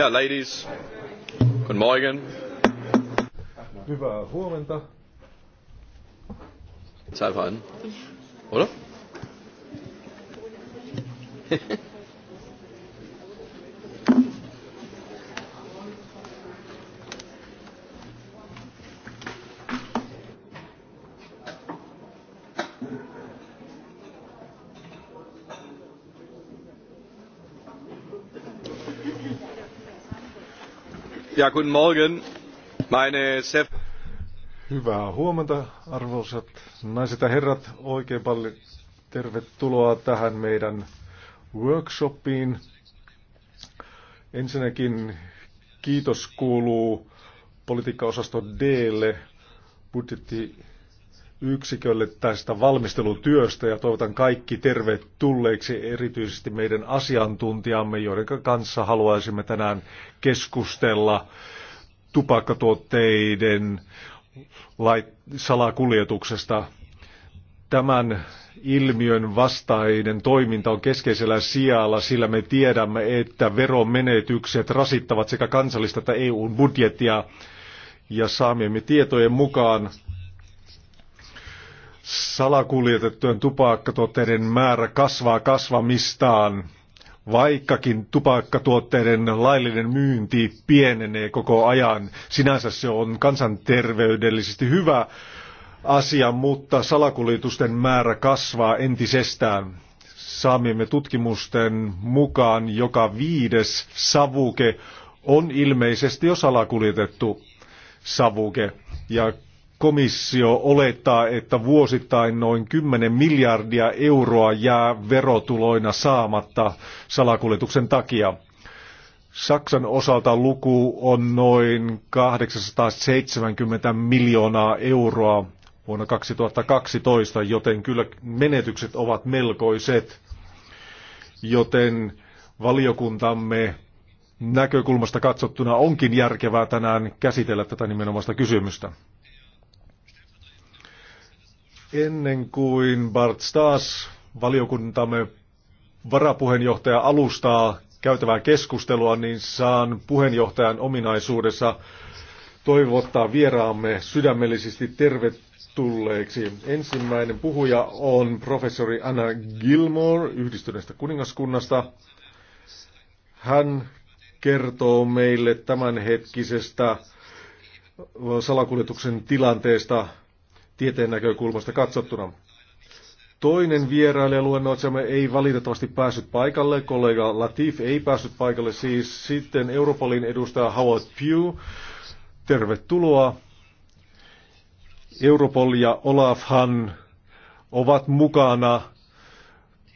Yeah, ladies. Good morning. Hyvää huomenta. Zeit an. Oder? guten Morgen, meine Hyvää huomenta, arvoisat naiset ja herrat. Oikein paljon tervetuloa tähän meidän workshopiin. Ensinnäkin kiitos kuuluu politiikkaosasto Dlle budjetti yksikölle tästä valmistelutyöstä ja toivotan kaikki tervetulleiksi erityisesti meidän asiantuntijamme, joiden kanssa haluaisimme tänään keskustella tupakkatuotteiden salakuljetuksesta. Tämän ilmiön vastainen toiminta on keskeisellä sijalla, sillä me tiedämme, että veromenetykset rasittavat sekä kansallista että EUn budjettia. Ja saamiemme tietojen mukaan Salakuljetettujen tupakkatuotteiden määrä kasvaa kasvamistaan, vaikkakin tupakkatuotteiden laillinen myynti pienenee koko ajan. Sinänsä se on kansanterveydellisesti hyvä asia, mutta salakuljetusten määrä kasvaa entisestään. Saamiemme tutkimusten mukaan joka viides savuke on ilmeisesti jo salakuljetettu savuke. Ja komissio olettaa, että vuosittain noin 10 miljardia euroa jää verotuloina saamatta salakuljetuksen takia. Saksan osalta luku on noin 870 miljoonaa euroa vuonna 2012, joten kyllä menetykset ovat melkoiset. Joten valiokuntamme näkökulmasta katsottuna onkin järkevää tänään käsitellä tätä nimenomaista kysymystä. Ennen kuin Bart Staas, valiokuntamme varapuheenjohtaja, alustaa käytävää keskustelua, niin saan puheenjohtajan ominaisuudessa toivottaa vieraamme sydämellisesti tervetulleeksi. Ensimmäinen puhuja on professori Anna Gilmore yhdistyneestä kuningaskunnasta. Hän kertoo meille tämänhetkisestä salakuljetuksen tilanteesta tieteen näkökulmasta katsottuna. Toinen luennoitsemme ei valitettavasti päässyt paikalle. Kollega Latif ei päässyt paikalle siis. Sitten Europolin edustaja Howard Pugh. Tervetuloa. Europol ja Olafhan ovat mukana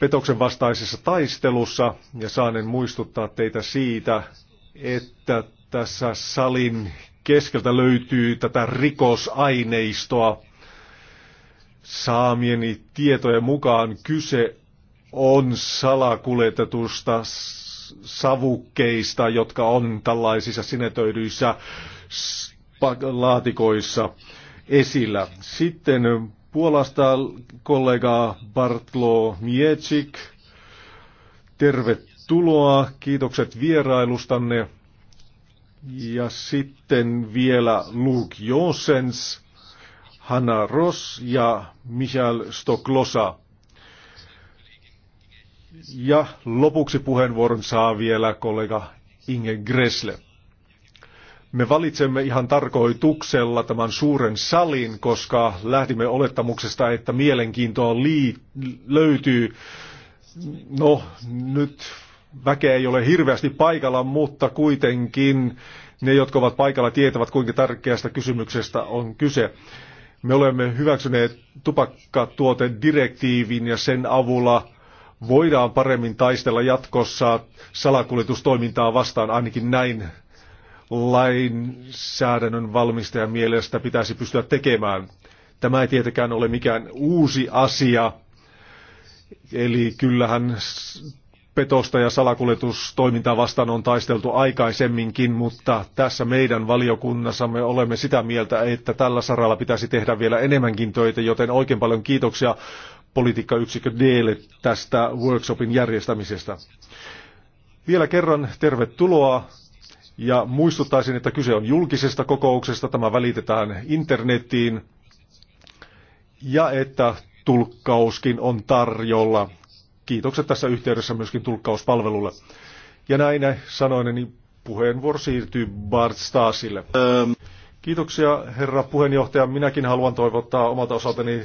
petoksen vastaisessa taistelussa ja saanen muistuttaa teitä siitä, että tässä salin keskeltä löytyy tätä rikosaineistoa. Saamieni tietojen mukaan kyse on salakuljetetusta savukkeista, jotka on tällaisissa sinetöidyissä laatikoissa esillä. Sitten Puolasta kollega Bartlo Miecik, tervetuloa, kiitokset vierailustanne. Ja sitten vielä Luke Josens, Hanna Ross ja Michael Stoklosa. Ja lopuksi puheenvuoron saa vielä kollega Inge Gressle. Me valitsemme ihan tarkoituksella tämän suuren salin, koska lähdimme olettamuksesta, että mielenkiintoa lii- löytyy. No, nyt väkeä ei ole hirveästi paikalla, mutta kuitenkin ne, jotka ovat paikalla, tietävät, kuinka tärkeästä kysymyksestä on kyse. Me olemme hyväksyneet direktiivin ja sen avulla voidaan paremmin taistella jatkossa salakuljetustoimintaa vastaan, ainakin näin lainsäädännön valmistajan mielestä pitäisi pystyä tekemään. Tämä ei tietenkään ole mikään uusi asia, eli kyllähän petosta ja salakuljetustoimintaa vastaan on taisteltu aikaisemminkin, mutta tässä meidän valiokunnassamme olemme sitä mieltä, että tällä saralla pitäisi tehdä vielä enemmänkin töitä, joten oikein paljon kiitoksia politiikkayksikkö Dele tästä workshopin järjestämisestä. Vielä kerran tervetuloa ja muistuttaisin, että kyse on julkisesta kokouksesta, tämä välitetään internetiin ja että tulkkauskin on tarjolla kiitokset tässä yhteydessä myöskin tulkkauspalvelulle. Ja näin sanoin, niin puheenvuoro siirtyy Bart Stasille. Ähm. Kiitoksia herra puheenjohtaja. Minäkin haluan toivottaa omalta osaltani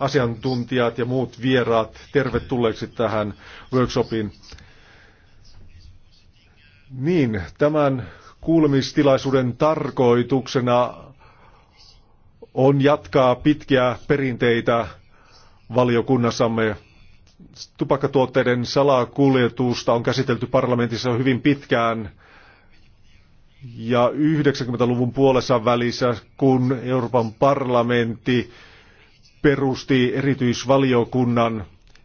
asiantuntijat ja muut vieraat tervetulleeksi tähän workshopiin. Niin, tämän kuulemistilaisuuden tarkoituksena on jatkaa pitkiä perinteitä valiokunnassamme tupakkatuotteiden salakuljetusta on käsitelty parlamentissa hyvin pitkään ja 90-luvun puolessa välissä, kun Euroopan parlamentti perusti erityisvaliokunnan,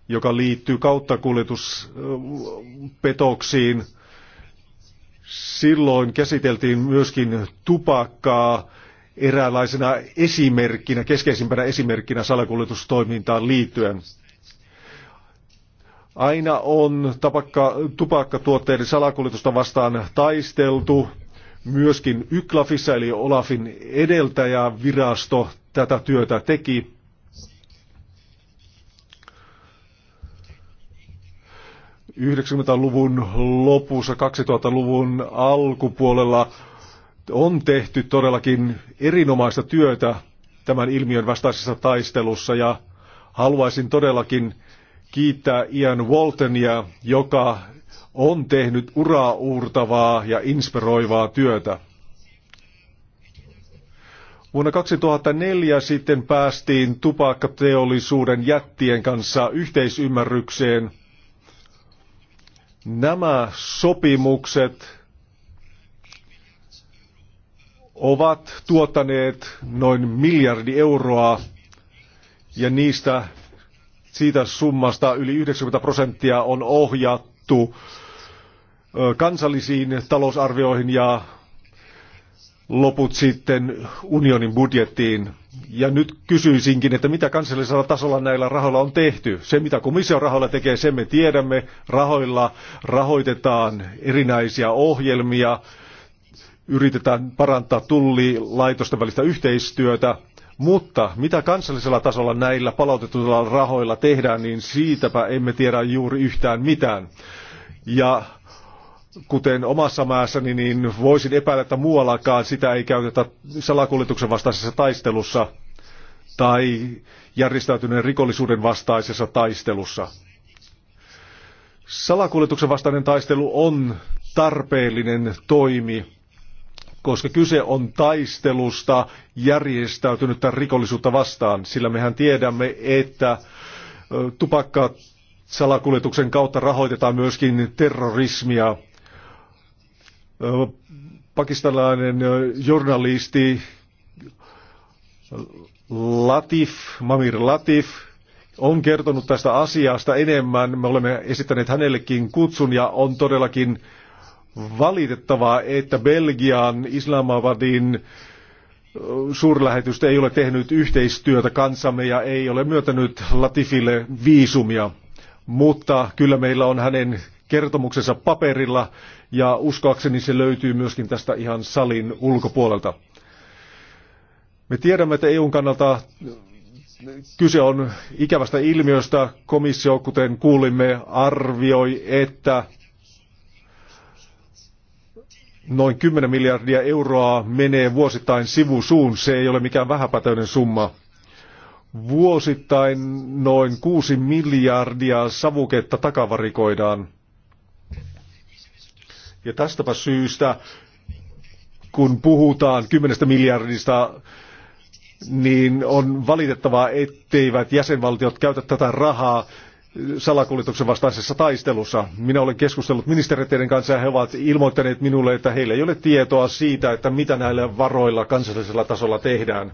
joka liittyy kauttakuljetuspetoksiin. Silloin käsiteltiin myöskin tupakkaa eräänlaisena esimerkkinä, keskeisimpänä esimerkkinä salakuljetustoimintaan liittyen. Aina on tapakka, tupakkatuotteiden salakuljetusta vastaan taisteltu. Myöskin YKLAFissa eli Olafin edeltäjävirasto tätä työtä teki. 90-luvun lopussa, 2000-luvun alkupuolella on tehty todellakin erinomaista työtä tämän ilmiön vastaisessa taistelussa ja haluaisin todellakin kiittää Ian Waltonia, joka on tehnyt uraa uurtavaa ja inspiroivaa työtä. Vuonna 2004 sitten päästiin tupakkateollisuuden jättien kanssa yhteisymmärrykseen. Nämä sopimukset ovat tuottaneet noin miljardi euroa ja niistä siitä summasta yli 90 prosenttia on ohjattu kansallisiin talousarvioihin ja loput sitten unionin budjettiin. Ja nyt kysyisinkin, että mitä kansallisella tasolla näillä rahoilla on tehty. Se, mitä komission rahoilla tekee, sen me tiedämme. Rahoilla rahoitetaan erinäisiä ohjelmia, yritetään parantaa tullilaitosten välistä yhteistyötä, mutta mitä kansallisella tasolla näillä palautetuilla rahoilla tehdään, niin siitäpä emme tiedä juuri yhtään mitään. Ja kuten omassa maassani, niin voisin epäillä, että muuallakaan sitä ei käytetä salakuljetuksen vastaisessa taistelussa tai järjestäytyneen rikollisuuden vastaisessa taistelussa. Salakuljetuksen vastainen taistelu on tarpeellinen toimi koska kyse on taistelusta järjestäytynyttä rikollisuutta vastaan, sillä mehän tiedämme, että tupakka salakuljetuksen kautta rahoitetaan myöskin terrorismia. Pakistanilainen journalisti Latif, Mamir Latif, on kertonut tästä asiasta enemmän. Me olemme esittäneet hänellekin kutsun ja on todellakin valitettavaa, että Belgian Islamabadin suurlähetystä ei ole tehnyt yhteistyötä kanssamme ja ei ole myötänyt Latifille viisumia. Mutta kyllä meillä on hänen kertomuksensa paperilla ja uskoakseni se löytyy myöskin tästä ihan salin ulkopuolelta. Me tiedämme, että EUn kannalta kyse on ikävästä ilmiöstä. Komissio, kuten kuulimme, arvioi, että noin 10 miljardia euroa menee vuosittain sivusuun. Se ei ole mikään vähäpätöinen summa. Vuosittain noin 6 miljardia savuketta takavarikoidaan. Ja tästäpä syystä, kun puhutaan 10 miljardista, niin on valitettavaa, etteivät jäsenvaltiot käytä tätä rahaa salakuljetuksen vastaisessa taistelussa. Minä olen keskustellut ministeriteiden kanssa ja he ovat ilmoittaneet minulle, että heillä ei ole tietoa siitä, että mitä näillä varoilla kansallisella tasolla tehdään.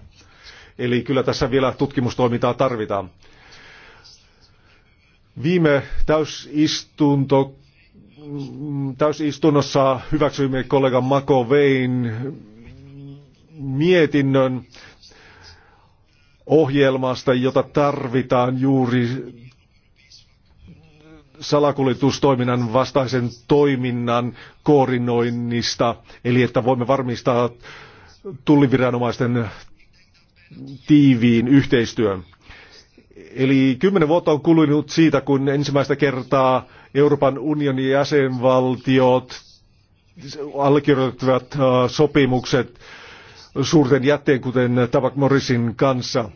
Eli kyllä tässä vielä tutkimustoimintaa tarvitaan. Viime täysistunto, täysistunnossa hyväksyimme kollega Mako Vein mietinnön ohjelmasta, jota tarvitaan juuri salakuljetustoiminnan vastaisen toiminnan koordinoinnista, eli että voimme varmistaa tulliviranomaisten tiiviin yhteistyön. Eli kymmenen vuotta on kulunut siitä, kun ensimmäistä kertaa Euroopan unionin jäsenvaltiot allekirjoittivat äh, sopimukset suurten jätteen, kuten Tabak Morrisin kanssa.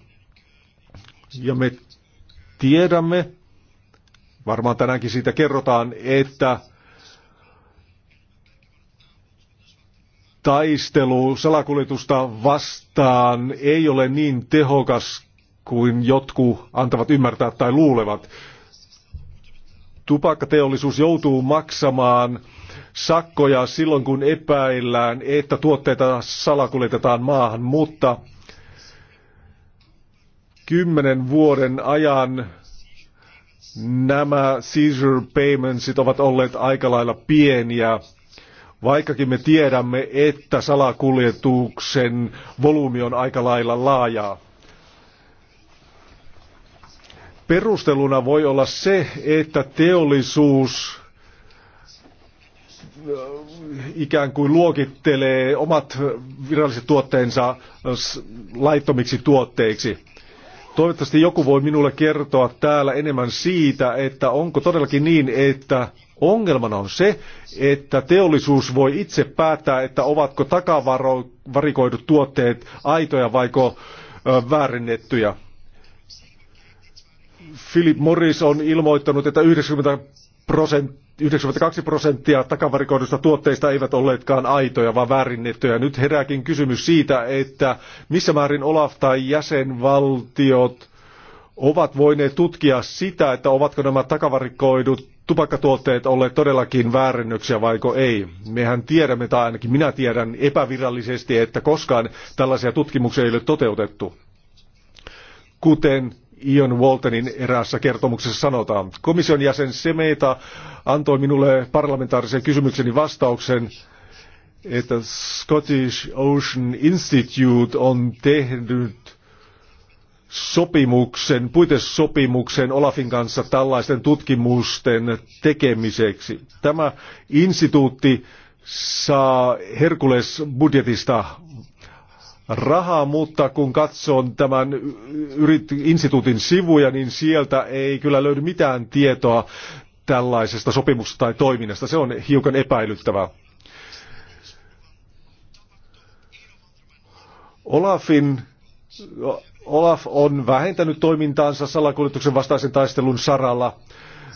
Ja me tiedämme, Varmaan tänäänkin siitä kerrotaan, että taistelu salakuljetusta vastaan ei ole niin tehokas kuin jotkut antavat ymmärtää tai luulevat. Tupakkateollisuus joutuu maksamaan sakkoja silloin, kun epäillään, että tuotteita salakuljetetaan maahan, mutta kymmenen vuoden ajan nämä seizure paymentsit ovat olleet aika lailla pieniä, vaikkakin me tiedämme, että salakuljetuksen volyymi on aika lailla laajaa. Perusteluna voi olla se, että teollisuus äh, ikään kuin luokittelee omat viralliset tuotteensa laittomiksi tuotteiksi. Toivottavasti joku voi minulle kertoa täällä enemmän siitä, että onko todellakin niin, että ongelmana on se, että teollisuus voi itse päättää, että ovatko takavarikoidut tuotteet aitoja vaiko väärennettyjä. Philip Morris on ilmoittanut, että 90 prosenttia 92 prosenttia takavarikoidusta tuotteista eivät olleetkaan aitoja, vaan väärinnettyjä. Nyt herääkin kysymys siitä, että missä määrin Olaf tai jäsenvaltiot ovat voineet tutkia sitä, että ovatko nämä takavarikoidut tupakkatuotteet olleet todellakin väärennöksiä vaiko ei. Mehän tiedämme, tai ainakin minä tiedän epävirallisesti, että koskaan tällaisia tutkimuksia ei ole toteutettu. Kuten Ion Waltonin eräässä kertomuksessa sanotaan. Komission jäsen Semeta antoi minulle parlamentaarisen kysymykseni vastauksen, että Scottish Ocean Institute on tehnyt sopimuksen, puitesopimuksen Olafin kanssa tällaisten tutkimusten tekemiseksi. Tämä instituutti saa Herkules budjetista rahaa, mutta kun katson tämän instituutin sivuja, niin sieltä ei kyllä löydy mitään tietoa tällaisesta sopimuksesta tai toiminnasta. Se on hiukan epäilyttävää. Olafin Olaf on vähentänyt toimintaansa salakuljetuksen vastaisen taistelun saralla.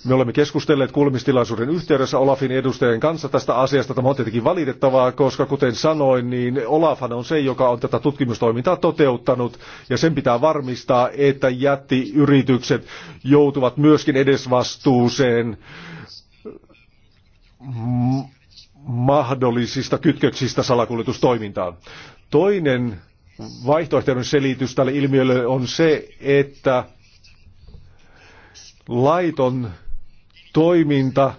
Me olemme keskustelleet kuulemistilaisuuden yhteydessä Olafin edustajien kanssa tästä asiasta. Tämä on tietenkin valitettavaa, koska kuten sanoin, niin Olafhan on se, joka on tätä tutkimustoimintaa toteuttanut. Ja sen pitää varmistaa, että jättiyritykset joutuvat myöskin edesvastuuseen mahdollisista kytköksistä salakuljetustoimintaan. Toinen vaihtoehtoinen selitys tälle ilmiölle on se, että laiton toiminta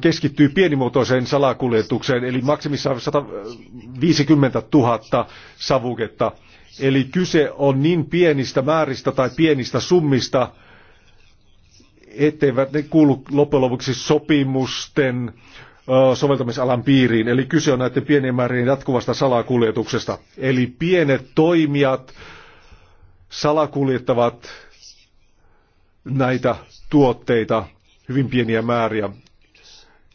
keskittyy pienimuotoiseen salakuljetukseen, eli maksimissaan 150 000 savuketta. Eli kyse on niin pienistä määristä tai pienistä summista, etteivät ne kuulu loppujen lopuksi sopimusten soveltamisalan piiriin. Eli kyse on näiden pienien määrien jatkuvasta salakuljetuksesta. Eli pienet toimijat salakuljettavat näitä tuotteita hyvin pieniä määriä.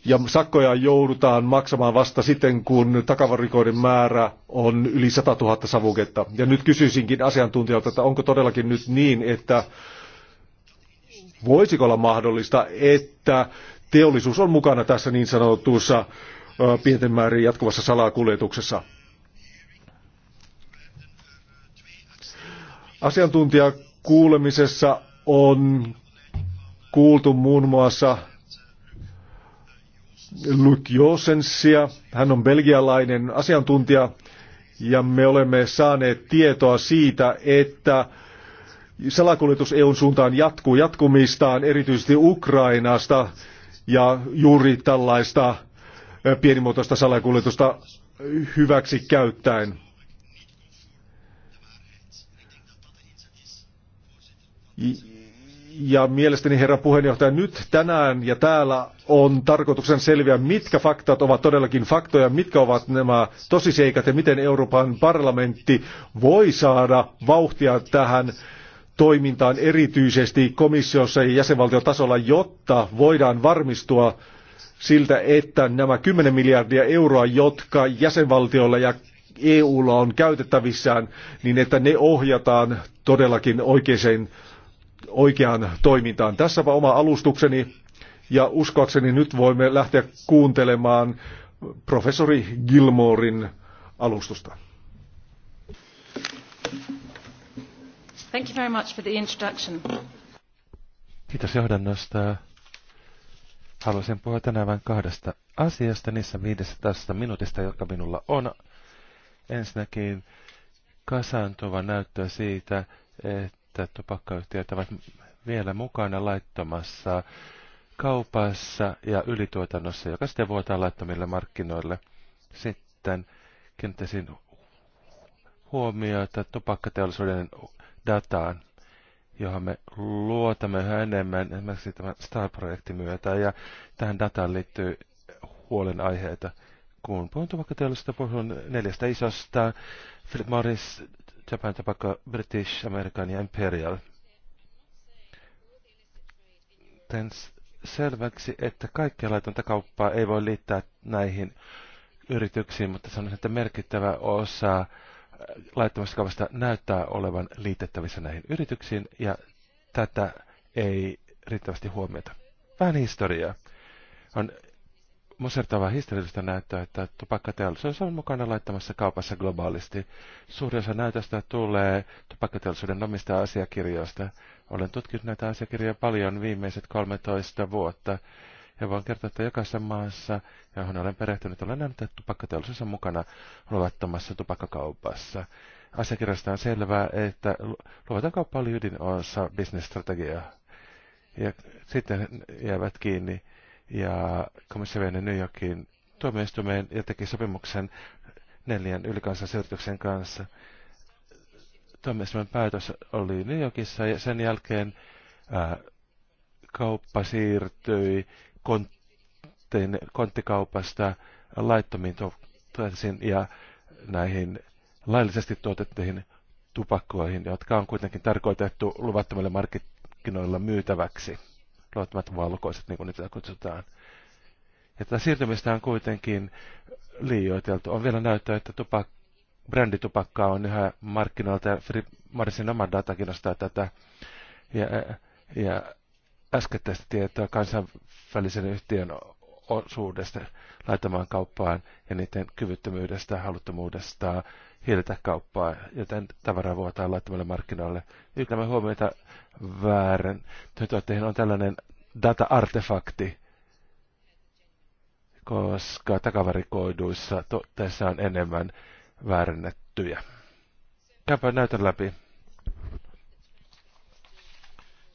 Ja sakkoja joudutaan maksamaan vasta sitten, kun takavarikoiden määrä on yli 100 000 savuketta. Ja nyt kysyisinkin asiantuntijalta, että onko todellakin nyt niin, että voisiko olla mahdollista, että teollisuus on mukana tässä niin sanotussa pienten määrin jatkuvassa salakuljetuksessa. Asiantuntijakuulemisessa on kuultu muun muassa Luc Josensia. Hän on belgialainen asiantuntija ja me olemme saaneet tietoa siitä, että salakuljetus EUn suuntaan jatkuu jatkumistaan, erityisesti Ukrainasta ja juuri tällaista pienimuotoista salakuljetusta hyväksi käyttäen. Ja mielestäni herra puheenjohtaja, nyt tänään ja täällä on tarkoituksen selviä, mitkä faktat ovat todellakin faktoja, mitkä ovat nämä tosiseikat ja miten Euroopan parlamentti voi saada vauhtia tähän toimintaan erityisesti komissiossa ja jäsenvaltiotasolla, jotta voidaan varmistua siltä, että nämä 10 miljardia euroa, jotka jäsenvaltioilla ja EUlla on käytettävissään, niin että ne ohjataan todellakin oikeaan, oikeaan toimintaan. Tässäpä oma alustukseni ja uskoakseni nyt voimme lähteä kuuntelemaan professori Gilmorin alustusta. Thank you very much for the introduction. Kiitos johdannosta. Haluaisin puhua tänään vain kahdesta asiasta niissä 15 minuutista, joka minulla on. Ensinnäkin kasaantuva näyttöä siitä, että tupakkayhtiöt ovat vielä mukana laittomassa kaupassa ja ylituotannossa, joka sitten vuotaa laittomille markkinoille. Sitten kenttäisin huomiota tupakkateollisuuden dataan, johon me luotamme yhä enemmän esimerkiksi tämän STAR-projektin myötä. Ja tähän dataan liittyy huolenaiheita. Kun puhun tupakkateollisuudesta, puhun neljästä isosta, Philip Morris, Japan Tobacco, British, American ja Imperial. Teen selväksi, että kaikkea laitonta kauppaa ei voi liittää näihin yrityksiin, mutta sanoisin, että merkittävä osa laittomasta kaupasta näyttää olevan liitettävissä näihin yrityksiin, ja tätä ei riittävästi huomiota. Vähän historiaa. On musertavaa historiallista näyttää, että tupakkateollisuus on mukana laittamassa kaupassa globaalisti. Suurin osa näytöstä tulee tupakkateollisuuden omista asiakirjoista. Olen tutkinut näitä asiakirjoja paljon viimeiset 13 vuotta ja voin kertoa, että jokaisessa maassa, johon olen perehtynyt, olen nähnyt, että tupakkateollisuus on mukana luvattomassa tupakkakaupassa. Asiakirjasta on selvää, että luvaton kauppa oli ydinosa bisnesstrategiaa. Ja sitten jäävät kiinni ja komissio vei New Yorkin tuomioistumeen ja teki sopimuksen neljän ylikansallisen kanssa. Tuomioistumeen päätös oli New Yorkissa ja sen jälkeen ää, kauppa siirtyi kontin, konttikaupasta laittomiin tuotteisiin ja näihin laillisesti tuotettuihin tupakkoihin, jotka on kuitenkin tarkoitettu luvattomille markkinoilla myytäväksi. Luottamat valkoiset, niin kuin niitä kutsutaan. Ja tätä siirtymistä on kuitenkin liioiteltu. On vielä näyttää, että tupak, bränditupakkaa on yhä markkinoilta ja Marsin oma data kiinnostaa tätä. Ja, ja äskettäistä tietoa kansainvälisen yhtiön osuudesta laittamaan kauppaan ja niiden kyvyttömyydestä, haluttomuudesta hillitä kauppaa, joten tavaraa vuotaa laittamalle markkinoille. nämä huomioita väärän. Tuotteihin on tällainen data-artefakti, koska takavarikoiduissa tuotteissa on enemmän väärennettyjä. Käypä näytön läpi.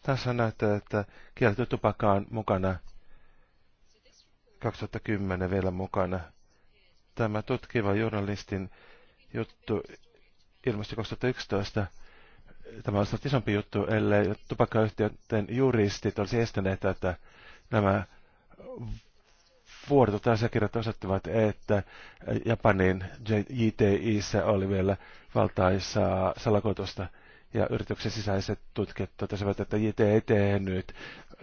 Tässä näyttää, että kielletty tupakka on mukana 2010 vielä mukana. Tämä tutkiva journalistin juttu ilmestyi 2011. Tämä olisi isompi juttu, ellei tupakkayhtiöiden juristit olisi estäneet, että nämä vuodot asiakirjat osoittivat, että Japanin JTIssä oli vielä valtaisaa salakoitusta ja yrityksen sisäiset tutkijat totesivat, että JT ei tehnyt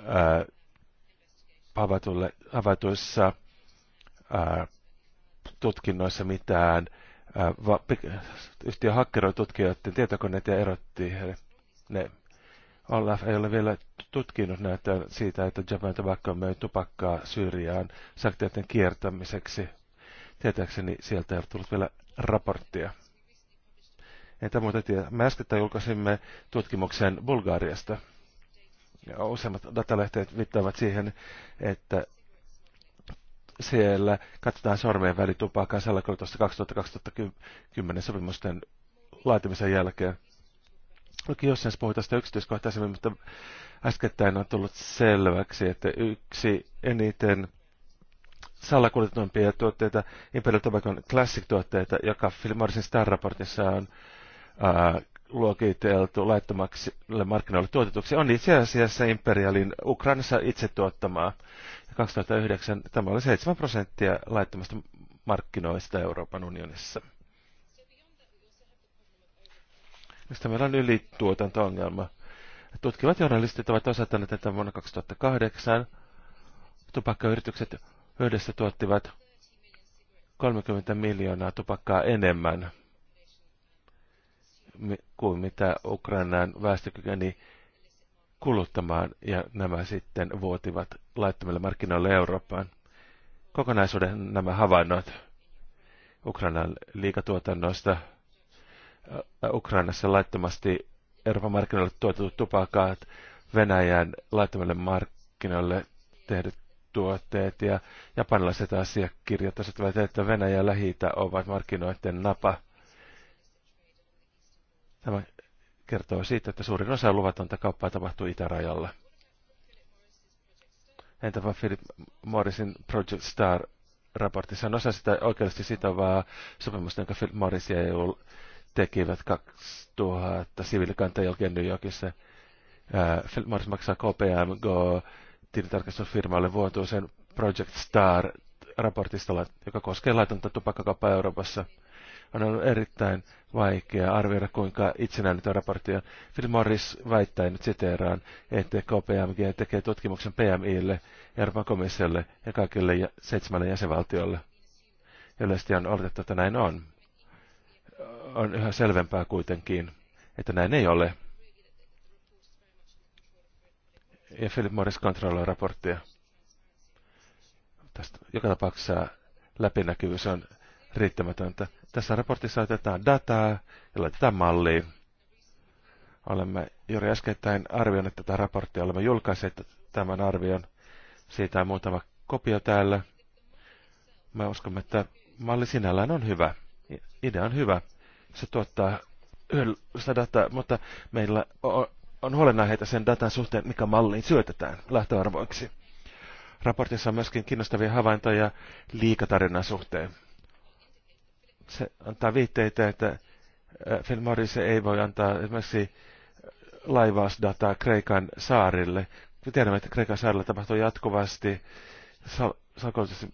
ää, avatuissa ää, tutkinnoissa mitään. yhtiö hakkeroi tutkijoiden tietokoneet ja erotti ne. Olaf ei ole vielä tutkinut näyttöä siitä, että Japan Tobacco möi tupakkaa Syyriaan sanktioiden kiertämiseksi. Tietääkseni sieltä ei ole tullut vielä raporttia. Entä muuta tietää? Me äskettä julkaisimme tutkimuksen Bulgariasta. Ja useimmat datalehteet viittaavat siihen, että siellä katsotaan sormien välitupaa kansanlakoitusta 2010 sopimusten laatimisen jälkeen. Toki jossain puhutaan sitä yksityiskohtaisemmin, mutta äskettäin on tullut selväksi, että yksi eniten salakuljetetumpia tuotteita Imperial Tobacco Classic-tuotteita, joka Philip Morrisin Star-raportissa on ää, äh, luokiteltu laittomaksi markkinoille tuotetuksi, on itse asiassa imperialin Ukrainassa itse tuottamaa. 2009 tämä oli 7 prosenttia laittomasta markkinoista Euroopan unionissa. Mistä meillä on ylituotanto-ongelma. Tutkivat journalistit ovat osoittaneet, että vuonna 2008 tupakkayritykset yhdessä tuottivat 30 miljoonaa tupakkaa enemmän kuin mitä Ukrainan väestö kykeni kuluttamaan, ja nämä sitten vuotivat laittomille markkinoille Eurooppaan. Kokonaisuuden nämä havainnot Ukrainan liikatuotannosta, Ukrainassa laittomasti Euroopan markkinoille tuotetut tupakaat, Venäjän laittomille markkinoille tehdyt tuotteet ja japanilaiset asiakirjat osoittavat, että Venäjä ja lähi ovat markkinoiden napa – Tämä kertoo siitä, että suurin osa luvatonta kauppaa tapahtuu itärajalla. vaan Philip Morrisin Project Star raportissa on osa sitä oikeasti sitovaa sopimusta, jonka Philip Morris ja EU tekivät 2000 siviilikanteen jälkeen New Yorkissa. Philip Morris maksaa KPMG tilintarkastusfirmalle vuotuisen Project Star raportista, joka koskee laitonta tupakkakauppaa Euroopassa – on ollut erittäin vaikea arvioida, kuinka itsenäinen tuo raportti on. Phil Morris väittää, nyt siteeraan, että KPMG tekee tutkimuksen PMIlle, Euroopan komissiolle ja kaikille seitsemälle jäsenvaltiolle. Yleisesti on oletettu, että näin on. On yhä selvempää kuitenkin, että näin ei ole. Ja Philip Morris kontrolloi raporttia. Tästä joka tapauksessa läpinäkyvyys on riittämätöntä. Tässä raportissa otetaan dataa ja laitetaan malliin. Olemme juuri äskettäin arvioineet tätä raporttia, olemme julkaisseet tämän arvion. Siitä on muutama kopio täällä. Mä uskomme, että malli sinällään on hyvä. Idea on hyvä. Se tuottaa yhdessä dataa, mutta meillä on, huolenaiheita sen datan suhteen, mikä malliin syötetään lähtöarvoiksi. Raportissa on myöskin kiinnostavia havaintoja liikatarinan suhteen se antaa viitteitä, että äh, Phil Morris ei voi antaa esimerkiksi laivausdataa Kreikan saarille. Me tiedämme, että Kreikan saarilla tapahtuu jatkuvasti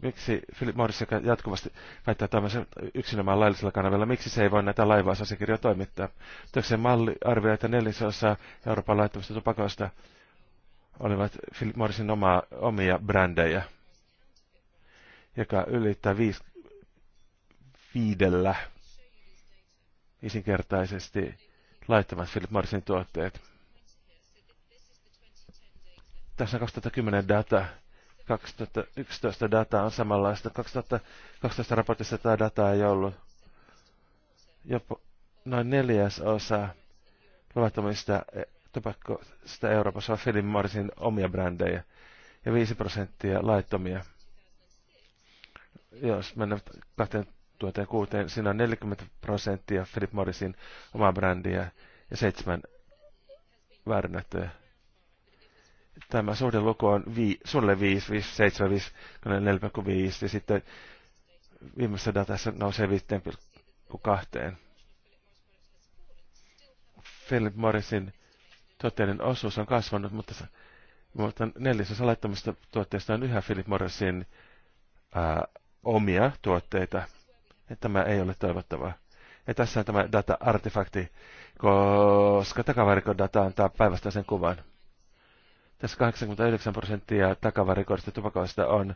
Miksi Philip Morris, joka jatkuvasti väittää tämmöisen yksinomaan laillisella kanavalla, miksi se ei voi näitä laivausasiakirjoja toimittaa? Työksen malli arvioi, että neljäsosa Euroopan laittomista tupakoista olivat Philip Morrisin omaa, omia brändejä, joka ylittää 5 viidellä isinkertaisesti laittamat Philip Morrisin tuotteet. Tässä on 2010 data. 2011 data on samanlaista. 2012 raportissa tämä data ei ollut. Jopa noin neljäs osa luvattomista eh, tupakkoista Euroopassa on Philip Morrisin omia brändejä ja 5 prosenttia laittomia. Jos mennään tuotekuuteen. Siinä on 40 prosenttia Philip Morrisin omaa brändiä ja seitsemän väärennettyä. Tämä suhde luku on vii, sulle 5, 5, 7, 5, 4,5 ja sitten viimeisessä datassa nousee 5,2. Philip Morrisin tuotteiden osuus on kasvanut, mutta, mutta neljäsosa laittamista tuotteista on yhä Philip Morrisin ää, omia tuotteita. Ja tämä ei ole toivottavaa. Ja tässä on tämä data-artefakti, koska takavarikon data antaa päivästä sen kuvan. Tässä 89 prosenttia takavarikoista tupakoista on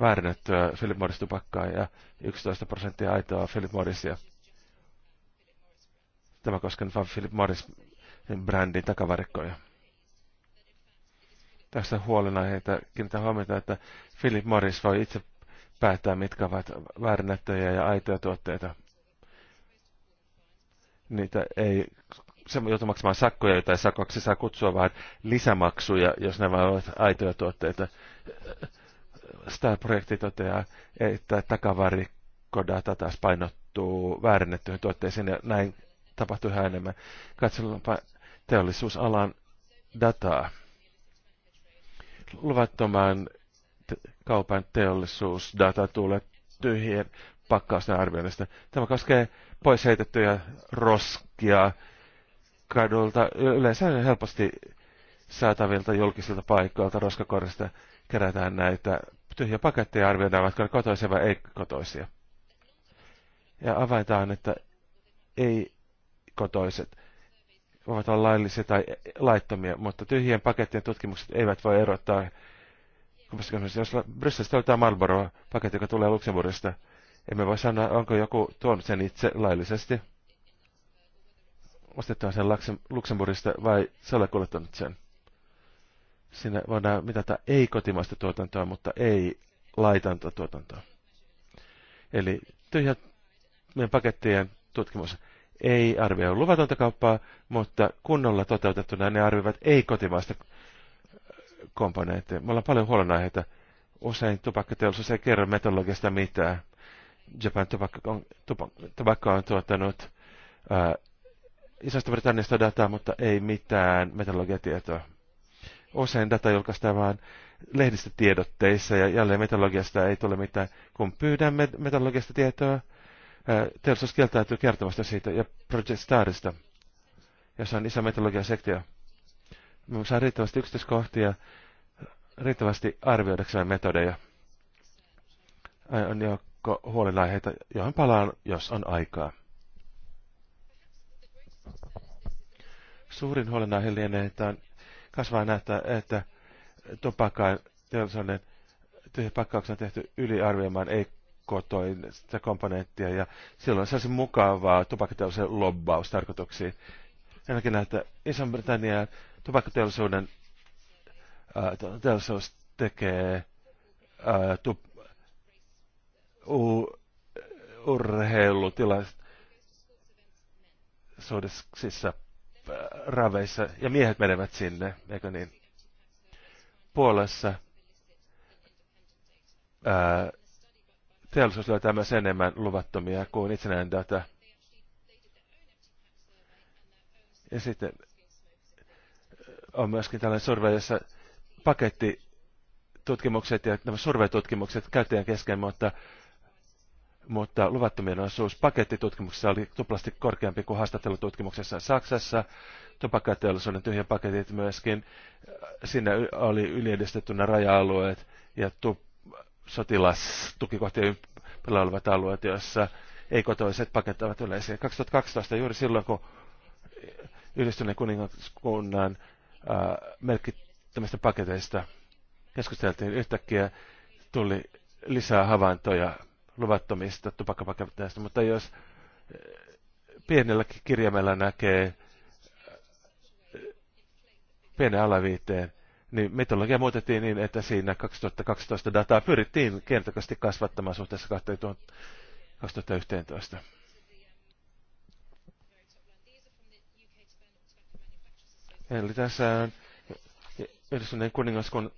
väärinnettyä Philip Morris tupakkaa ja 11 prosenttia aitoa Philip Morrisia. Tämä koskee vain Philip Morris brändin takavarikkoja. Tässä huolenaiheita heitä kiinnittää huomiota, että Philip Morris voi itse päättää, mitkä ovat väärennettyjä ja aitoja tuotteita. Niitä ei se joutuu maksamaan sakkoja, joita ei sakoksi saa kutsua, vaan lisämaksuja, jos nämä ovat aitoja tuotteita. Star-projekti toteaa, että takavarikodata taas painottuu väärennettyihin tuotteisiin, ja näin tapahtuu yhä enemmän. Katsotaanpa teollisuusalan dataa. Luvattoman kaupan teollisuusdata tulee tyhjien pakkausten arvioinnista. Tämä koskee pois heitettyjä roskia kadulta, yleensä helposti saatavilta julkisilta paikoilta roskakorista kerätään näitä tyhjiä paketteja arvioidaan, ovatko ne kotoisia vai ei kotoisia. Ja avaitaan, että ei kotoiset voivat olla laillisia tai laittomia, mutta tyhjien pakettien tutkimukset eivät voi erottaa jos Brysselistä otetaan Marlboroa paketti, joka tulee Luxemburgista, emme voi sanoa, onko joku tuonut sen itse laillisesti. ostettua sen Luxemburgista vai se ole kuljettanut sen. Siinä voidaan mitata ei-kotimaista tuotantoa, mutta ei laitanta tuotantoa. Eli tyhjä meidän pakettien tutkimus ei arvioi luvatonta kauppaa, mutta kunnolla toteutettuna ne arvioivat ei-kotimaista komponentteja. Me ollaan paljon huolenaiheita. Usein tupakkateollisuus ei kerro metodologiasta mitään. Japan tupakka on, on tuottanut äh, isosta Britanniasta dataa, mutta ei mitään metodologiatietoa. Usein data julkaistaan vain lehdistötiedotteissa ja jälleen metodologiasta ei tule mitään. Kun pyydämme metodologiasta tietoa, teollisuus kieltäytyy kertomasta siitä ja Project Starista, jossa on iso metodologiasektio. sektio saa riittävästi yksityiskohtia, riittävästi arvioidaksemme metodeja. On joukko huolenaiheita, johon palaan, jos on aikaa. Suurin huolenaihe lienee, että on kasvaa näyttää, että tupakkaan teollisuuden pakkauksen on tehty yliarvioimaan ei sitä komponenttia ja silloin saisi mukavaa tupakkateollisen lobbaustarkoituksiin. Ainakin näyttää Iso-Britannian tupakkateollisuuden teollisuus tekee ää, tup, u, urheilutilaisuudessa raveissa ja miehet menevät sinne, eikö niin? Puolessa ää, teollisuus löytää myös enemmän luvattomia kuin itsenäinen data. Ja sitten on myöskin tällainen survey, jossa paketti tutkimukset ja nämä tutkimukset käyttäjän kesken, mutta, mutta luvattomien osuus pakettitutkimuksessa oli tuplasti korkeampi kuin haastattelututkimuksessa Saksassa. Tupakkateollisuuden tyhjä paketit myöskin. Siinä oli yliedistettynä raja-alueet ja tu, sotilastukikohtien ympärillä olevat alueet, joissa ei-kotoiset pakettavat yleisiä. 2012 juuri silloin, kun yhdistyneen kuningaskunnan Äh, merkittämistä paketeista keskusteltiin yhtäkkiä, tuli lisää havaintoja luvattomista tupakkapaketeista, mutta jos äh, pienellä kirjaimella näkee äh, pienen alaviiteen, niin metodologia muutettiin niin, että siinä 2012 dataa pyrittiin kertakasti kasvattamaan suhteessa 2011. Eli tässä on Yhdistyneen kuningaskunnan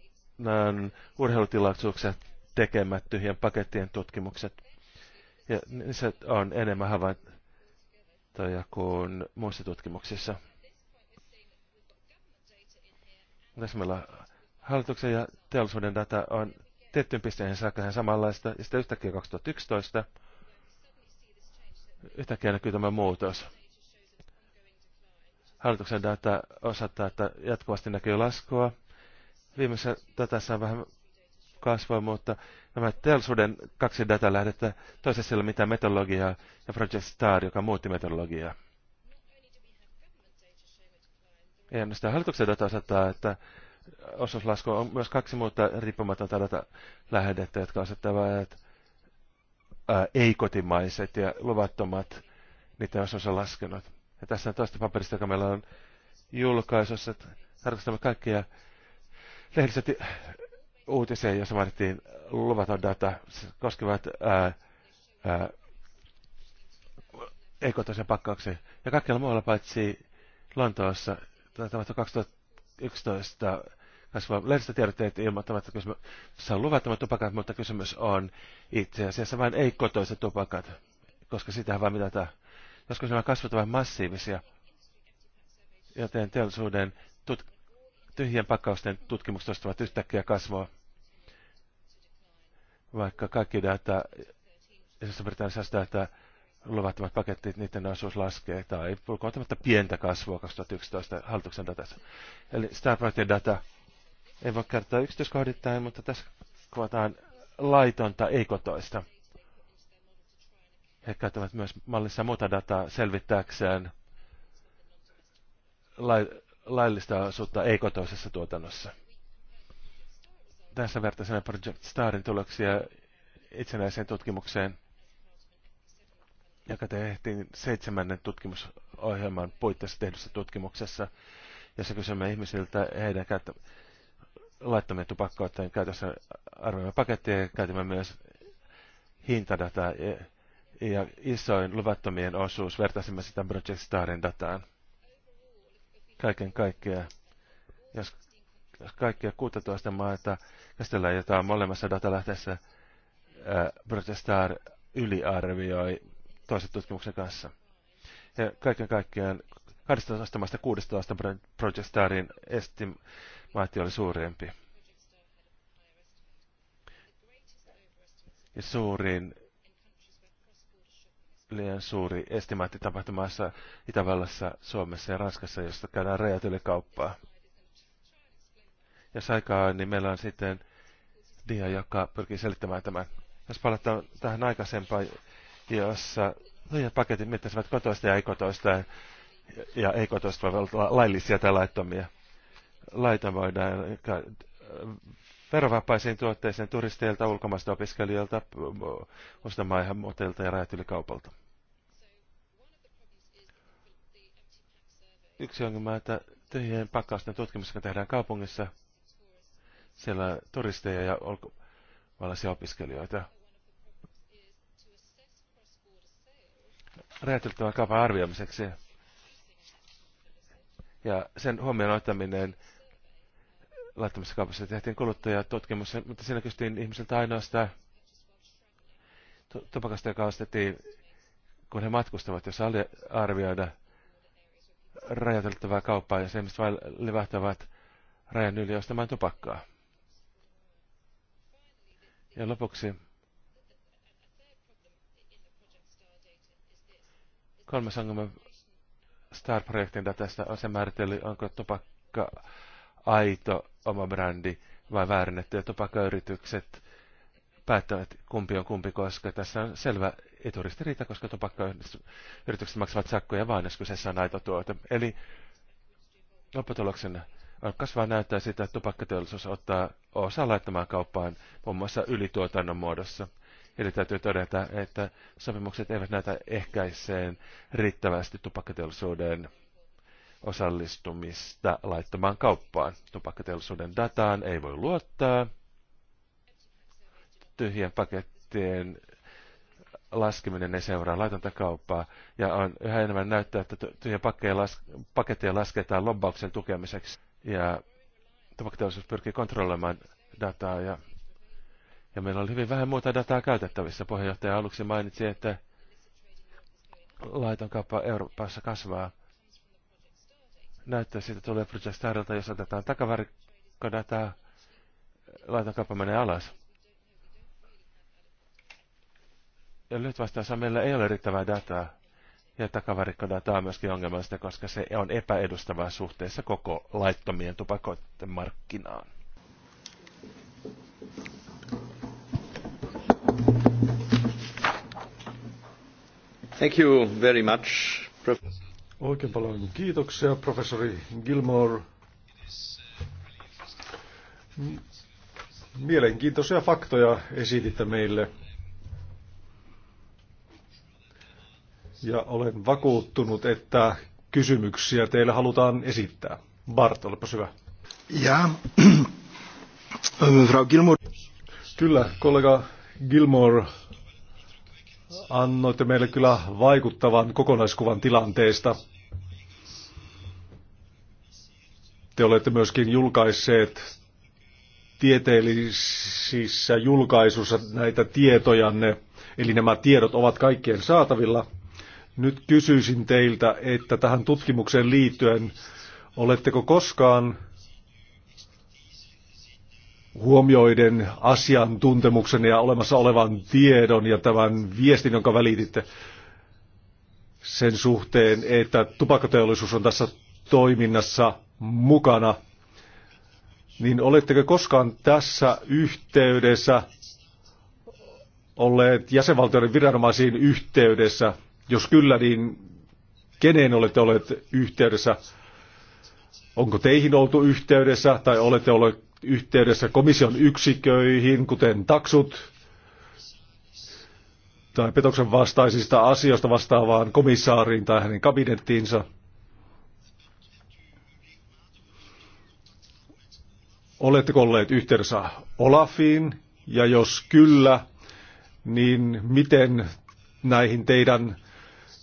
ähm, urheilutilaisuuksia tekemät tyhjän pakettien tutkimukset. Ja niissä on enemmän havaintoja kuin muissa tutkimuksissa. Tässä meillä hallituksen ja teollisuuden data on tiettyyn pisteen saakka ihan samanlaista, ja sitten yhtäkkiä 2011 yhtäkkiä näkyy tämä muutos. Hallituksen data osoittaa, että jatkuvasti näkyy laskua. Viimeisessä datassa on vähän kasvoa, mutta nämä teollisuuden kaksi datalähdettä, toisessa siellä mitä metodologiaa ja Project Star, joka muutti metodologiaa. Ei ainoastaan hallituksen data osoittaa, että osuuslasku on myös kaksi muuta riippumatonta datalähdettä, jotka osoittavat ei-kotimaiset ja luvattomat, niiden osuus on laskenut. Ja tässä on toista paperista, joka meillä on julkaisussa. Tarkastamme kaikkia lehdistä uutisia, joissa mainittiin luvaton data. Se koskevat ekotoisen pakkauksen. Ja kaikkialla muualla paitsi Lontoossa, tämä 2011 kasvaa lehdistötiedotteet ilmoittavat, että kysymys on luvattomat tupakat, mutta kysymys on itse asiassa vain ei-kotoiset tupakat, koska sitähän vain mitä Joskus nämä kasvot ovat massiivisia, joten teollisuuden tut- tyhjien pakkausten tutkimukset ostavat yhtäkkiä kasvoa. vaikka kaikki data, esimerkiksi Britanniassa data, luvattomat paketit, niiden osuus laskee, tai ulkoistamatta pientä kasvua 2011 hallituksen datassa. Eli Starbucksin data ei voi kertoa yksityiskohdittain, mutta tässä kuvataan laitonta, ei kotoista. He käyttävät myös mallissa muuta dataa selvittääkseen laillista osuutta ei-kotoisessa tuotannossa. Tässä vertaisena Project Starin tuloksia itsenäiseen tutkimukseen, joka tehtiin seitsemännen tutkimusohjelman puitteissa tehdyssä tutkimuksessa, jossa kysymme ihmisiltä heidän käyttä, laittomien tupakkoiden käytössä arvioimme pakettia ja käytämme myös hintadataa ja isoin luvattomien osuus, vertaisimme sitä Project Starin dataan. Kaiken kaikkea, jos, jos kaikkia 16 maata käsitellään, jotain molemmassa datalähteessä, ää, Project Star yliarvioi toisen tutkimuksen kanssa. Ja kaiken kaikkiaan 12 maasta 16 Project Starin estimaatio oli suurempi. Ja suurin liian suuri estimaatti tapahtumassa Itävallassa, Suomessa ja Ranskassa, josta käydään rajat yli kauppaa. Jos aikaa on, niin meillä on sitten dia, joka pyrkii selittämään tämän. Jos palataan tähän aikaisempaan, jossa lujat paketit mittaisivat kotoista ja ei-kotoista, ja ei-kotoista voivat olla laillisia tai laittomia. Laiton voidaan verovapaisiin tuotteisiin turisteilta, ulkomaista opiskelijoilta, ostamaan ihan motelta ja räätylikaupalta. Yksi ongelma, että tyhjien pakkausten tutkimusta tehdään kaupungissa, siellä on turisteja ja ulkomaalaisia opiskelijoita. Räätyltävän kaupan arvioimiseksi ja sen huomioon ottaminen laittamassa kaupassa tehtiin kuluttajatutkimus, mutta siinä kysyttiin ihmisiltä ainoastaan tupakasta, joka ostettiin, kun he matkustavat, jos arvioida rajateltavaa kauppaa, ja se ihmiset vain livahtavat rajan yli ostamaan tupakkaa. Ja lopuksi kolmas ongelma STAR-projektin datasta on se määrittely, onko tupakka aito oma brändi vai väärennetty. Ja tupakkayritykset päättävät, kumpi on kumpi, koska tässä on selvä eturistiriita, koska tupakkayritykset maksavat sakkoja vain, jos kyseessä on aito tuote. Eli lopputuloksena kasvaa näyttää sitä, että tupakkateollisuus ottaa osaa laittamaan kauppaan muun muassa ylituotannon muodossa. Eli täytyy todeta, että sopimukset eivät näytä ehkäiseen riittävästi tupakkateollisuuden osallistumista laittamaan kauppaan. Tupakkateollisuuden dataan ei voi luottaa. Tyhjien pakettien laskeminen ei seuraa laitonta kauppaa, ja on yhä enemmän näyttää, että tyhjien paketteja lasketaan lobbauksen tukemiseksi. Ja tupakkateollisuus pyrkii kontrolloimaan dataa, ja, ja meillä oli hyvin vähän muuta dataa käytettävissä. Puheenjohtaja aluksi mainitsi, että laiton kauppa Euroopassa kasvaa näyttää siitä tulee Project Starilta, jos otetaan takavarikkodataa, laitan kauppa menee alas. Ja nyt vastaansa meillä ei ole riittävää dataa. Ja takavarikkodataa on myöskin ongelmallista, koska se on epäedustavaa suhteessa koko laittomien tupakoiden markkinaan. Thank you very much, professor. Oikein paljon kiitoksia, professori Gilmore. Mielenkiintoisia faktoja esititte meille. Ja olen vakuuttunut, että kysymyksiä teille halutaan esittää. Bart, olepa hyvä. Ja, Frau Gilmore. Kyllä, kollega Gilmore annoitte meille kyllä vaikuttavan kokonaiskuvan tilanteesta. Te olette myöskin julkaisseet tieteellisissä julkaisuissa näitä tietojanne, eli nämä tiedot ovat kaikkien saatavilla. Nyt kysyisin teiltä, että tähän tutkimukseen liittyen, oletteko koskaan huomioiden asiantuntemuksen ja olemassa olevan tiedon ja tämän viestin, jonka välititte sen suhteen, että tupakkateollisuus on tässä toiminnassa mukana, niin oletteko koskaan tässä yhteydessä olleet jäsenvaltioiden viranomaisiin yhteydessä? Jos kyllä, niin keneen olette olleet yhteydessä? Onko teihin oltu yhteydessä tai olette olleet yhteydessä komission yksiköihin, kuten taksut tai petoksen vastaisista asioista vastaavaan komissaariin tai hänen kabinettiinsa. Oletteko olleet yhteydessä Olafiin? Ja jos kyllä, niin miten näihin teidän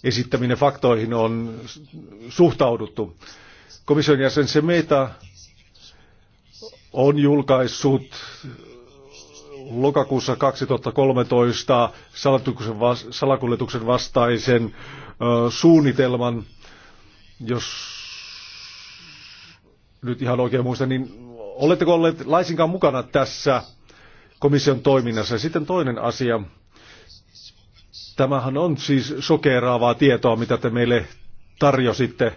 esittäminen faktoihin on suhtauduttu? Komission jäsen Semeta on julkaissut lokakuussa 2013 salakuljetuksen vastaisen suunnitelman, jos nyt ihan oikein muistan, niin oletteko olleet laisinkaan mukana tässä komission toiminnassa? sitten toinen asia. Tämähän on siis sokeeraavaa tietoa, mitä te meille tarjositte.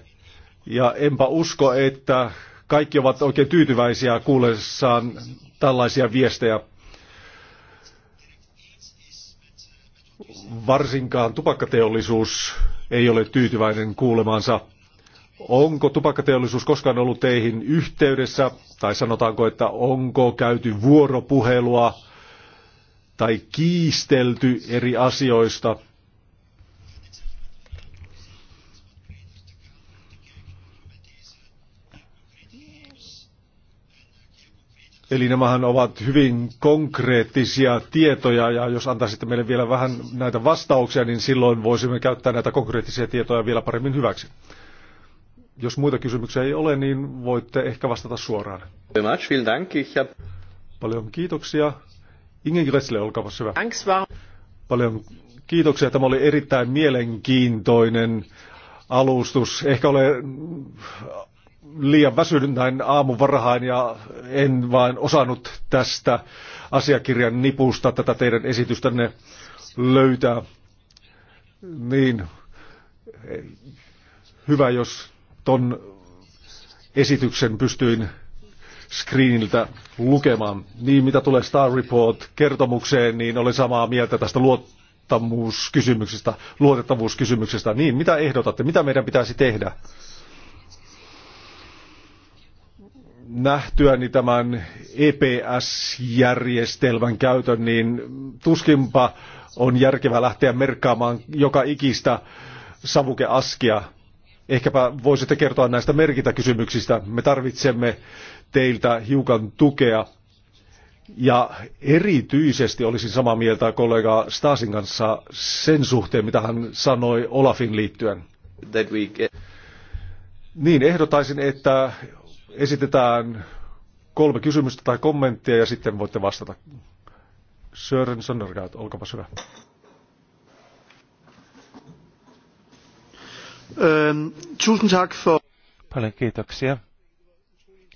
Ja enpä usko, että kaikki ovat oikein tyytyväisiä kuullessaan tällaisia viestejä. Varsinkaan tupakkateollisuus ei ole tyytyväinen kuulemansa. Onko tupakkateollisuus koskaan ollut teihin yhteydessä, tai sanotaanko, että onko käyty vuoropuhelua tai kiistelty eri asioista – Eli nämähän ovat hyvin konkreettisia tietoja, ja jos antaisitte meille vielä vähän näitä vastauksia, niin silloin voisimme käyttää näitä konkreettisia tietoja vielä paremmin hyväksi. Jos muita kysymyksiä ei ole, niin voitte ehkä vastata suoraan. Paljon kiitoksia. Ingen Gretzle, olkaa hyvä. Paljon kiitoksia. Tämä oli erittäin mielenkiintoinen alustus. Ehkä ole liian väsynyt näin aamuvarhain ja en vain osannut tästä asiakirjan nipusta tätä teidän esitystänne löytää. Niin, hyvä jos ton esityksen pystyin screeniltä lukemaan. Niin mitä tulee Star Report-kertomukseen, niin olen samaa mieltä tästä luottamuskysymyksestä, luotettavuuskysymyksestä. Niin, mitä ehdotatte? Mitä meidän pitäisi tehdä? nähtyäni niin tämän EPS-järjestelmän käytön, niin tuskinpa on järkevää lähteä merkkaamaan joka ikistä savukeaskia. Ehkäpä voisitte kertoa näistä merkintäkysymyksistä. Me tarvitsemme teiltä hiukan tukea. Ja erityisesti olisin samaa mieltä kollega Stasin kanssa sen suhteen, mitä hän sanoi Olafin liittyen. Niin, ehdotaisin, että esitetään kolme kysymystä tai kommenttia ja sitten voitte vastata. Sören Sondergaard, olkaapa hyvä. Tusen tack Paljon kiitoksia.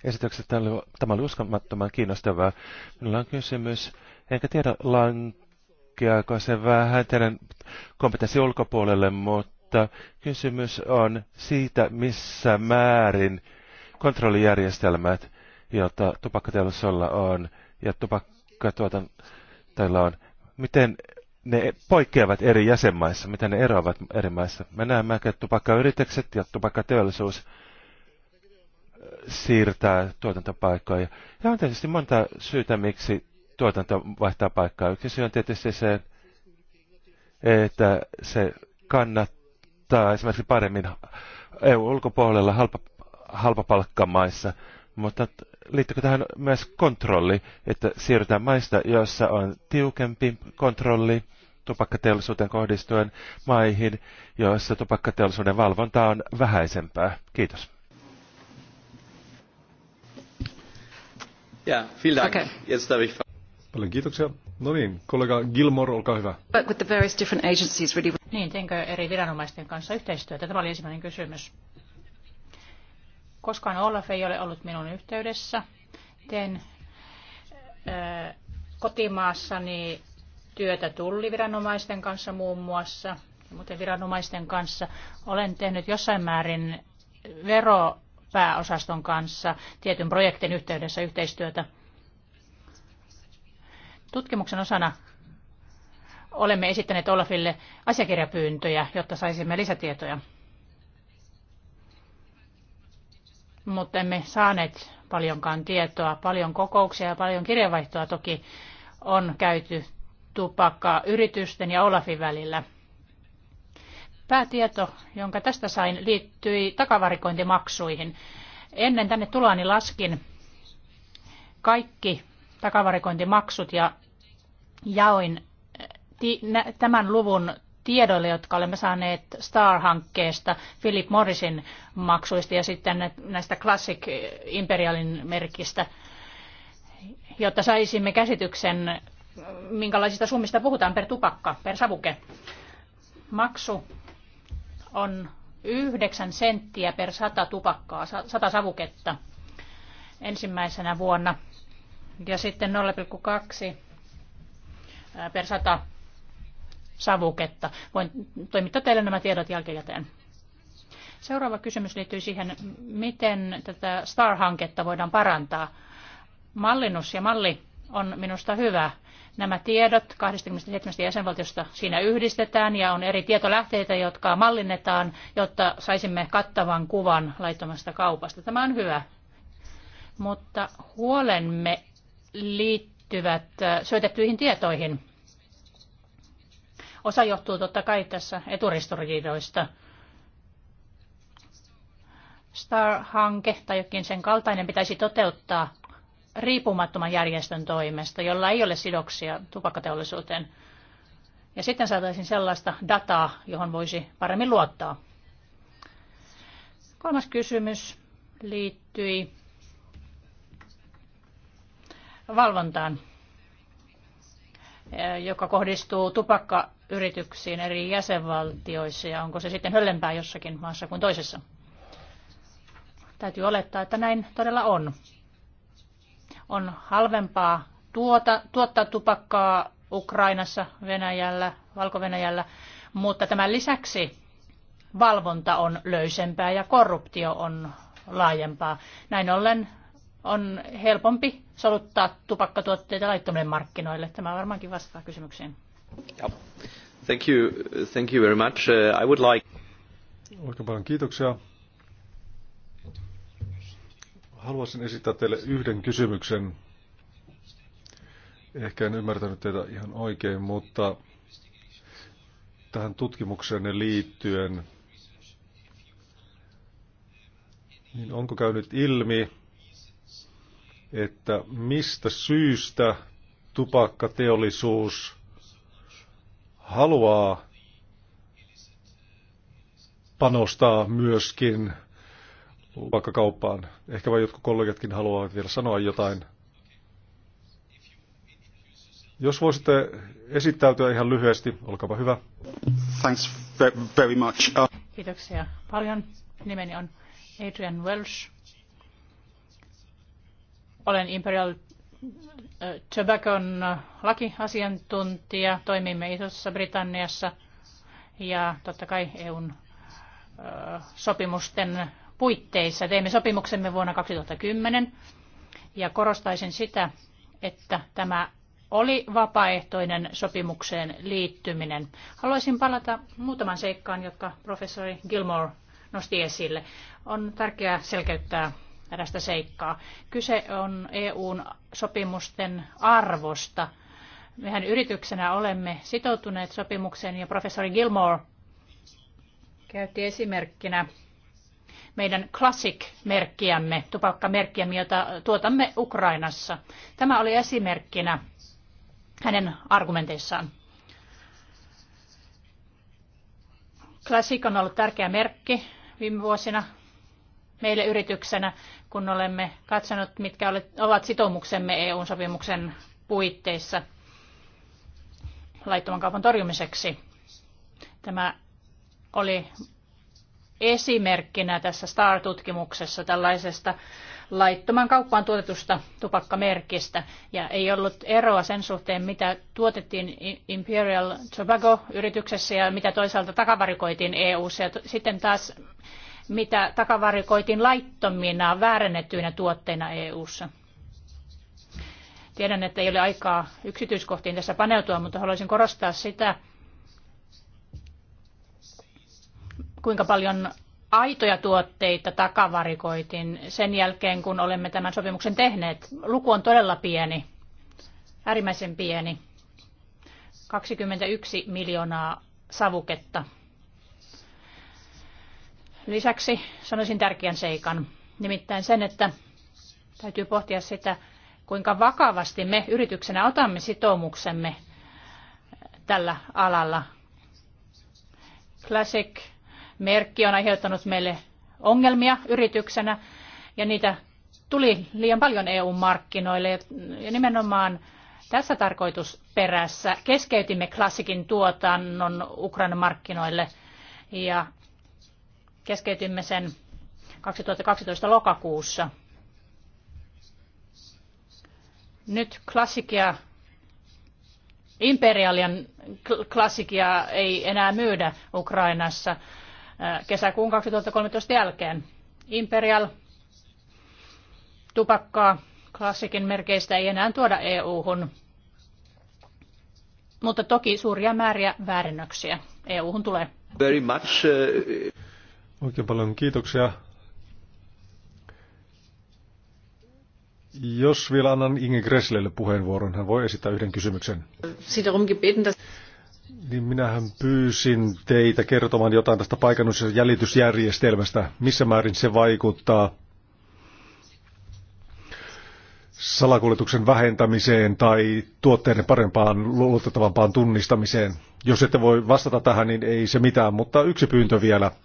Esitykset tämä oli uskomattoman kiinnostavaa. Minulla on kysymys, enkä tiedä lankeako se vähän teidän kompetenssi ulkopuolelle, mutta kysymys on siitä, missä määrin kontrollijärjestelmät, joita tupakkateollisuudella on ja tupakkatuotantoilla on, miten ne poikkeavat eri jäsenmaissa, miten ne eroavat eri maissa. Me näemme, että tupakkayritykset ja tupakkateollisuus äh, siirtää tuotantopaikkoja. Ja on tietysti monta syytä, miksi tuotanto vaihtaa paikkaa. Yksi syy on tietysti se, että se kannattaa esimerkiksi paremmin EU-ulkopuolella halpa halpapalkkamaissa, mutta liittyykö tähän myös kontrolli, että siirrytään maista, joissa on tiukempi kontrolli tupakkateollisuuteen kohdistuen maihin, joissa tupakkateollisuuden valvonta on vähäisempää? Kiitos. Paljon kiitoksia. No niin, kollega Gilmore, olkaa hyvä. Niin, teinkö eri viranomaisten kanssa yhteistyötä? Tämä oli ensimmäinen kysymys. Koskaan Olaf ei ole ollut minun yhteydessä. Teen ö, kotimaassani työtä tulliviranomaisten kanssa muun muassa, muuten viranomaisten kanssa. Olen tehnyt jossain määrin veropääosaston kanssa tietyn projektin yhteydessä yhteistyötä. Tutkimuksen osana olemme esittäneet Olafille asiakirjapyyntöjä, jotta saisimme lisätietoja. mutta emme saaneet paljonkaan tietoa. Paljon kokouksia ja paljon kirjeenvaihtoa toki on käyty tupakkaa yritysten ja Olafin välillä. Päätieto, jonka tästä sain, liittyi takavarikointimaksuihin. Ennen tänne tuloani niin laskin kaikki takavarikointimaksut ja jaoin tämän luvun tiedoille, jotka olemme saaneet Star-hankkeesta, Philip Morrisin maksuista ja sitten näistä Classic Imperialin merkistä, jotta saisimme käsityksen, minkälaisista summista puhutaan per tupakka, per savuke. Maksu on 9 senttiä per 100 tupakkaa, 100 savuketta ensimmäisenä vuonna ja sitten 0,2 per 100 savuketta. Voin toimittaa teille nämä tiedot jälkikäteen. Seuraava kysymys liittyy siihen, miten tätä STAR-hanketta voidaan parantaa. Mallinnus ja malli on minusta hyvä. Nämä tiedot 27 jäsenvaltiosta siinä yhdistetään ja on eri tietolähteitä, jotka mallinnetaan, jotta saisimme kattavan kuvan laittomasta kaupasta. Tämä on hyvä. Mutta huolemme liittyvät äh, syötettyihin tietoihin. Osa johtuu totta kai tässä eturistoriidoista. Star-hanke tai jokin sen kaltainen pitäisi toteuttaa riippumattoman järjestön toimesta, jolla ei ole sidoksia tupakkateollisuuteen. Ja sitten saataisiin sellaista dataa, johon voisi paremmin luottaa. Kolmas kysymys liittyi valvontaan. Eh, joka kohdistuu tupakkayrityksiin eri jäsenvaltioissa ja onko se sitten höllempää jossakin maassa kuin toisessa? Täytyy olettaa, että näin todella on. On halvempaa tuota, tuottaa tupakkaa Ukrainassa, Venäjällä, Valko-Venäjällä, mutta tämän lisäksi valvonta on löysempää ja korruptio on laajempaa. Näin ollen on helpompi soluttaa tupakkatuotteita laittomille markkinoille. Tämä varmaankin vastaa kysymykseen. Thank you, thank you very much. Uh, I would like... Oikein paljon kiitoksia. Haluaisin esittää teille yhden kysymyksen. Ehkä en ymmärtänyt teitä ihan oikein, mutta tähän tutkimukseen liittyen, niin onko käynyt ilmi, että mistä syystä tupakkateollisuus haluaa panostaa myöskin tupakkakauppaan. Ehkä vain jotkut kollegatkin haluavat vielä sanoa jotain. Jos voisitte esittäytyä ihan lyhyesti, olkaapa hyvä. Thanks very much. Kiitoksia paljon. Nimeni on Adrian Welsh. Olen Imperial Tobaccon lakiasiantuntija. Toimimme Isossa Britanniassa ja totta kai EUn sopimusten puitteissa. Teimme sopimuksemme vuonna 2010 ja korostaisin sitä, että tämä oli vapaaehtoinen sopimukseen liittyminen. Haluaisin palata muutaman seikkaan, jotka professori Gilmore nosti esille. On tärkeää selkeyttää tästä seikkaa. Kyse on EUn sopimusten arvosta. Mehän yrityksenä olemme sitoutuneet sopimukseen ja professori Gilmore käytti esimerkkinä meidän Classic-merkkiämme, tupakkamerkkiämme, jota tuotamme Ukrainassa. Tämä oli esimerkkinä hänen argumenteissaan. Classic on ollut tärkeä merkki viime vuosina meille yrityksenä, kun olemme katsonut, mitkä ovat sitoumuksemme EU-sopimuksen puitteissa laittoman kaupan torjumiseksi. Tämä oli esimerkkinä tässä STAR-tutkimuksessa tällaisesta laittoman kauppaan tuotetusta tupakkamerkistä. Ja ei ollut eroa sen suhteen, mitä tuotettiin Imperial Tobacco-yrityksessä ja mitä toisaalta takavarikoitiin eu -ssa. ja Sitten taas mitä takavarikoitiin laittomina, väärennettyinä tuotteina EU:ssa. Tiedän, että ei ole aikaa yksityiskohtiin tässä paneutua, mutta haluaisin korostaa sitä, kuinka paljon aitoja tuotteita takavarikoitiin sen jälkeen, kun olemme tämän sopimuksen tehneet. Luku on todella pieni, äärimmäisen pieni. 21 miljoonaa savuketta Lisäksi sanoisin tärkeän seikan, nimittäin sen, että täytyy pohtia sitä, kuinka vakavasti me yrityksenä otamme sitoumuksemme tällä alalla. Classic-merkki on aiheuttanut meille ongelmia yrityksenä ja niitä tuli liian paljon EU-markkinoille ja nimenomaan tässä tarkoitusperässä keskeytimme klassikin tuotannon Ukrainan markkinoille ja Keskeytimme sen 2012 lokakuussa. Nyt klassikia, imperialian klassikia ei enää myydä Ukrainassa äh, kesäkuun 2013 jälkeen. Imperial tupakkaa klassikin merkeistä ei enää tuoda EU-hun, mutta toki suuria määriä väärennöksiä EU-hun tulee. Very much, uh... Oikein paljon kiitoksia. Jos vielä annan Inge Gresslelle puheenvuoron, hän voi esittää yhden kysymyksen. Niin minähän pyysin teitä kertomaan jotain tästä paikannus- ja jäljitysjärjestelmästä. Missä määrin se vaikuttaa salakuljetuksen vähentämiseen tai tuotteiden parempaan luotettavampaan tunnistamiseen? Jos ette voi vastata tähän, niin ei se mitään, mutta yksi pyyntö vielä –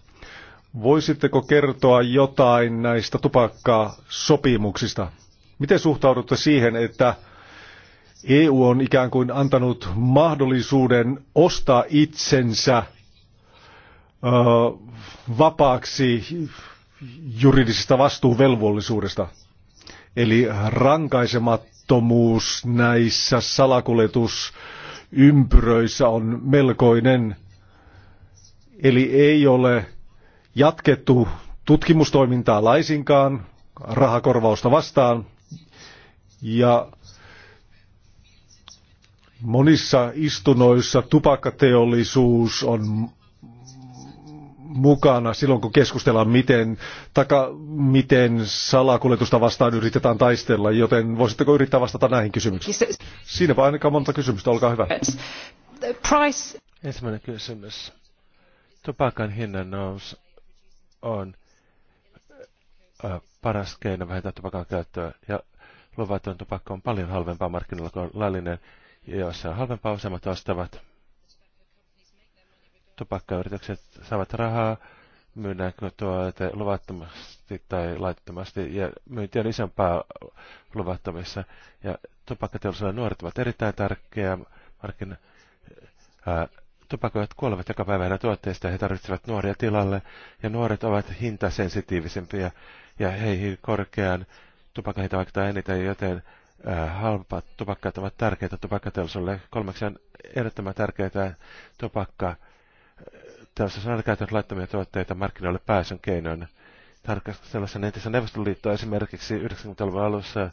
Voisitteko kertoa jotain näistä tupakkasopimuksista? Miten suhtaudutte siihen, että EU on ikään kuin antanut mahdollisuuden ostaa itsensä ö, vapaaksi juridisesta vastuuvelvollisuudesta? Eli rankaisemattomuus näissä salakuljetusympyröissä on melkoinen. Eli ei ole jatkettu tutkimustoimintaa laisinkaan rahakorvausta vastaan ja monissa istunnoissa tupakkateollisuus on mukana silloin, kun keskustellaan, miten, taka, miten salakuljetusta vastaan yritetään taistella, joten voisitteko yrittää vastata näihin kysymyksiin? Siis Siinäpä ainakaan monta kysymystä, olkaa hyvä. Price. Ensimmäinen kysymys. Tupakan hinnan nousu on paras keino vähentää tupakan käyttöä. Ja luvaton tupakka on paljon halvempaa markkinoilla kuin laillinen, jossa on halvempaa useimmat ostavat. Tupakkayritykset saavat rahaa, myydäänkö tuote luvattomasti tai laittomasti, ja myynti on isompaa luvattomissa. Ja tupakkateollisuuden nuoret ovat erittäin tärkeä markkina. Ää, Tupakoijat kuolevat joka päivä tuotteista, he tarvitsevat nuoria tilalle, ja nuoret ovat hintasensitiivisempiä, ja heihin korkean tupakahinta vaikuttaa eniten, joten äh, halpat tupakkaat ovat tärkeitä tupakkateollisuudelle. Kolmeksi on ehdottoman tärkeitä tupakka äh, teollisuus on laittamia tuotteita markkinoille pääsyn keinoin. Tarkastellessa entisen Neuvostoliitto esimerkiksi 90-luvun alussa äh,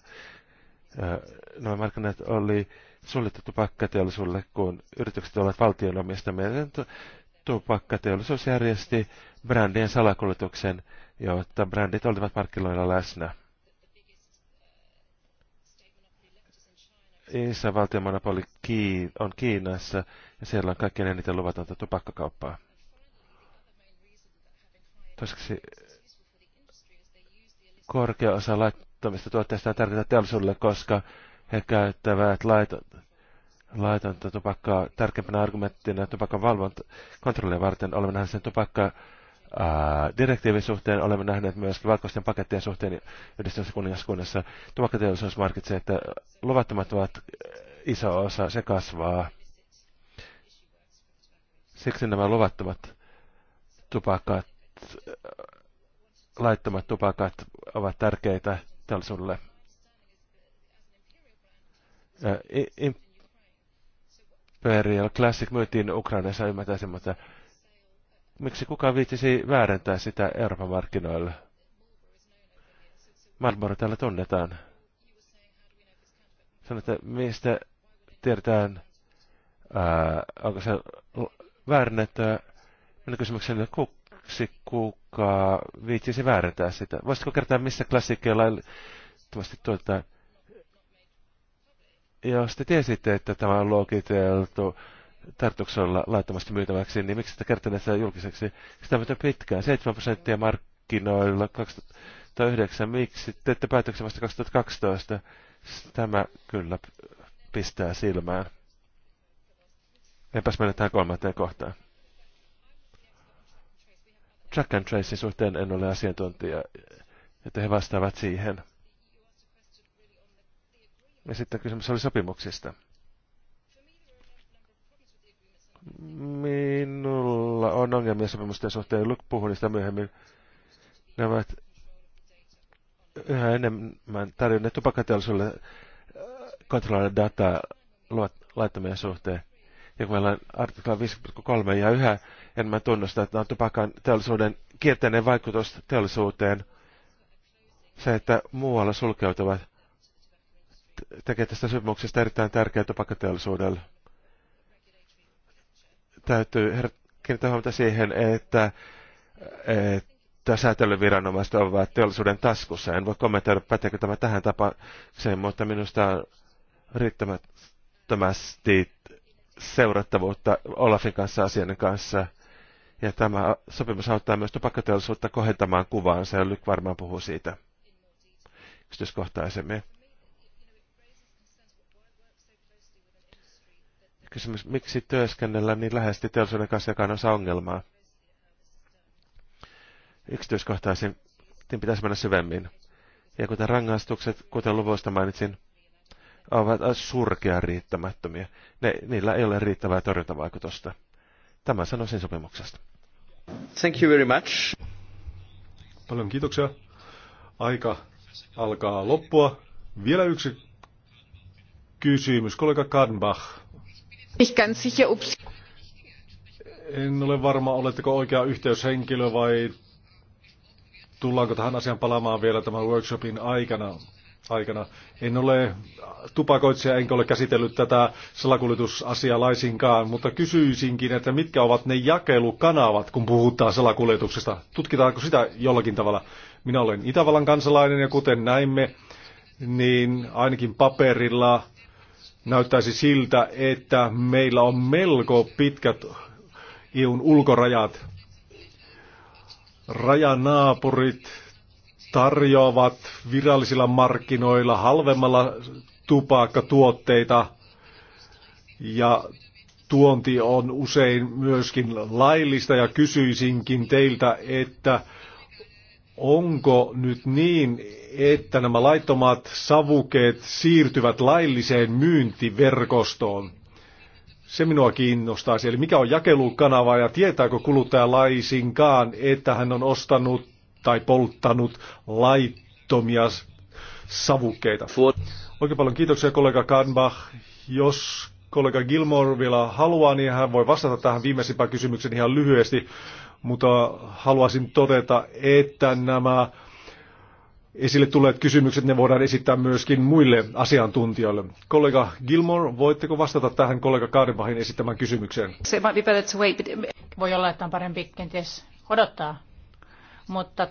nämä markkinat oli suljettu pakkateollisuudelle, kun yritykset ovat valtion omistamia. Tupakkateollisuus järjesti brändien salakuljetuksen, jotta brändit olivat markkinoilla läsnä. Isä valtionmonopoli on Kiinassa ja siellä on kaikkein eniten luvatonta tupakkakauppaa. Toiseksi korkea osa laittomista tuotteista on tärkeää teollisuudelle, koska he käyttävät laitonta, laitonta tupakkaa tärkeimpänä argumenttina tupakan valvonta kontrollia varten. Olemme nähneet sen tupakka direktiivin suhteen olemme nähneet myös valkoisten pakettien suhteen yhdistyneessä kuningaskunnassa. Tupakkateollisuus markitsee, että luvattomat ovat iso osa, se kasvaa. Siksi nämä luvattomat tupakat, laittomat tupakat ovat tärkeitä teollisuudelle. Imperial Classic myytiin Ukrainassa ymmärtäisin, mutta miksi kukaan viitsisi väärentää sitä Euroopan markkinoilla? Marlboro täällä tunnetaan. Sanoit, että mistä tiedetään, ää, onko se väärennettyä. Minun kysymykseni kuksi kuka viitsisi väärentää sitä. Voisitko kertoa, missä klassikkeilla tuomasti tuotetaan jos te tiesitte, että tämä on luokiteltu tartuksella laittomasti myytäväksi, niin miksi te kertoneet sitä julkiseksi? Sitä on pitkään, 7 prosenttia markkinoilla 2009. Miksi teette päätöksen vasta 2012? Tämä kyllä pistää silmään. Enpäs mennä tähän kolmanteen kohtaan. Track and Tracein suhteen en ole asiantuntija, että he vastaavat siihen. Ja sitten kysymys oli sopimuksista. Minulla on ongelmia sopimusten suhteen. Luke puhui niistä myöhemmin. Ne ovat yhä enemmän tarjonneet tupakateollisuudelle kontrolloida dataa laittamien suhteen. Ja kun meillä on artikla 5.3 ja yhä enemmän tunnusta, että on tupakan teollisuuden kierteinen vaikutus teollisuuteen, se, että muualla sulkeutuvat – tekee tästä sopimuksesta erittäin tärkeää tupakkateollisuudelle. Täytyy kiinnittää huomiota siihen, että, että säätelyviranomaiset ovat teollisuuden taskussa. En voi kommentoida, päteekö tämä tähän tapaukseen, mutta minusta on riittämättömästi seurattavuutta Olafin kanssa asian kanssa. Ja tämä sopimus auttaa myös tupakkateollisuutta kohentamaan kuvaansa, ja Lyk varmaan puhuu siitä yksityiskohtaisemmin. kysymys, miksi työskennellä niin läheisesti teollisuuden kanssa, joka on osa ongelmaa? Yksityiskohtaisiin pitäisi mennä syvemmin. Ja kuten rangaistukset, kuten luvuista mainitsin, ovat surkea riittämättömiä. Ne, niillä ei ole riittävää torjuntavaikutusta. Tämä sanoisin sopimuksesta. Thank you very much. Paljon kiitoksia. Aika alkaa loppua. Vielä yksi kysymys. Kollega Kadenbach. En ole varma, oletteko oikea yhteyshenkilö vai tullaanko tähän asiaan palaamaan vielä tämän workshopin aikana. aikana. En ole tupakoitsija enkä ole käsitellyt tätä salakuljetusasiaa laisinkaan, mutta kysyisinkin, että mitkä ovat ne jakelukanavat, kun puhutaan salakuljetuksesta. Tutkitaanko sitä jollakin tavalla? Minä olen Itävallan kansalainen ja kuten näimme, niin ainakin paperilla näyttäisi siltä, että meillä on melko pitkät EUn ulkorajat. Rajanaapurit tarjoavat virallisilla markkinoilla halvemmalla tupakkatuotteita ja tuonti on usein myöskin laillista ja kysyisinkin teiltä, että onko nyt niin, että nämä laittomat savukeet siirtyvät lailliseen myyntiverkostoon? Se minua kiinnostaa. Eli mikä on jakelukanava ja tietääkö kuluttaja laisinkaan, että hän on ostanut tai polttanut laittomia savukkeita? Oikein paljon kiitoksia kollega Kanbach. Jos kollega Gilmore vielä haluaa, niin hän voi vastata tähän viimeisimpään kysymykseen ihan lyhyesti mutta haluaisin todeta, että nämä esille tulleet kysymykset, ne voidaan esittää myöskin muille asiantuntijoille. Kollega Gilmore, voitteko vastata tähän kollega Kaadenbahin esittämään kysymykseen? Se wait, but... Voi olla, että on parempi kenties odottaa, mutta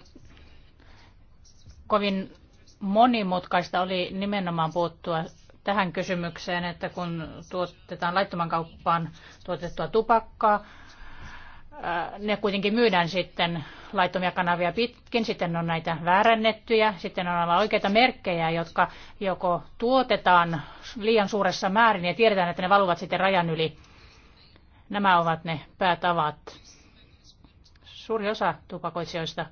kovin monimutkaista oli nimenomaan puuttua tähän kysymykseen, että kun tuotetaan laittoman kauppaan tuotettua tupakkaa, Äh, ne kuitenkin myydään sitten laittomia kanavia pitkin, sitten on näitä väärännettyjä, sitten on aivan oikeita merkkejä, jotka joko tuotetaan liian suuressa määrin ja tiedetään, että ne valuvat sitten rajan yli. Nämä ovat ne päätavat. Suuri osa tupakoitsijoista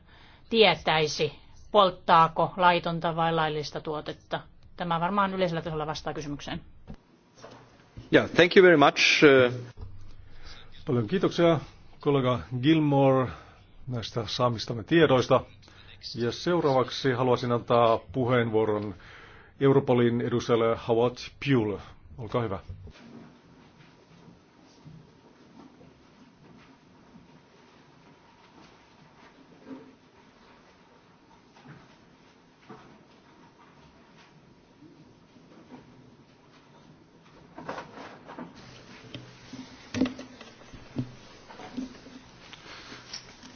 tietäisi, polttaako laitonta vai laillista tuotetta. Tämä varmaan yleisellä tasolla vastaa kysymykseen. Yeah, thank you very much. Uh, Paljon kiitoksia kollega Gilmore näistä saamistamme tiedoista. Ja seuraavaksi haluaisin antaa puheenvuoron Europolin edustajalle Howard Pule. Olkaa hyvä.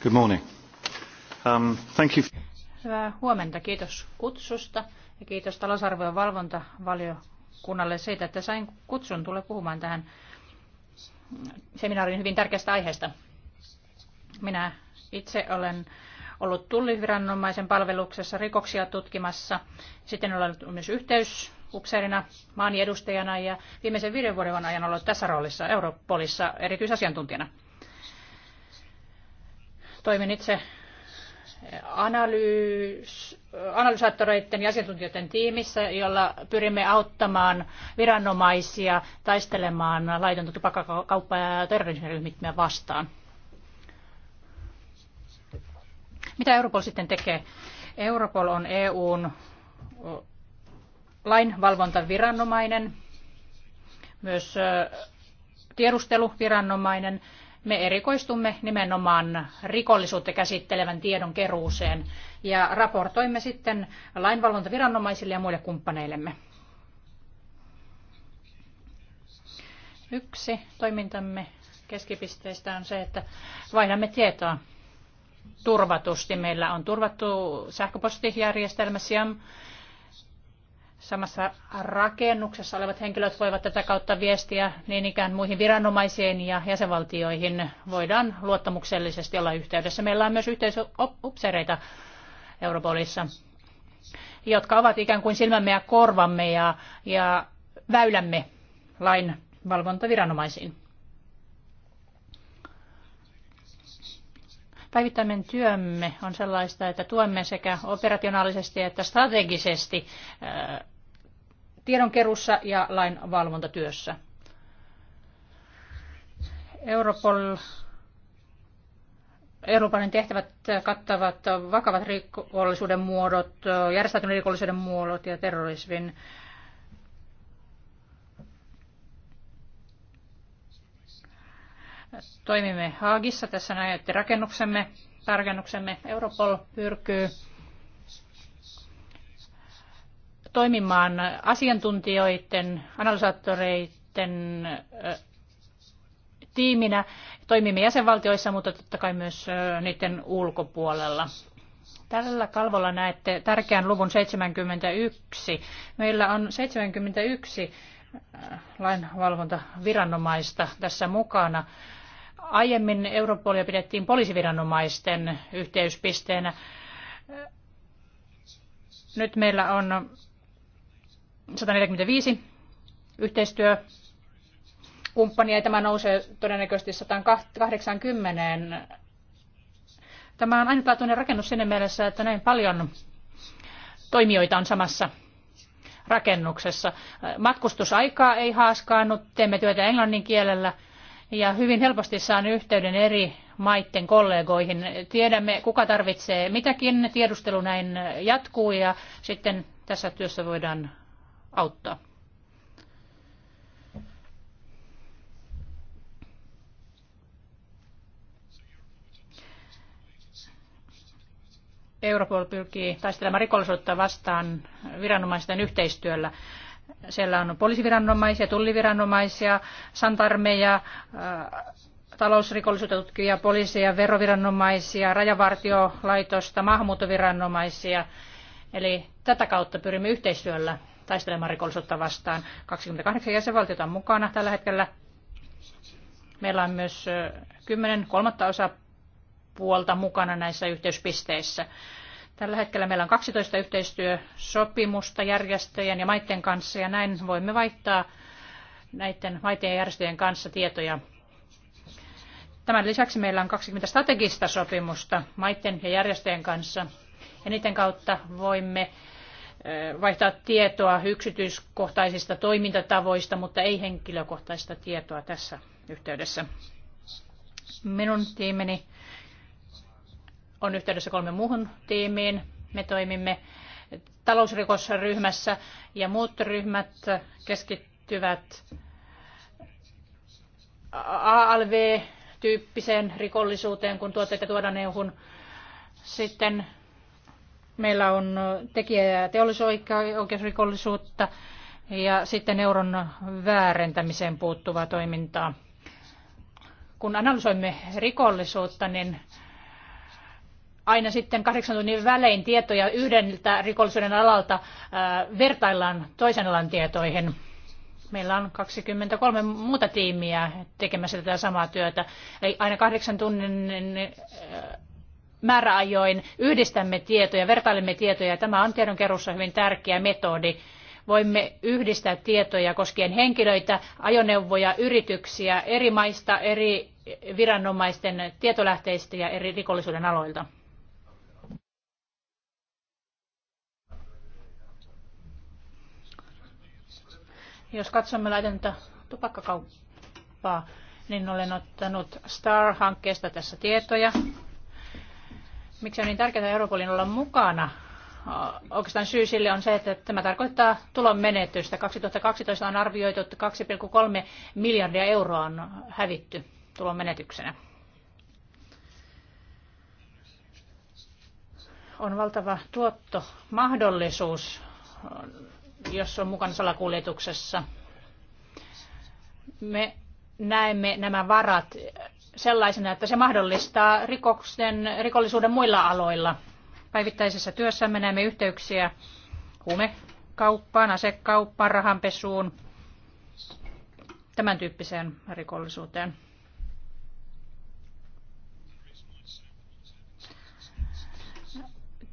Good morning. Um, thank you. Hyvää huomenta. Kiitos kutsusta ja kiitos talousarvion valvontavaliokunnalle siitä, että sain kutsun tulla puhumaan tähän seminaarin hyvin tärkeästä aiheesta. Minä itse olen ollut tulliviranomaisen palveluksessa rikoksia tutkimassa. Sitten olen ollut myös yhteysupseerina, maan edustajana ja viimeisen viiden vuoden ajan ollut tässä roolissa Europolissa erityisasiantuntijana. Toimin itse eh, analyys, eh, analysaattoreiden ja asiantuntijoiden tiimissä, jolla pyrimme auttamaan viranomaisia taistelemaan laitonta tupakkakauppaa ja terrorismiryhmittymää vastaan. Mitä Europol sitten tekee? Europol on EUn lainvalvontaviranomainen, myös eh, tiedusteluviranomainen me erikoistumme nimenomaan rikollisuutta käsittelevän tiedon keruuseen ja raportoimme sitten lainvalvontaviranomaisille ja muille kumppaneillemme. Yksi toimintamme keskipisteistä on se, että vaihdamme tietoa turvatusti. Meillä on turvattu sähköpostijärjestelmä SIAM, samassa rakennuksessa olevat henkilöt voivat tätä kautta viestiä niin ikään muihin viranomaisiin ja jäsenvaltioihin voidaan luottamuksellisesti olla yhteydessä. Meillä on myös yhteisöupseereita Europolissa, jotka ovat ikään kuin silmämme ja korvamme ja, ja väylämme lain valvontaviranomaisiin. Päivittäinen työmme on sellaista, että tuemme sekä operationaalisesti että strategisesti äh, tiedonkerussa ja lainvalvontatyössä. Europol Euroopan tehtävät kattavat vakavat rikollisuuden muodot, järjestäytyneen rikollisuuden muodot ja terrorismin toimimme Haagissa. Tässä näette rakennuksemme, tarkennuksemme. Europol pyrkyy toimimaan asiantuntijoiden, analysaattoreiden tiiminä. Toimimme jäsenvaltioissa, mutta totta kai myös niiden ulkopuolella. Tällä kalvolla näette tärkeän luvun 71. Meillä on 71 lainvalvontaviranomaista tässä mukana. Aiemmin Europolia pidettiin poliisiviranomaisten yhteyspisteenä. Nyt meillä on 145 yhteistyö kumppania ja tämä nousee todennäköisesti 180. Tämä on ainutlaatuinen rakennus siinä mielessä, että näin paljon toimijoita on samassa rakennuksessa. Matkustusaikaa ei haaskaannut, teemme työtä englannin kielellä – ja hyvin helposti saan yhteyden eri maiden kollegoihin. Tiedämme, kuka tarvitsee mitäkin, tiedustelu näin jatkuu ja sitten tässä työssä voidaan auttaa. Europol pyrkii taistelemaan rikollisuutta vastaan viranomaisten yhteistyöllä. Siellä on poliisiviranomaisia, tulliviranomaisia, santarmeja, äh, talousrikollisuutta tutkivia poliiseja, veroviranomaisia, rajavartiolaitosta, maahanmuuttoviranomaisia. Eli tätä kautta pyrimme yhteistyöllä taistelemaan rikollisuutta vastaan. 28 jäsenvaltiota on mukana tällä hetkellä. Meillä on myös 10 äh, kolmatta osapuolta mukana näissä yhteyspisteissä. Tällä hetkellä meillä on 12 yhteistyösopimusta järjestöjen ja maiden kanssa ja näin voimme vaihtaa näiden maiden ja järjestöjen kanssa tietoja. Tämän lisäksi meillä on 20 strategista sopimusta maiden ja järjestöjen kanssa ja niiden kautta voimme vaihtaa tietoa yksityiskohtaisista toimintatavoista, mutta ei henkilökohtaista tietoa tässä yhteydessä. Minun tiimeni on yhteydessä kolme muuhun tiimiin. Me toimimme talousrikosryhmässä ja muut ryhmät keskittyvät ALV-tyyppiseen rikollisuuteen, kun tuotteita tuodaan EUhun. Sitten meillä on tekijä- ja teollisoikeusrikollisuutta ja sitten euron väärentämiseen puuttuvaa toimintaa. Kun analysoimme rikollisuutta, niin aina sitten kahdeksan tunnin välein tietoja yhdeltä rikollisuuden alalta äh, vertaillaan toisen alan tietoihin. Meillä on 23 muuta tiimiä tekemässä tätä samaa työtä. Eli aina kahdeksan tunnin äh, määräajoin yhdistämme tietoja, vertailemme tietoja. Tämä on tiedonkeruussa hyvin tärkeä metodi. Voimme yhdistää tietoja koskien henkilöitä, ajoneuvoja, yrityksiä eri maista, eri viranomaisten tietolähteistä ja eri rikollisuuden aloilta. Jos katsomme laitonta tupakkakauppaa, niin olen ottanut Star-hankkeesta tässä tietoja. Miksi on niin tärkeää Europolin olla mukana? Oikeastaan syy sille on se, että tämä tarkoittaa tulon menetystä. 2012 on arvioitu, että 2,3 miljardia euroa on hävitty tulon menetyksenä. On valtava tuottomahdollisuus jos on mukana salakuljetuksessa. Me näemme nämä varat sellaisena, että se mahdollistaa rikoksen, rikollisuuden muilla aloilla. Päivittäisessä me näemme yhteyksiä huumekauppaan, asekauppaan, rahanpesuun, tämän tyyppiseen rikollisuuteen.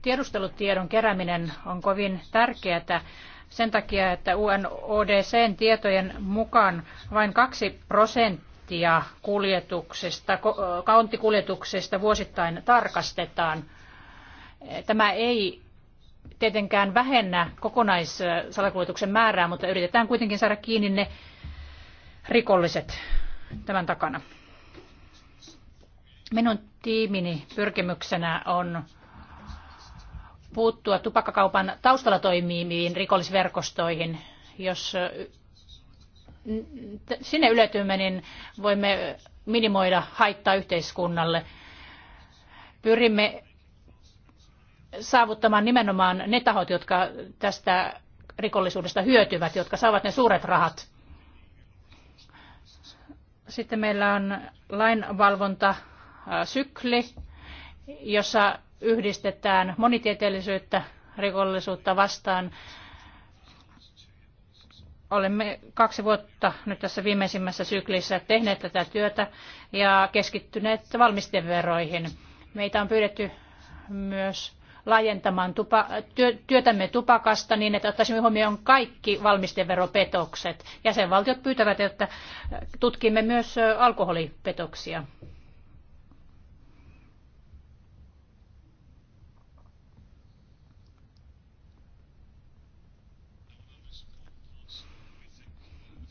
Tiedustelutiedon kerääminen on kovin tärkeää sen takia, että UNODCn tietojen mukaan vain 2 prosenttia kuljetuksesta, kauntikuljetuksesta vuosittain tarkastetaan. Tämä ei tietenkään vähennä kokonaissalakuljetuksen määrää, mutta yritetään kuitenkin saada kiinni ne rikolliset tämän takana. Minun tiimini pyrkimyksenä on puuttua tupakkakaupan taustalla toimiviin rikollisverkostoihin. Jos sinne yletymme, niin voimme minimoida haittaa yhteiskunnalle. Pyrimme saavuttamaan nimenomaan ne tahot, jotka tästä rikollisuudesta hyötyvät, jotka saavat ne suuret rahat. Sitten meillä on lainvalvontasykli, jossa yhdistetään monitieteellisyyttä rikollisuutta vastaan. Olemme kaksi vuotta nyt tässä viimeisimmässä syklissä tehneet tätä työtä ja keskittyneet valmisteveroihin. Meitä on pyydetty myös laajentamaan tupa, työ, työtämme tupakasta niin, että ottaisimme huomioon kaikki valmisteveropetokset. Jäsenvaltiot pyytävät, että tutkimme myös alkoholipetoksia.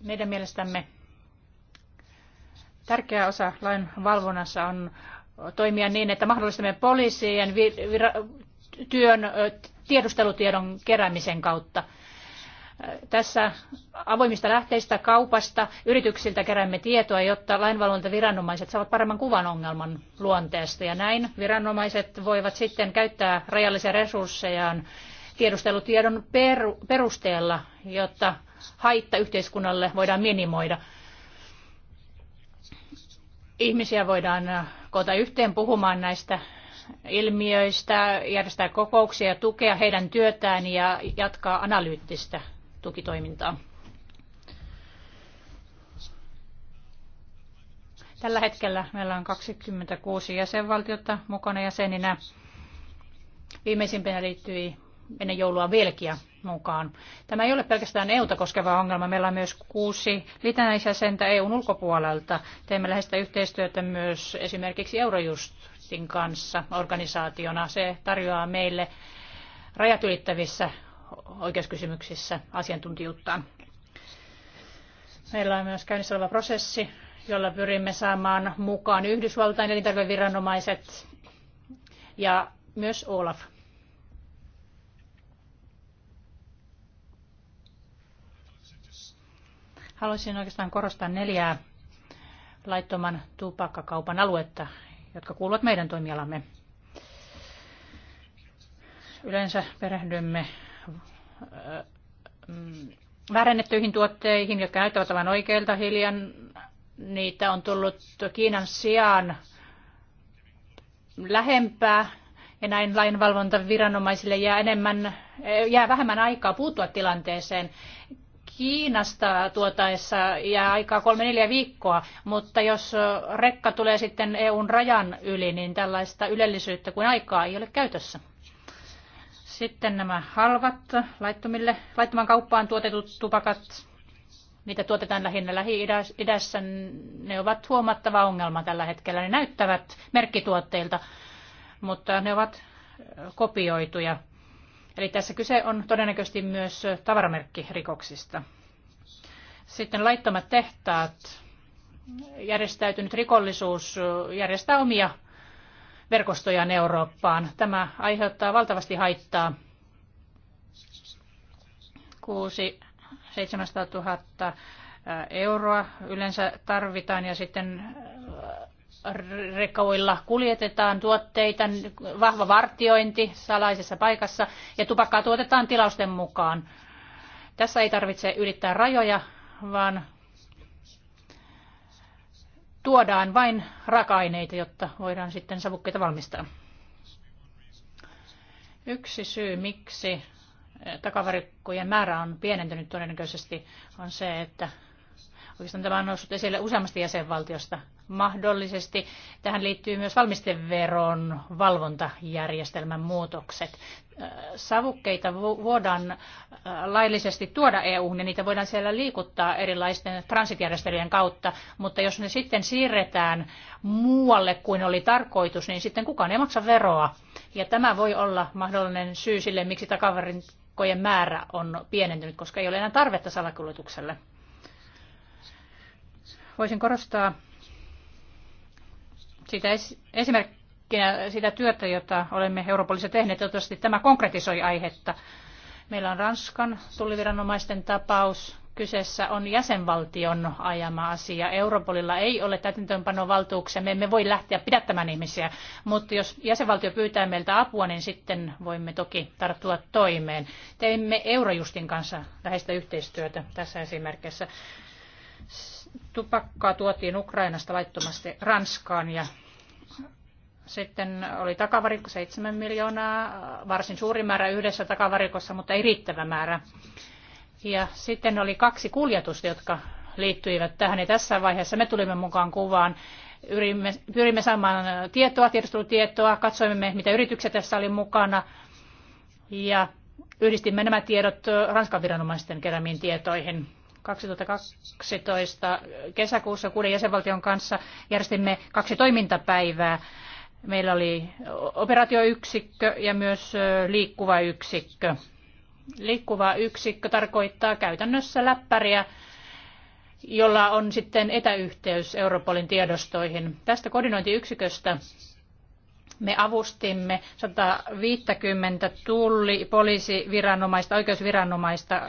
Meidän mielestämme tärkeä osa lain valvonnassa on toimia niin, että mahdollistamme poliisien työn tiedustelutiedon keräämisen kautta. Tässä avoimista lähteistä, kaupasta, yrityksiltä keräämme tietoa, jotta lainvalvontaviranomaiset saavat paremman kuvan ongelman luonteesta. Ja näin viranomaiset voivat sitten käyttää rajallisia resurssejaan tiedustelutiedon perusteella, jotta haitta yhteiskunnalle voidaan minimoida. Ihmisiä voidaan äh, koota yhteen puhumaan näistä ilmiöistä, järjestää kokouksia ja tukea heidän työtään ja jatkaa analyyttistä tukitoimintaa. Tällä hetkellä meillä on 26 jäsenvaltiota mukana jäseninä. Viimeisimpänä liittyi ennen joulua velkiä mukaan. Tämä ei ole pelkästään EUta koskeva ongelma. Meillä on myös kuusi litännäisjäsentä EUn ulkopuolelta. Teemme läheistä yhteistyötä myös esimerkiksi Eurojustin kanssa organisaationa. Se tarjoaa meille rajat ylittävissä oikeuskysymyksissä asiantuntijuuttaan. Meillä on myös käynnissä oleva prosessi, jolla pyrimme saamaan mukaan Yhdysvaltain elintarvikeviranomaiset ja myös Olaf Haluaisin oikeastaan korostaa neljää laittoman tupakkakaupan aluetta, jotka kuuluvat meidän toimialamme. Yleensä perehdymme mm, väärennettyihin tuotteihin, jotka näyttävät olevan oikeilta hiljan. Niitä on tullut Kiinan sijaan lähempää ja näin lainvalvontaviranomaisille jää, enemmän, jää vähemmän aikaa puuttua tilanteeseen. Kiinasta tuotaessa jää aikaa kolme neljä viikkoa, mutta jos rekka tulee sitten EUn rajan yli, niin tällaista ylellisyyttä kuin aikaa ei ole käytössä. Sitten nämä halvat laittomille, laittoman kauppaan tuotetut tupakat, mitä tuotetaan lähinnä Lähi-idässä, ne ovat huomattava ongelma tällä hetkellä. Ne näyttävät merkkituotteilta, mutta ne ovat kopioituja Eli tässä kyse on todennäköisesti myös tavaramerkkirikoksista. Sitten laittomat tehtaat, järjestäytynyt rikollisuus järjestää omia verkostojaan Eurooppaan. Tämä aiheuttaa valtavasti haittaa. 6 700 000 euroa yleensä tarvitaan ja sitten rekoilla kuljetetaan tuotteita, vahva vartiointi salaisessa paikassa ja tupakkaa tuotetaan tilausten mukaan. Tässä ei tarvitse ylittää rajoja, vaan tuodaan vain raaka-aineita, jotta voidaan sitten savukkeita valmistaa. Yksi syy, miksi takavarikkojen määrä on pienentynyt todennäköisesti, on se, että oikeastaan tämä on noussut esille useammasta jäsenvaltiosta – mahdollisesti. Tähän liittyy myös valmisteveron valvontajärjestelmän muutokset. Savukkeita voidaan laillisesti tuoda EU, niin niitä voidaan siellä liikuttaa erilaisten transitjärjestelyjen kautta, mutta jos ne sitten siirretään muualle kuin oli tarkoitus, niin sitten kukaan ei maksa veroa. Ja tämä voi olla mahdollinen syy sille, miksi takavarinkojen määrä on pienentynyt, koska ei ole enää tarvetta salakuljetukselle. Voisin korostaa siitä esimerkkinä sitä työtä, jota olemme Europolissa tehneet, toivottavasti tämä konkretisoi aihetta. Meillä on Ranskan tulliviranomaisten tapaus. Kyseessä on jäsenvaltion ajama asia. Europolilla ei ole täytäntöönpanovaltuuksia. Me emme voi lähteä pidättämään ihmisiä, mutta jos jäsenvaltio pyytää meiltä apua, niin sitten voimme toki tarttua toimeen. Teimme Eurojustin kanssa läheistä yhteistyötä tässä esimerkissä tupakkaa tuotiin Ukrainasta laittomasti Ranskaan ja sitten oli takavarikko 7 miljoonaa, varsin suuri määrä yhdessä takavarikossa, mutta ei riittävä määrä. Ja sitten oli kaksi kuljetusta, jotka liittyivät tähän. Ja tässä vaiheessa me tulimme mukaan kuvaan. Yrimme, pyrimme saamaan tietoa, tiedustelutietoa, katsoimme, mitä yrityksiä tässä oli mukana. Ja yhdistimme nämä tiedot Ranskan viranomaisten keräämiin tietoihin. 2012 kesäkuussa kuuden jäsenvaltion kanssa järjestimme kaksi toimintapäivää. Meillä oli operaatioyksikkö ja myös liikkuva yksikkö. Liikkuva yksikkö tarkoittaa käytännössä läppäriä, jolla on sitten etäyhteys Europolin tiedostoihin. Tästä koordinointiyksiköstä me avustimme 150 tulli, poliisiviranomaista, oikeusviranomaista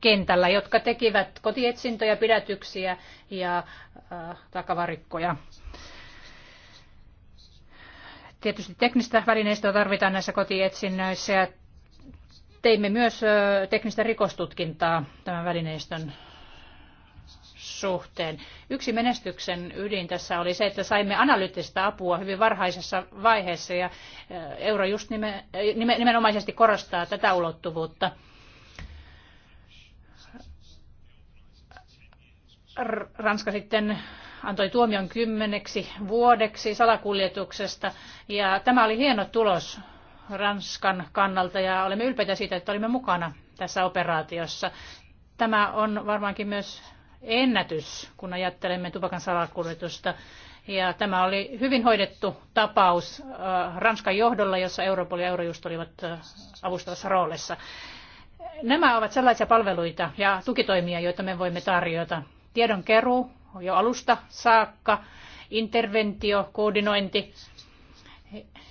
kentällä, jotka tekivät kotietsintöjä, pidätyksiä ja äh, takavarikkoja. Tietysti teknistä välineistöä tarvitaan näissä kotietsinnöissä ja teimme myös äh, teknistä rikostutkintaa tämän välineistön suhteen. Yksi menestyksen ydin tässä oli se, että saimme analyyttistä apua hyvin varhaisessa vaiheessa ja äh, euro just nimenomaisesti korostaa tätä ulottuvuutta. Ranska sitten antoi tuomion kymmeneksi vuodeksi salakuljetuksesta ja tämä oli hieno tulos Ranskan kannalta ja olemme ylpeitä siitä, että olimme mukana tässä operaatiossa. Tämä on varmaankin myös ennätys, kun ajattelemme tupakan salakuljetusta. Ja tämä oli hyvin hoidettu tapaus äh, Ranskan johdolla, jossa Europol ja Eurojust olivat äh, avustavassa roolissa. Nämä ovat sellaisia palveluita ja tukitoimia, joita me voimme tarjota tiedonkeruu jo alusta saakka, interventio, koordinointi.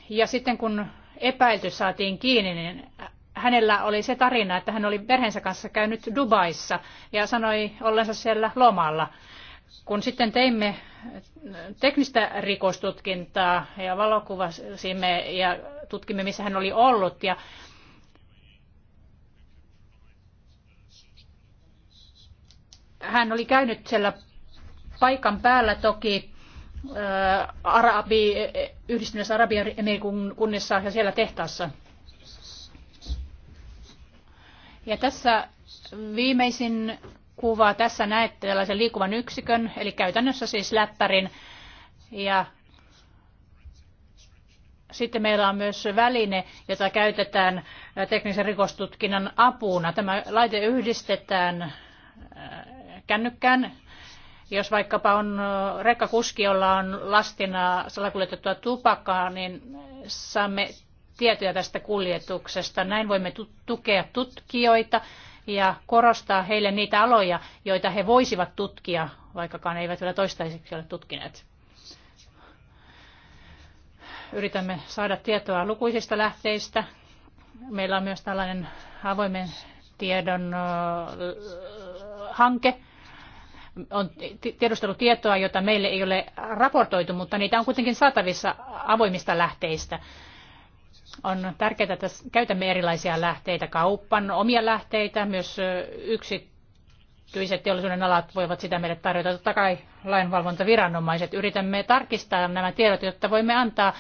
Ja sitten kun epäilty saatiin kiinni, niin hänellä oli se tarina, että hän oli perheensä kanssa käynyt Dubaissa ja sanoi ollensa siellä lomalla. Kun sitten teimme teknistä rikostutkintaa ja valokuvasimme ja tutkimme, missä hän oli ollut ja hän oli käynyt siellä paikan päällä toki Arabi, yhdistyneessä Arabian kunnissa ja siellä tehtaassa. Ja tässä viimeisin kuva, tässä näette tällaisen liikuvan yksikön, eli käytännössä siis läppärin. Ja sitten meillä on myös väline, jota käytetään teknisen rikostutkinnan apuna. Tämä laite yhdistetään kännykkään. Jos vaikkapa on rekkakuski, jolla on lastina salakuljetettua tupakkaa, niin saamme tietoja tästä kuljetuksesta. Näin voimme tukea tutkijoita ja korostaa heille niitä aloja, joita he voisivat tutkia, vaikkakaan eivät vielä toistaiseksi ole tutkineet. Yritämme saada tietoa lukuisista lähteistä. Meillä on myös tällainen avoimen tiedon hanke, on tiedustelutietoa, jota meille ei ole raportoitu, mutta niitä on kuitenkin saatavissa avoimista lähteistä. On tärkeää, että käytämme erilaisia lähteitä, kauppan omia lähteitä, myös yksityiset teollisuuden alat voivat sitä meille tarjota, totta kai lainvalvontaviranomaiset. Yritämme tarkistaa nämä tiedot, jotta voimme antaa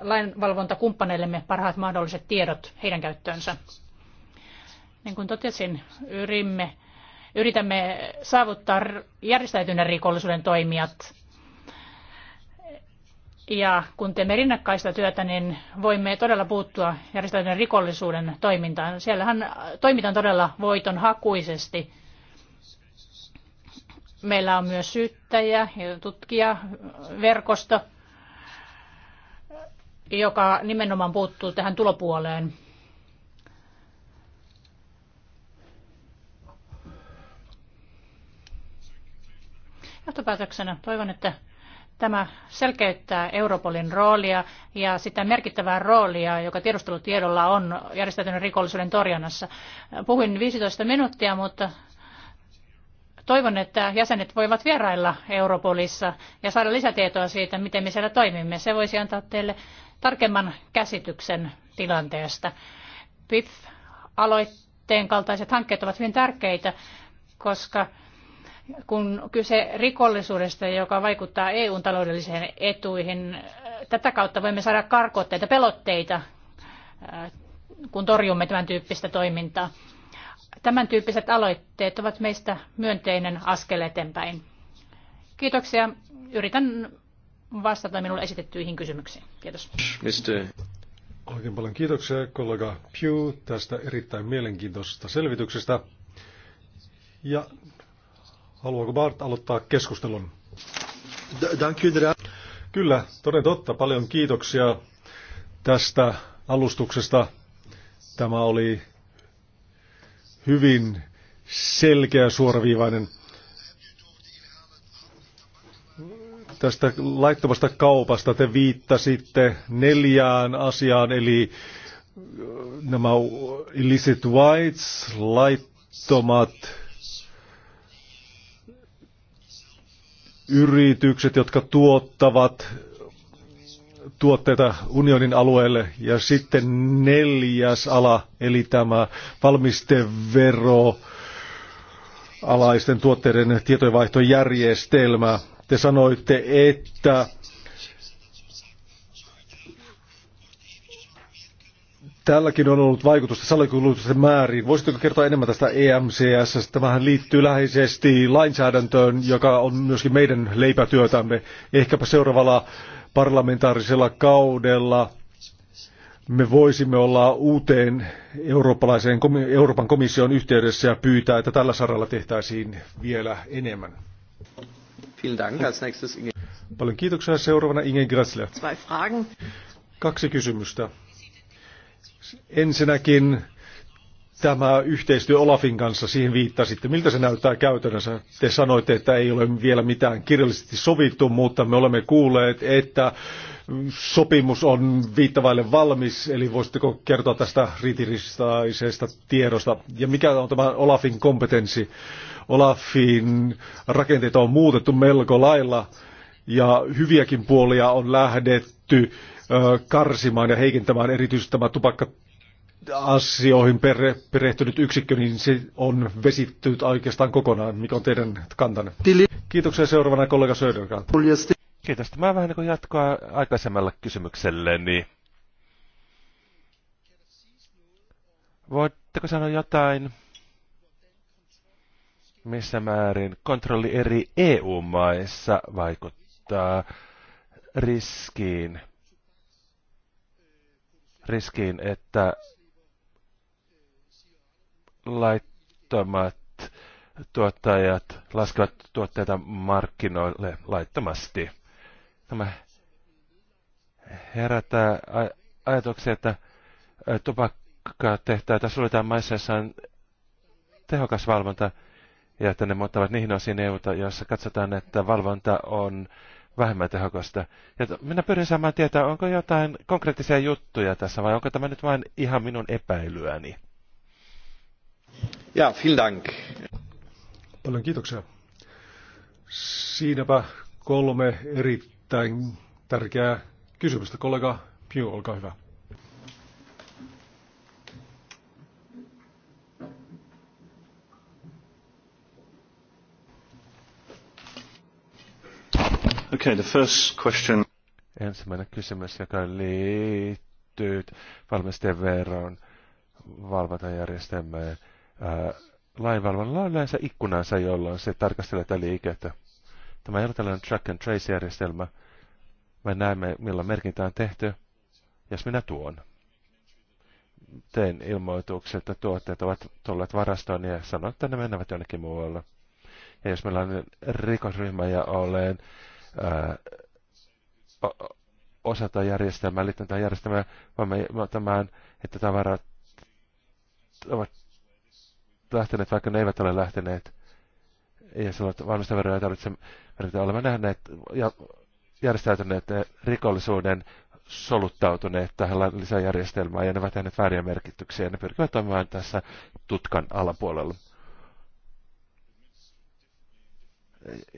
lainvalvontakumppaneillemme parhaat mahdolliset tiedot heidän käyttöönsä. Niin kuin totesin, yrimme yritämme saavuttaa järjestäytyneen rikollisuuden toimijat. Ja kun teemme rinnakkaista työtä, niin voimme todella puuttua järjestäytyneen rikollisuuden toimintaan. Siellähän toimitaan todella voiton hakuisesti. Meillä on myös syyttäjä ja tutkija, verkosto, joka nimenomaan puuttuu tähän tulopuoleen Johtopäätöksenä toivon, että tämä selkeyttää Europolin roolia ja sitä merkittävää roolia, joka tiedustelutiedolla on järjestäytyneen rikollisuuden torjunnassa. Puhuin 15 minuuttia, mutta toivon, että jäsenet voivat vierailla Europolissa ja saada lisätietoa siitä, miten me siellä toimimme. Se voisi antaa teille tarkemman käsityksen tilanteesta. PIF-aloitteen kaltaiset hankkeet ovat hyvin tärkeitä, koska kun kyse rikollisuudesta, joka vaikuttaa EUn taloudelliseen etuihin. Tätä kautta voimme saada karkotteita, pelotteita, äh, kun torjumme tämän tyyppistä toimintaa. Tämän tyyppiset aloitteet ovat meistä myönteinen askel eteenpäin. Kiitoksia. Yritän vastata minulle esitettyihin kysymyksiin. Kiitos. Mr. Oikein paljon kiitoksia kollega Pew tästä erittäin mielenkiintoisesta selvityksestä. Ja Haluaako Bart aloittaa keskustelun? Kyllä, toden totta. Paljon kiitoksia tästä alustuksesta. Tämä oli hyvin selkeä, suoraviivainen. Tästä laittomasta kaupasta te viittasitte neljään asiaan, eli nämä illicit whites, laittomat yritykset, jotka tuottavat tuotteita unionin alueelle. Ja sitten neljäs ala, eli tämä valmistevero alaisten tuotteiden tietojenvaihtojärjestelmä. Te sanoitte, että Tälläkin on ollut vaikutusta salakulutusten määriin. Voisitteko kertoa enemmän tästä EMCS? Tämähän liittyy läheisesti lainsäädäntöön, joka on myöskin meidän leipätyötämme. Ehkäpä seuraavalla parlamentaarisella kaudella me voisimme olla uuteen eurooppalaiseen, Euroopan komission yhteydessä ja pyytää, että tällä saralla tehtäisiin vielä enemmän. Paljon kiitoksia. Seuraavana Inge Gressler. Kaksi kysymystä. Ensinnäkin tämä yhteistyö Olafin kanssa, siihen viittasitte. Miltä se näyttää käytännössä? Te sanoitte, että ei ole vielä mitään kirjallisesti sovittu, mutta me olemme kuulleet, että sopimus on viittavaille valmis, eli voisitteko kertoa tästä ritiristaisesta tiedosta? Ja mikä on tämä Olafin kompetenssi? Olafin rakenteita on muutettu melko lailla, ja hyviäkin puolia on lähdetty karsimaan ja heikentämään erityisesti tämä tupakka asioihin pere, perehtynyt yksikkö, niin se on vesittynyt oikeastaan kokonaan. Mikä on teidän kantanne? Kiitoksia seuraavana kollega Söderkaan. Kiitos. Mä vähän niin jatkoa aikaisemmalle niin... Voitteko sanoa jotain, missä määrin kontrolli eri EU-maissa vaikuttaa riskiin, riskiin että laittomat tuottajat laskevat tuotteita markkinoille laittomasti. Tämä herättää ajatuksia, että tupakkatehtaita suljetaan maissa, joissa on tehokas valvonta, ja että ne muuttavat niihin osiin eu joissa katsotaan, että valvonta on vähemmän tehokasta. Ja minä pyrin saamaan tietää, onko jotain konkreettisia juttuja tässä vai onko tämä nyt vain ihan minun epäilyäni. Ja, vielen dank. Paljon kiitoksia. Siinäpä kolme erittäin tärkeää kysymystä. Kollega Piu, olkaa hyvä. Okay, the first question. Ensimmäinen kysymys, joka liittyy valmisteveron valvontajärjestelmään lainvalvonnalla on yleensä ikkunansa, jolloin se tarkastelee tätä liikettä. Tämä ei ole tällainen track and trace-järjestelmä. Me näemme, milloin merkintä on tehty, jos minä tuon. Teen ilmoituksen, että tuotteet ovat tulleet varastoon ja sanon, että ne menevät jonnekin muualle. Ja jos meillä on rikosryhmä ja olen osa tai järjestelmää, liittyen tähän järjestelmään, voimme tämän, että tavarat ovat lähteneet, vaikka ne eivät ole lähteneet. Ja silloin valmistaveroja ei tarvitse merkitä. Olemme nähneet ja järjestäytyneet rikollisuuden soluttautuneet tähän lisäjärjestelmään ja ne ovat tehneet vääriä merkityksiä ja ne pyrkivät toimimaan tässä tutkan alapuolella.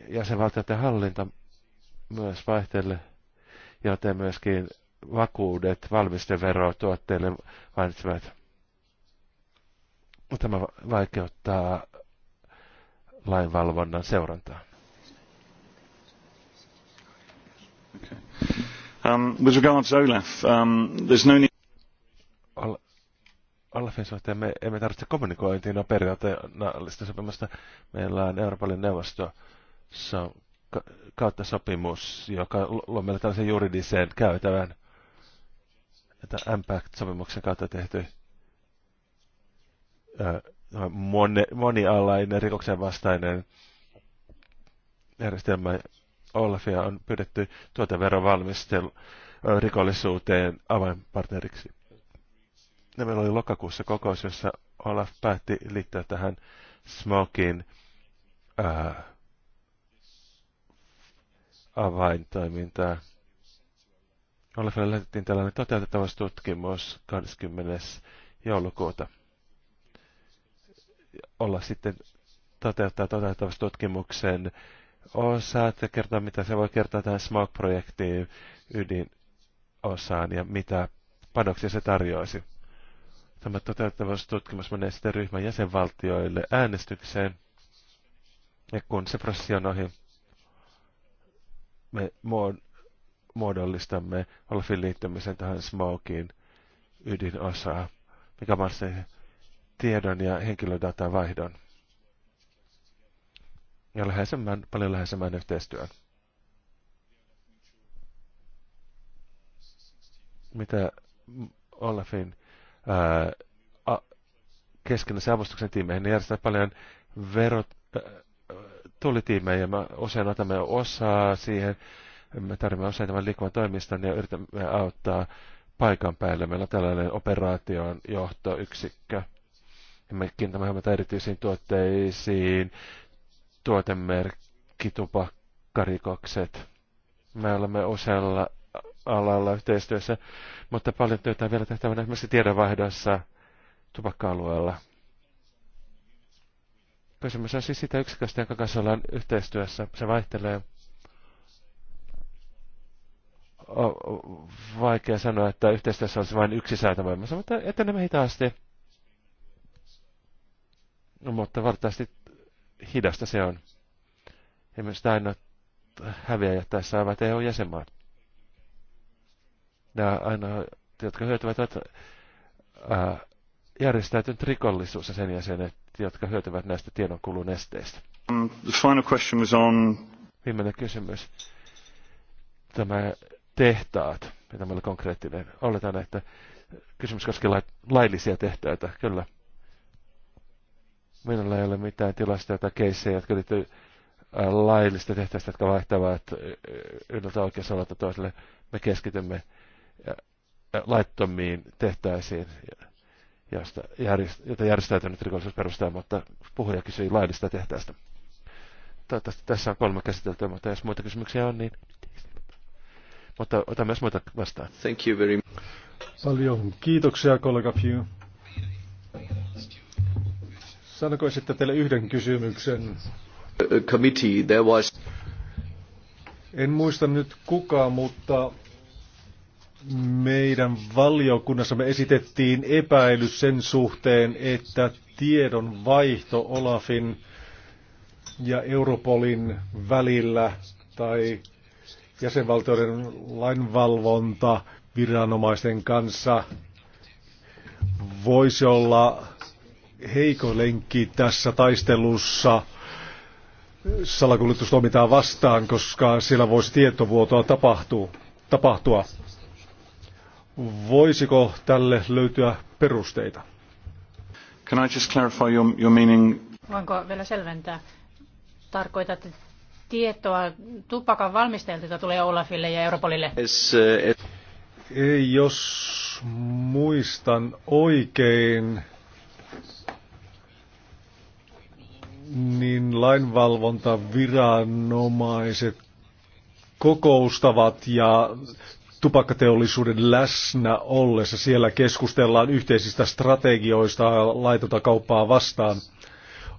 Jäsenvaltioiden hallinta myös vaihtelee, joten myöskin vakuudet valmistevero tuotteille mainitsevat mutta tämä vaikeuttaa lainvalvonnan seurantaa. Okay. Um, with regards to Olaf, um, there's no need... Ol Olafin suhteen me emme tarvitse kommunikointia no, periaatteellista sopimusta. Meillä on Euroopan neuvosto so, kautta sopimus, joka luo meille tällaisen juridisen käytävän, että MPACT-sopimuksen kautta tehty Äh, äh, moni monialainen rikoksen vastainen järjestelmä Olafia on pyydetty tuota verovalmistelu rikollisuuteen avainpartneriksi. Ja meillä oli lokakuussa kokous, jossa Olaf päätti liittää tähän Smokin äh, avaintoimintaan. Olafille lähetettiin tällainen toteutettavastutkimus 20. joulukuuta olla sitten toteuttaa tutkimuksen osa, että kertoa, mitä se voi kertoa tähän SMOG-projektiin ydinosaan ja mitä panoksia se tarjoaisi. Tämä tutkimus menee sitten ryhmän jäsenvaltioille äänestykseen. Ja kun se prosessi on ohi, me muodollistamme Olfin liittymisen tähän SMOGin ydinosaa, mikä on se tiedon ja henkilödatan vaihdon ja läheisemmän, paljon läheisemmän yhteistyön. Mitä Olafin ää, a, keskinäisen avustuksen tiimeihin, ne paljon verot, ää, tulitiimejä ja me usein otamme osaa siihen. Me tarvitsemme usein tämän liikkuvan toimiston ja yritämme auttaa paikan päälle. Meillä on tällainen operaation johtoyksikkö me kiinnitämme huomiota erityisiin tuotteisiin, tuotemerkki, tupakkarikokset. Me olemme usealla alalla yhteistyössä, mutta paljon työtä on vielä tehtävänä esimerkiksi tiedonvaihdossa tupakka-alueella. Kysymys on siis sitä yksiköstä, jonka kanssa ollaan yhteistyössä. Se vaihtelee. O vaikea sanoa, että yhteistyössä olisi vain yksi säätövoimassa, mutta etenemme hitaasti. No, mutta valitettavasti hidasta se on. Esimerkiksi aina häviäjät tässä ovat EU-jäsenmaat. Nämä aina, jotka hyötyvät, ovat järjestäytynyt rikollisuus ja sen jäsenet, jotka hyötyvät näistä tiedonkulun esteistä. Um, the final question was on... Viimeinen kysymys. Tämä tehtaat, mitä meillä konkreettinen. Oletan, että kysymys koskee laillisia tehtaita, kyllä. Minulla ei ole mitään tilastoja tai keissejä, jotka liittyy äh, laillista tehtävistä, jotka vaihtavat äh, yhdeltä oikeusalalta toiselle. Me keskitymme äh, laittomiin tehtäisiin, josta järjest, jota järjestäytynyt rikollisuus perustaa, mutta puhuja kysyi laillista tehtäistä. Toivottavasti tässä on kolme käsiteltyä, mutta jos muita kysymyksiä on, niin... Mutta otan myös muita vastaan. Thank you very much. Paljon kiitoksia, kollega Pugh. Saanko esittää teille yhden kysymyksen? Committee, there was... En muista nyt kuka, mutta meidän valiokunnassamme esitettiin epäily sen suhteen, että tiedon vaihto Olafin ja Europolin välillä tai jäsenvaltioiden lainvalvonta viranomaisten kanssa voisi olla heiko lenkki tässä taistelussa salakuljetustoimintaa vastaan, koska siellä voisi tietovuotoa tapahtua. tapahtua. Voisiko tälle löytyä perusteita? Can I just clarify your, your meaning? Voinko vielä selventää? Tarkoitatte tietoa tupakan valmistajilta, joka tulee Olafille ja Europolille? Es, et... Uh, jos muistan oikein, niin lainvalvontaviranomaiset kokoustavat ja tupakkateollisuuden läsnä ollessa siellä keskustellaan yhteisistä strategioista laitonta kauppaa vastaan.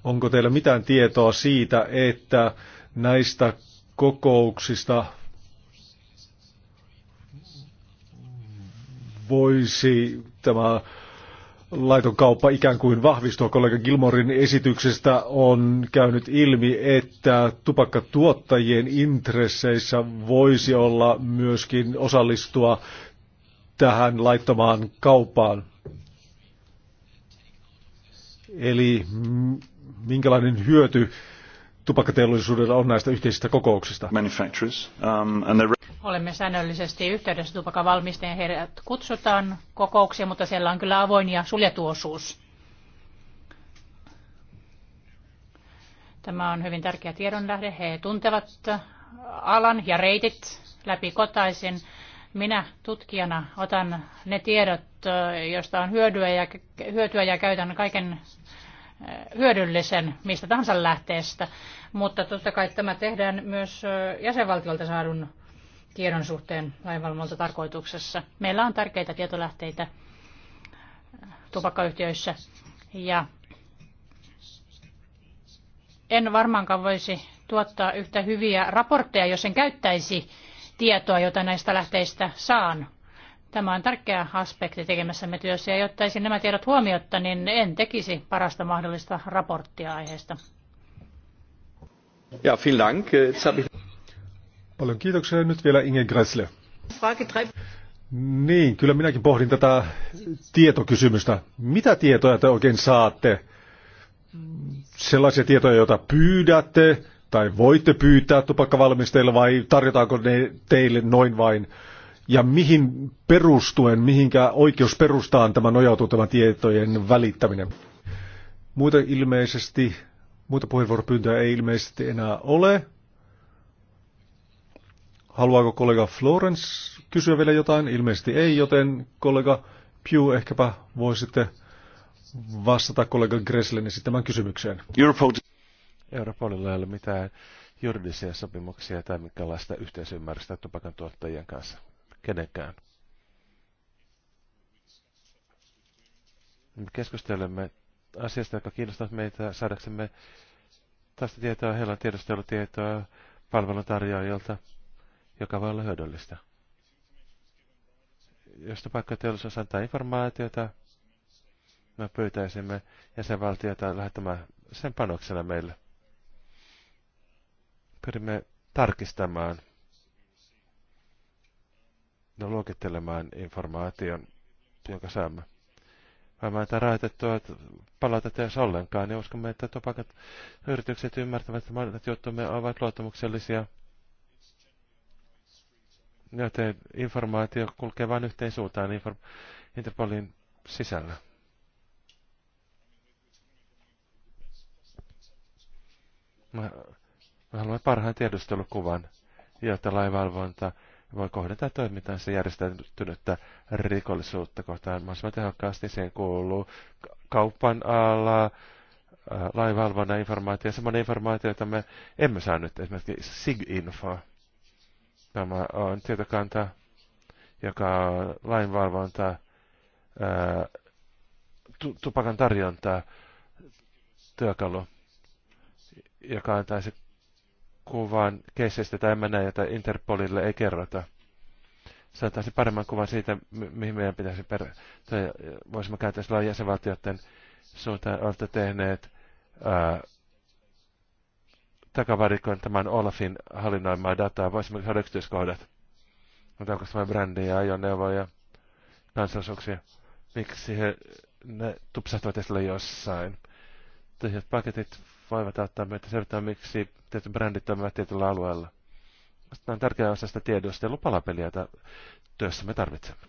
Onko teillä mitään tietoa siitä, että näistä kokouksista voisi tämä laiton kauppa ikään kuin vahvistua. Kollega Gilmorin esityksestä on käynyt ilmi, että tupakkatuottajien intresseissä voisi olla myöskin osallistua tähän laittamaan kauppaan. Eli minkälainen hyöty tupakkateollisuudella on näistä yhteisistä kokouksista? Olemme säännöllisesti yhteydessä tupakavalmistajien herät kutsutaan kokouksiin, mutta siellä on kyllä avoin ja suljettu osuus. Tämä on hyvin tärkeä tiedonlähde. He tuntevat alan ja reitit läpi kotaisin. Minä tutkijana otan ne tiedot, joista on hyötyä ja, hyötyä ja käytän kaiken eh, hyödyllisen mistä tahansa lähteestä, mutta totta kai tämä tehdään myös eh, jäsenvaltiolta saadun tiedon suhteen lainvalvontatarkoituksessa. Meillä on tärkeitä tietolähteitä tupakkayhtiöissä ja en varmaankaan voisi tuottaa yhtä hyviä raportteja, jos en käyttäisi tietoa, jota näistä lähteistä saan. Tämä on tärkeä aspekti tekemässämme työssä ja jotta olisin nämä tiedot huomiotta, niin en tekisi parasta mahdollista raporttia aiheesta. Ja, vielen Dank. Paljon kiitoksia. Nyt vielä Inge Gressle. Niin, kyllä minäkin pohdin tätä tietokysymystä. Mitä tietoja te oikein saatte? Sellaisia tietoja, joita pyydätte tai voitte pyytää tupakkavalmistajilla vai tarjotaanko ne teille noin vain? Ja mihin perustuen, mihinkä oikeus perustaan tämä nojautuu tämän tietojen välittäminen? Muita ilmeisesti, muita puheenvuoropyyntöjä ei ilmeisesti enää ole. Haluaako kollega Florence kysyä vielä jotain? Ilmeisesti ei, joten kollega Pew ehkäpä voisitte vastata kollega Gresslin esittämään kysymykseen. Europolilla ei ole mitään juridisia sopimuksia tai minkälaista yhteisymmärrystä tupakan tuottajien kanssa. Kenenkään. Me keskustelemme asiasta, joka kiinnostaa meitä saadaksemme tästä tietoa, heillä on tiedustelutietoa palveluntarjoajilta joka voi olla hyödyllistä. Jos teollisuus antaa informaatiota, me pyytäisimme jäsenvaltiota lähettämään sen panoksena meille. Pyrimme tarkistamaan ja luokittelemaan informaation, jonka saamme. Mä antaa rajoitettua palautetta edes ollenkaan, niin uskomme, että tupakat yritykset ymmärtävät, että monet juttumme ovat luottamuksellisia – joten informaatio kulkee vain yhteen suuntaan Interpolin sisällä. Me, me haluamme parhaan tiedustelukuvan, jotta laivalvonta voi kohdentaa toimintansa järjestäytynyttä rikollisuutta kohtaan mahdollisimman tehokkaasti. Siihen kuuluu kaupan ala, laivalvonnan informaatio, semmoinen informaatio, jota me emme saa nyt esimerkiksi SIG-infoa. Tämä on tietokanta, joka on lainvalvontaa, tu- tupakan tarjontaa, työkalu, joka se kuvan keisestä, tai mennä, jota Interpolille ei kerrota. Se antaisi paremman kuvan siitä, mihin meidän pitäisi perä. Tai voisimme käyttää sillä jäsenvaltioiden suuntaan, olette tehneet ää, takavarikon tämän Olafin hallinnoimaa dataa. Voisimme saada yksityiskohdat. Mutta onko tämä ja ajoneuvoja, kansallisuuksia? Miksi he ne tupsahtavat esille jossain? Tyhjät paketit voivat auttaa meitä selvittää miksi tietyt brändit toimivat tietyllä alueella. Tämä on tärkeä osa sitä lupalapeliä, jota työssä me tarvitsemme.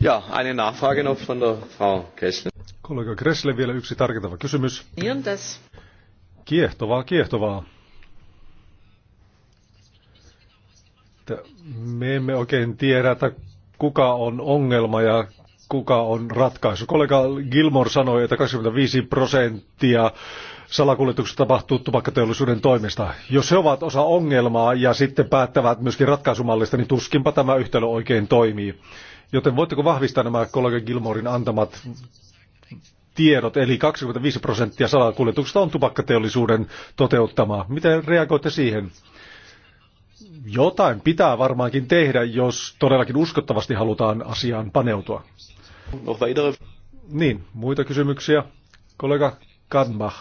Ja, eine Nachfrage noch von der Frau Kessler. Kollega Kessler vielä yksi tarkentava kysymys. Jontas. Niin Kiehtovaa, kiehtovaa. Me emme oikein tiedä, että kuka on ongelma ja kuka on ratkaisu. Kollega Gilmore sanoi, että 25 prosenttia salakuljetuksesta tapahtuu tupakkateollisuuden toimesta. Jos he ovat osa ongelmaa ja sitten päättävät myöskin ratkaisumallista, niin tuskinpa tämä yhtälö oikein toimii. Joten voitteko vahvistaa nämä kollega Gilmorin antamat tiedot, eli 25 prosenttia salakuljetuksesta on tupakkateollisuuden toteuttamaa. Miten reagoitte siihen? Jotain pitää varmaankin tehdä, jos todellakin uskottavasti halutaan asiaan paneutua. Niin, muita kysymyksiä? Kollega Kadmach.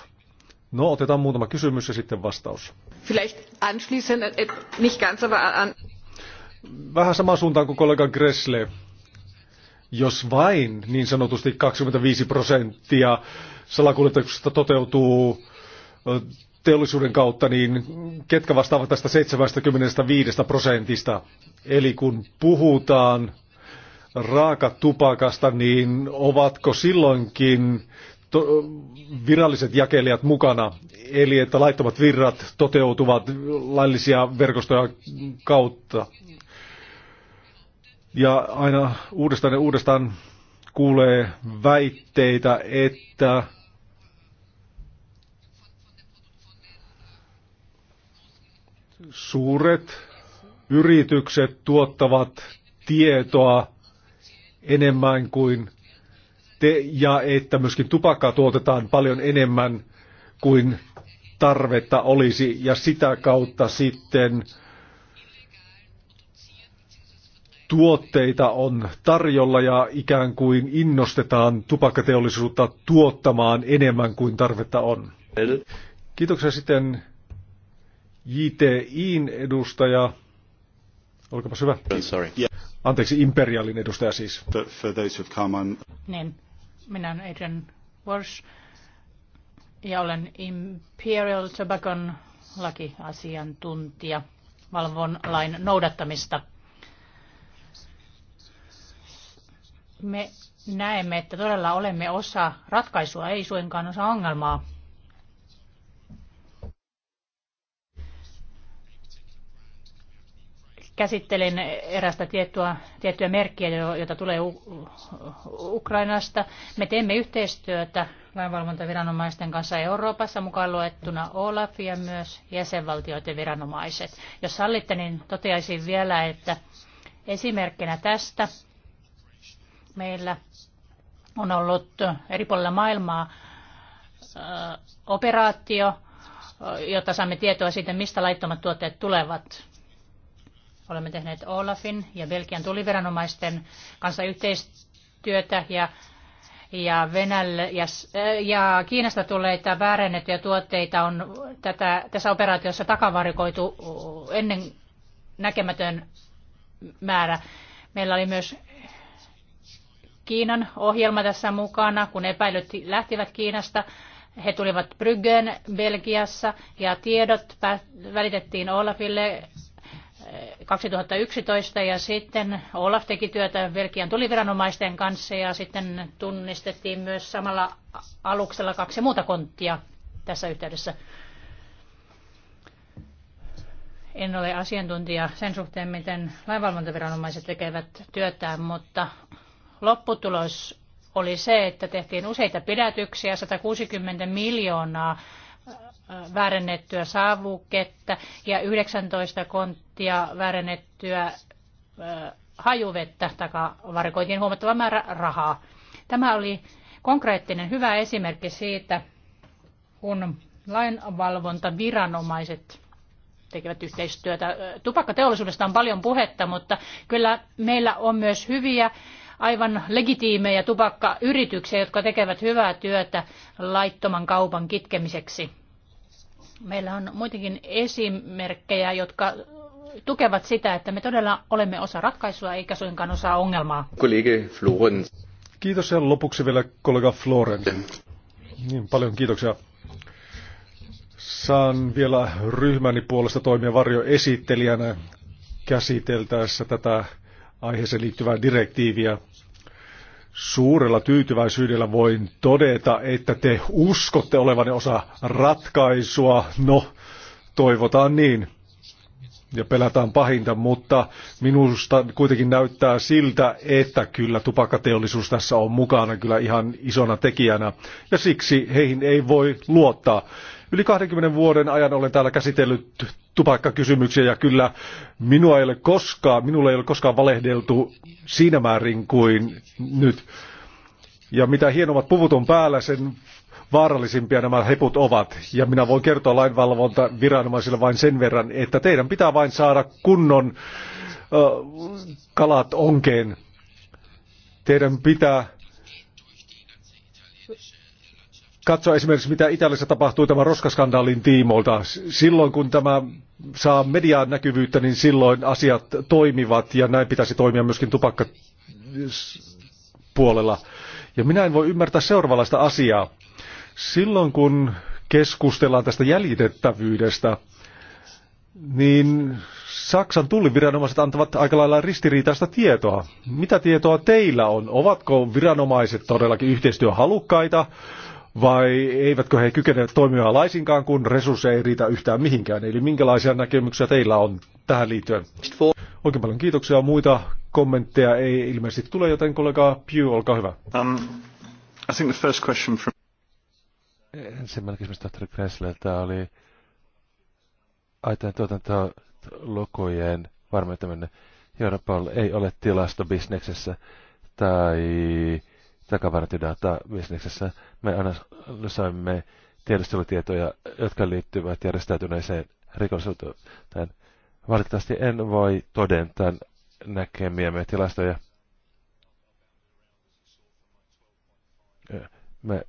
No, otetaan muutama kysymys ja sitten vastaus. Äh, Vähän samaan suuntaan kuin kollega Gressle jos vain niin sanotusti 25 prosenttia salakuljetuksesta toteutuu teollisuuden kautta, niin ketkä vastaavat tästä 75 prosentista? Eli kun puhutaan raakatupakasta, niin ovatko silloinkin viralliset jakelijat mukana, eli että laittomat virrat toteutuvat laillisia verkostoja kautta, ja aina uudestaan ja uudestaan kuulee väitteitä, että suuret yritykset tuottavat tietoa enemmän kuin te, ja että myöskin tupakkaa tuotetaan paljon enemmän kuin tarvetta olisi, ja sitä kautta sitten tuotteita on tarjolla ja ikään kuin innostetaan tupakkateollisuutta tuottamaan enemmän kuin tarvetta on. Kiitoksia sitten JTIin edustaja. Olkapa hyvä. Anteeksi, imperialin edustaja siis. Niin, minä olen Adrian Walsh ja olen Imperial Tobacco lakiasiantuntija. Valvon lain noudattamista me näemme, että todella olemme osa ratkaisua, ei suinkaan osa ongelmaa. Käsittelin erästä tiettyä, tiettyä merkkiä, jota tulee Ukrainasta. Me teemme yhteistyötä lainvalvontaviranomaisten kanssa Euroopassa, mukaan luettuna Olaf ja myös jäsenvaltioiden viranomaiset. Jos sallitte, niin toteaisin vielä, että esimerkkinä tästä Meillä on ollut eri puolilla maailmaa äh, operaatio, äh, jotta saamme tietoa siitä, mistä laittomat tuotteet tulevat. Olemme tehneet Olafin ja Belgian tuliveranomaisten kanssa yhteistyötä ja ja, Venäjä, ja, äh, ja Kiinasta tulleita väärennettyjä tuotteita on tätä, tässä operaatiossa takavarikoitu ennen näkemätön määrä. Meillä oli myös Kiinan ohjelma tässä mukana, kun epäilyt lähtivät Kiinasta. He tulivat Bryggen Belgiassa ja tiedot välitettiin Olafille 2011 eh, ja sitten Olaf teki työtä Belgian tuliviranomaisten kanssa ja sitten tunnistettiin myös samalla aluksella kaksi muuta konttia tässä yhteydessä. En ole asiantuntija sen suhteen, miten lainvalvontaviranomaiset tekevät työtään, mutta lopputulos oli se, että tehtiin useita pidätyksiä, 160 miljoonaa äh, väärennettyä saavuketta ja 19 konttia väärennettyä äh, hajuvettä takavarikoitiin huomattava määrä rahaa. Tämä oli konkreettinen hyvä esimerkki siitä, kun lainvalvontaviranomaiset tekevät yhteistyötä. Tupakkateollisuudesta on paljon puhetta, mutta kyllä meillä on myös hyviä aivan legitiimejä tupakkayrityksiä, jotka tekevät hyvää työtä laittoman kaupan kitkemiseksi. Meillä on muitakin esimerkkejä, jotka tukevat sitä, että me todella olemme osa ratkaisua eikä suinkaan osa ongelmaa. Florence. Kiitos ja lopuksi vielä kollega Florence. Niin, paljon kiitoksia. Saan vielä ryhmäni puolesta toimia varjoesittelijänä käsiteltäessä tätä aiheeseen liittyvää direktiiviä. Suurella tyytyväisyydellä voin todeta, että te uskotte olevanne osa ratkaisua. No, toivotaan niin ja pelätään pahinta, mutta minusta kuitenkin näyttää siltä, että kyllä tupakkateollisuus tässä on mukana kyllä ihan isona tekijänä ja siksi heihin ei voi luottaa. Yli 20 vuoden ajan olen täällä käsitellyt tupakkakysymyksiä ja kyllä minua ei ole koskaan, minulle ei ole koskaan valehdeltu siinä määrin kuin nyt. Ja mitä hienommat puvut on päällä, sen vaarallisimpia nämä heput ovat. Ja minä voin kertoa lainvalvonta viranomaisille vain sen verran, että teidän pitää vain saada kunnon kalat onkeen. Teidän pitää katsoa esimerkiksi, mitä Italiassa tapahtui tämän roskaskandaalin tiimoilta. Silloin kun tämä saa mediaan näkyvyyttä, niin silloin asiat toimivat ja näin pitäisi toimia myöskin tupakkapuolella. Ja minä en voi ymmärtää seuraavanlaista asiaa. Silloin kun keskustellaan tästä jäljitettävyydestä, niin Saksan tulliviranomaiset antavat aika lailla ristiriitaista tietoa. Mitä tietoa teillä on? Ovatko viranomaiset todellakin yhteistyöhalukkaita? halukkaita? vai eivätkö he kykene toimimaan laisinkaan, kun resursseja ei riitä yhtään mihinkään? Eli minkälaisia näkemyksiä teillä on tähän liittyen? Oikein paljon kiitoksia. Muita kommentteja ei ilmeisesti tule, joten kollega Pew, olkaa hyvä. Um, I think the first question from... Ensimmäinen kysymys tohtori Kressleltä oli aitojen tuotantolukujen varmentaminen. Europol ei ole tilastobisneksessä tai takavartidataa bisneksessä. Me analysoimme tiedustelutietoja, jotka liittyvät järjestäytyneeseen rikollisuuteen. Valitettavasti en voi todentaa näkemiämme tilastoja. Me,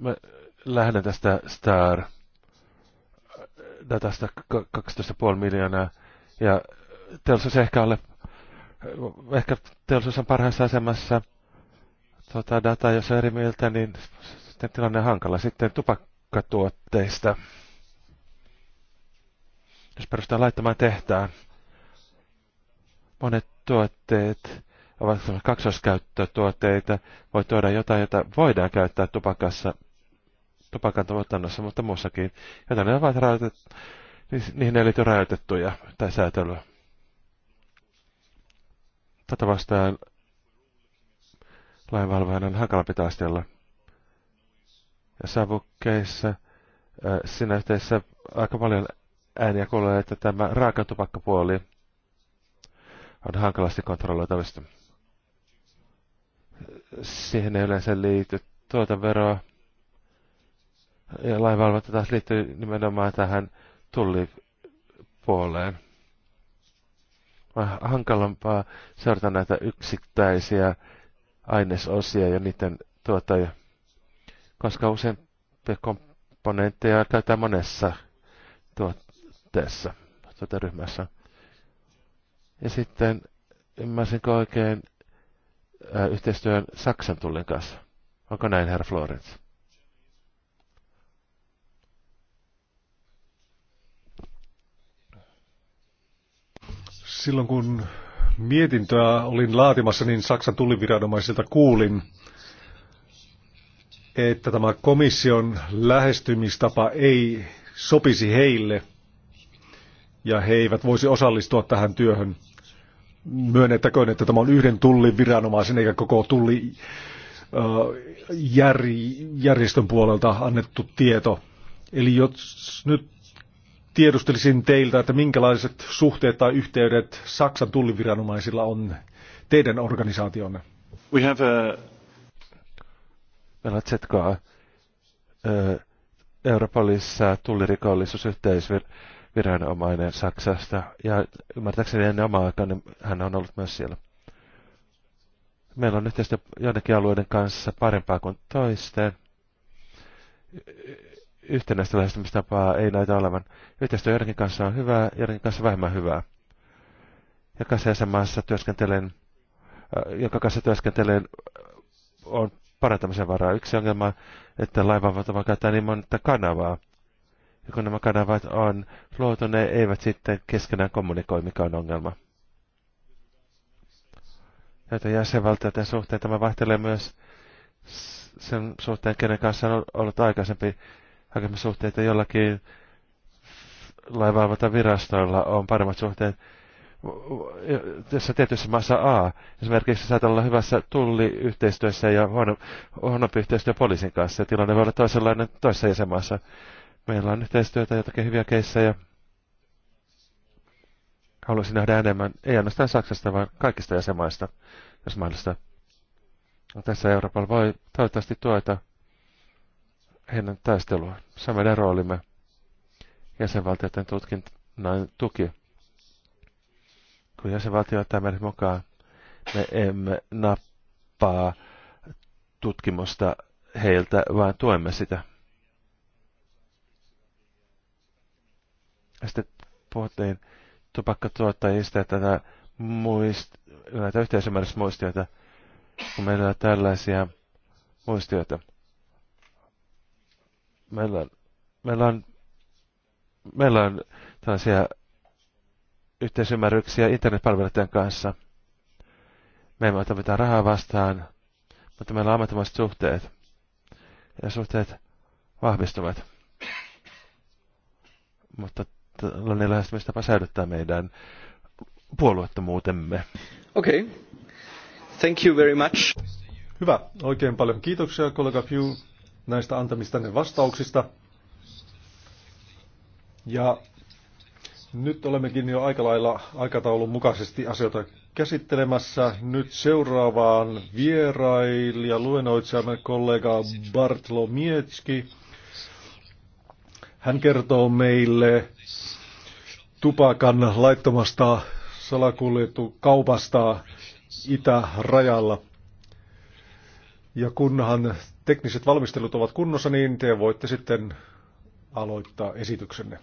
me lähden tästä Star datasta 12,5 miljoonaa ja teillä olisi ehkä alle ehkä teollisuus on parhaassa asemassa tuota dataa, jos on eri mieltä, niin sitten tilanne on hankala. Sitten tupakkatuotteista. Jos perustetaan laittamaan tehtaan, monet tuotteet ovat kaksoiskäyttötuotteita. Voi tuoda jotain, jota voidaan käyttää tupakassa, tupakan tuotannossa, mutta muussakin. Joten ne ovat rajoitettu, niin niihin ei liity rajoitettuja tai säätelyä. Tätä vastaan lainvalvojan on hankala taistella. Ja savukkeissa äh, siinä yhteydessä aika paljon ääniä kuulee, että tämä raaka tupakkapuoli on hankalasti kontrolloitavista. Siihen ei yleensä liity tuota veroa. Ja lainvalvonta taas liittyy nimenomaan tähän tullipuoleen hankalampaa seurata näitä yksittäisiä ainesosia ja niiden tuottajia, koska useampia komponentteja käytetään monessa tuotteessa, tuoteryhmässä. Ja sitten ymmärsinkö oikein yhteistyön Saksan tullin kanssa? Onko näin, herra Florence? Silloin kun mietintöä olin laatimassa, niin Saksan tulliviranomaisilta kuulin, että tämä komission lähestymistapa ei sopisi heille ja he eivät voisi osallistua tähän työhön. Myönnettäköön, että tämä on yhden tullin viranomaisen eikä koko tulli järjestön puolelta annettu tieto. Eli jos nyt tiedustelisin teiltä, että minkälaiset suhteet tai yhteydet Saksan tulliviranomaisilla on teidän organisaationne? We have a... Meillä on Uh, Europolissa tullirikollisuusyhteisviranomainen Saksasta. Ja ymmärtääkseni ennen omaa aikaa, niin hän on ollut myös siellä. Meillä on yhteistyö jonnekin alueiden kanssa parempaa kuin toisten yhtenäistä lähestymistapaa ei näytä olevan. Yhteistyö joidenkin kanssa on hyvää, joidenkin kanssa vähemmän hyvää. Jokaisessa jäsenmaassa työskentelen, äh, joka kanssa työskentelen, äh, on parantamisen varaa. Yksi ongelma, että laivavat voi käyttää niin monta kanavaa. Ja kun nämä kanavat on luotu, ne eivät sitten keskenään kommunikoi, mikä on ongelma. Näitä jäsenvaltioiden suhteen tämä vaihtelee myös sen suhteen, kenen kanssa on ollut aikaisempi hakemussuhteita jollakin laivaavata virastoilla on paremmat suhteet tässä tietyssä maassa A. Esimerkiksi saattaa olla hyvässä tulliyhteistyössä ja huono, huonompi yhteistyö poliisin kanssa. Tilanne voi olla toisenlainen toisessa jäsenmaassa. Meillä on yhteistyötä jotakin hyviä keissejä. Haluaisin nähdä enemmän, ei ainoastaan Saksasta, vaan kaikista jäsenmaista, jos mahdollista. Tässä Euroopalla voi toivottavasti tuota heidän taistelua. Se meidän roolimme jäsenvaltioiden tutkinnan tuki. Kun jäsenvaltio ottaa meidät mukaan, me emme nappaa tutkimusta heiltä, vaan tuemme sitä. Ja sitten puhuttiin tupakkatuottajista, että tätä muist, näitä yhteisymmärrysmuistioita, kun meillä on tällaisia muistioita meillä on, meillä on, meillä on tällaisia yhteisymmärryksiä internetpalveluiden kanssa. Me emme ota mitään rahaa vastaan, mutta meillä on ammattomaiset suhteet. Ja suhteet vahvistuvat. Mutta tällainen lähestymistapa säilyttää meidän puolueettomuutemme. Okei. Okay. Thank you very much. Hyvä. Oikein paljon kiitoksia, kollega Pew näistä antamistanne vastauksista. Ja nyt olemmekin jo aika lailla aikataulun mukaisesti asioita käsittelemässä. Nyt seuraavaan vierailija luennoitsijamme kollega Bartlomietski. Hän kertoo meille tupakan laittomasta salakuljetu kaupasta itärajalla. Ja kunhan tekniset valmistelut ovat kunnossa, niin te voitte sitten aloittaa esityksenne.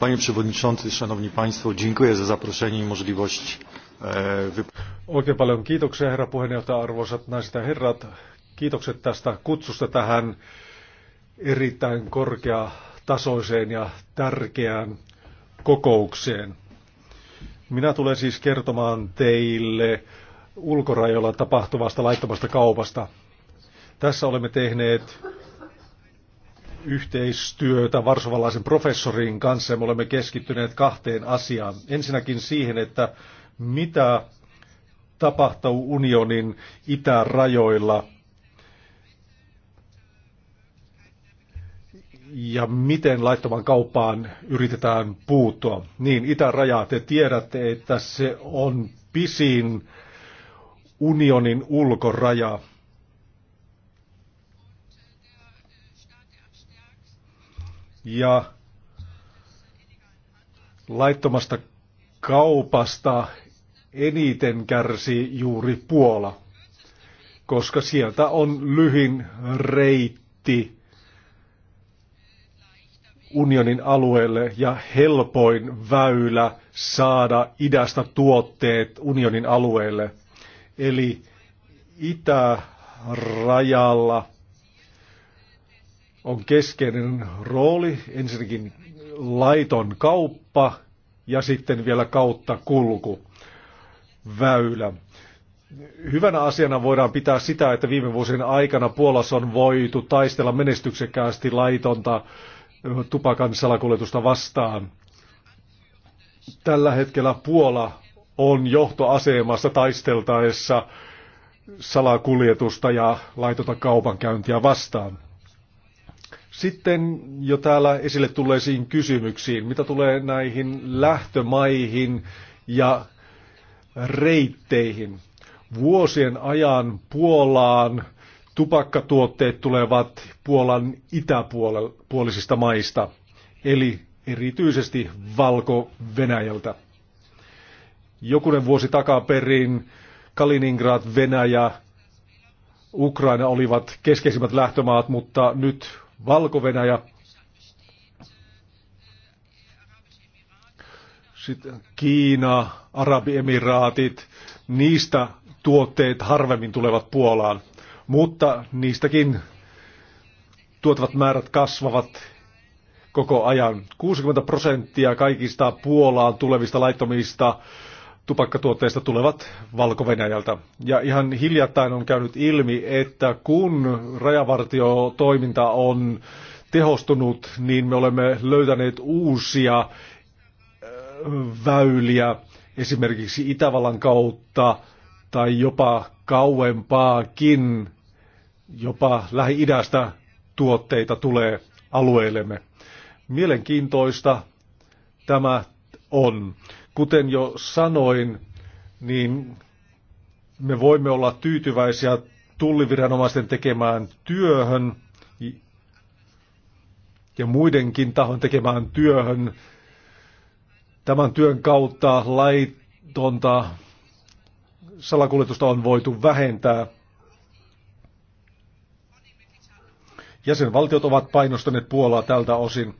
Panie Przewodniczący, Szanowni Państwo, dziękuję za zaproszenie i możliwość e, Oikein paljon kiitoksia herra puheenjohtaja, arvoisat naiset ja herrat. Kiitokset tästä kutsusta tähän erittäin korkeatasoiseen ja tärkeään kokoukseen. Minä tulen siis kertomaan teille ulkorajoilla tapahtuvasta laittomasta kaupasta. Tässä olemme tehneet yhteistyötä varsovalaisen professorin kanssa ja me olemme keskittyneet kahteen asiaan. Ensinnäkin siihen, että mitä tapahtuu unionin itärajoilla ja miten laittoman kauppaan yritetään puuttua. Niin, itäraja, te tiedätte, että se on pisin unionin ulkoraja. Ja laittomasta kaupasta eniten kärsii juuri Puola, koska sieltä on lyhin reitti unionin alueelle ja helpoin väylä saada idästä tuotteet unionin alueelle – Eli itärajalla on keskeinen rooli ensinnäkin laiton kauppa ja sitten vielä kautta kulku väylä. Hyvänä asiana voidaan pitää sitä, että viime vuosien aikana Puolassa on voitu taistella menestyksekkäästi laitonta tupakan salakuljetusta vastaan. Tällä hetkellä Puola on johtoasemassa taisteltaessa salakuljetusta ja laitonta kaupankäyntiä vastaan. Sitten jo täällä esille tulleisiin kysymyksiin, mitä tulee näihin lähtömaihin ja reitteihin. Vuosien ajan Puolaan tupakkatuotteet tulevat Puolan itäpuolisista maista, eli erityisesti Valko-Venäjältä. Jokunen vuosi takaperin Kaliningrad, Venäjä, Ukraina olivat keskeisimmät lähtömaat, mutta nyt Valko-Venäjä, sitten Kiina, Arabiemiraatit, niistä tuotteet harvemmin tulevat Puolaan, mutta niistäkin tuotavat määrät kasvavat koko ajan. 60 prosenttia kaikista Puolaan tulevista laittomista tupakkatuotteista tulevat valko -Venäjältä. Ja ihan hiljattain on käynyt ilmi, että kun rajavartiotoiminta on tehostunut, niin me olemme löytäneet uusia äh, väyliä esimerkiksi Itävallan kautta tai jopa kauempaakin, jopa Lähi-idästä tuotteita tulee alueellemme. Mielenkiintoista tämä on. Kuten jo sanoin, niin me voimme olla tyytyväisiä tulliviranomaisten tekemään työhön ja muidenkin tahon tekemään työhön. Tämän työn kautta laitonta salakuljetusta on voitu vähentää. Jäsenvaltiot ovat painostaneet Puolaa tältä osin.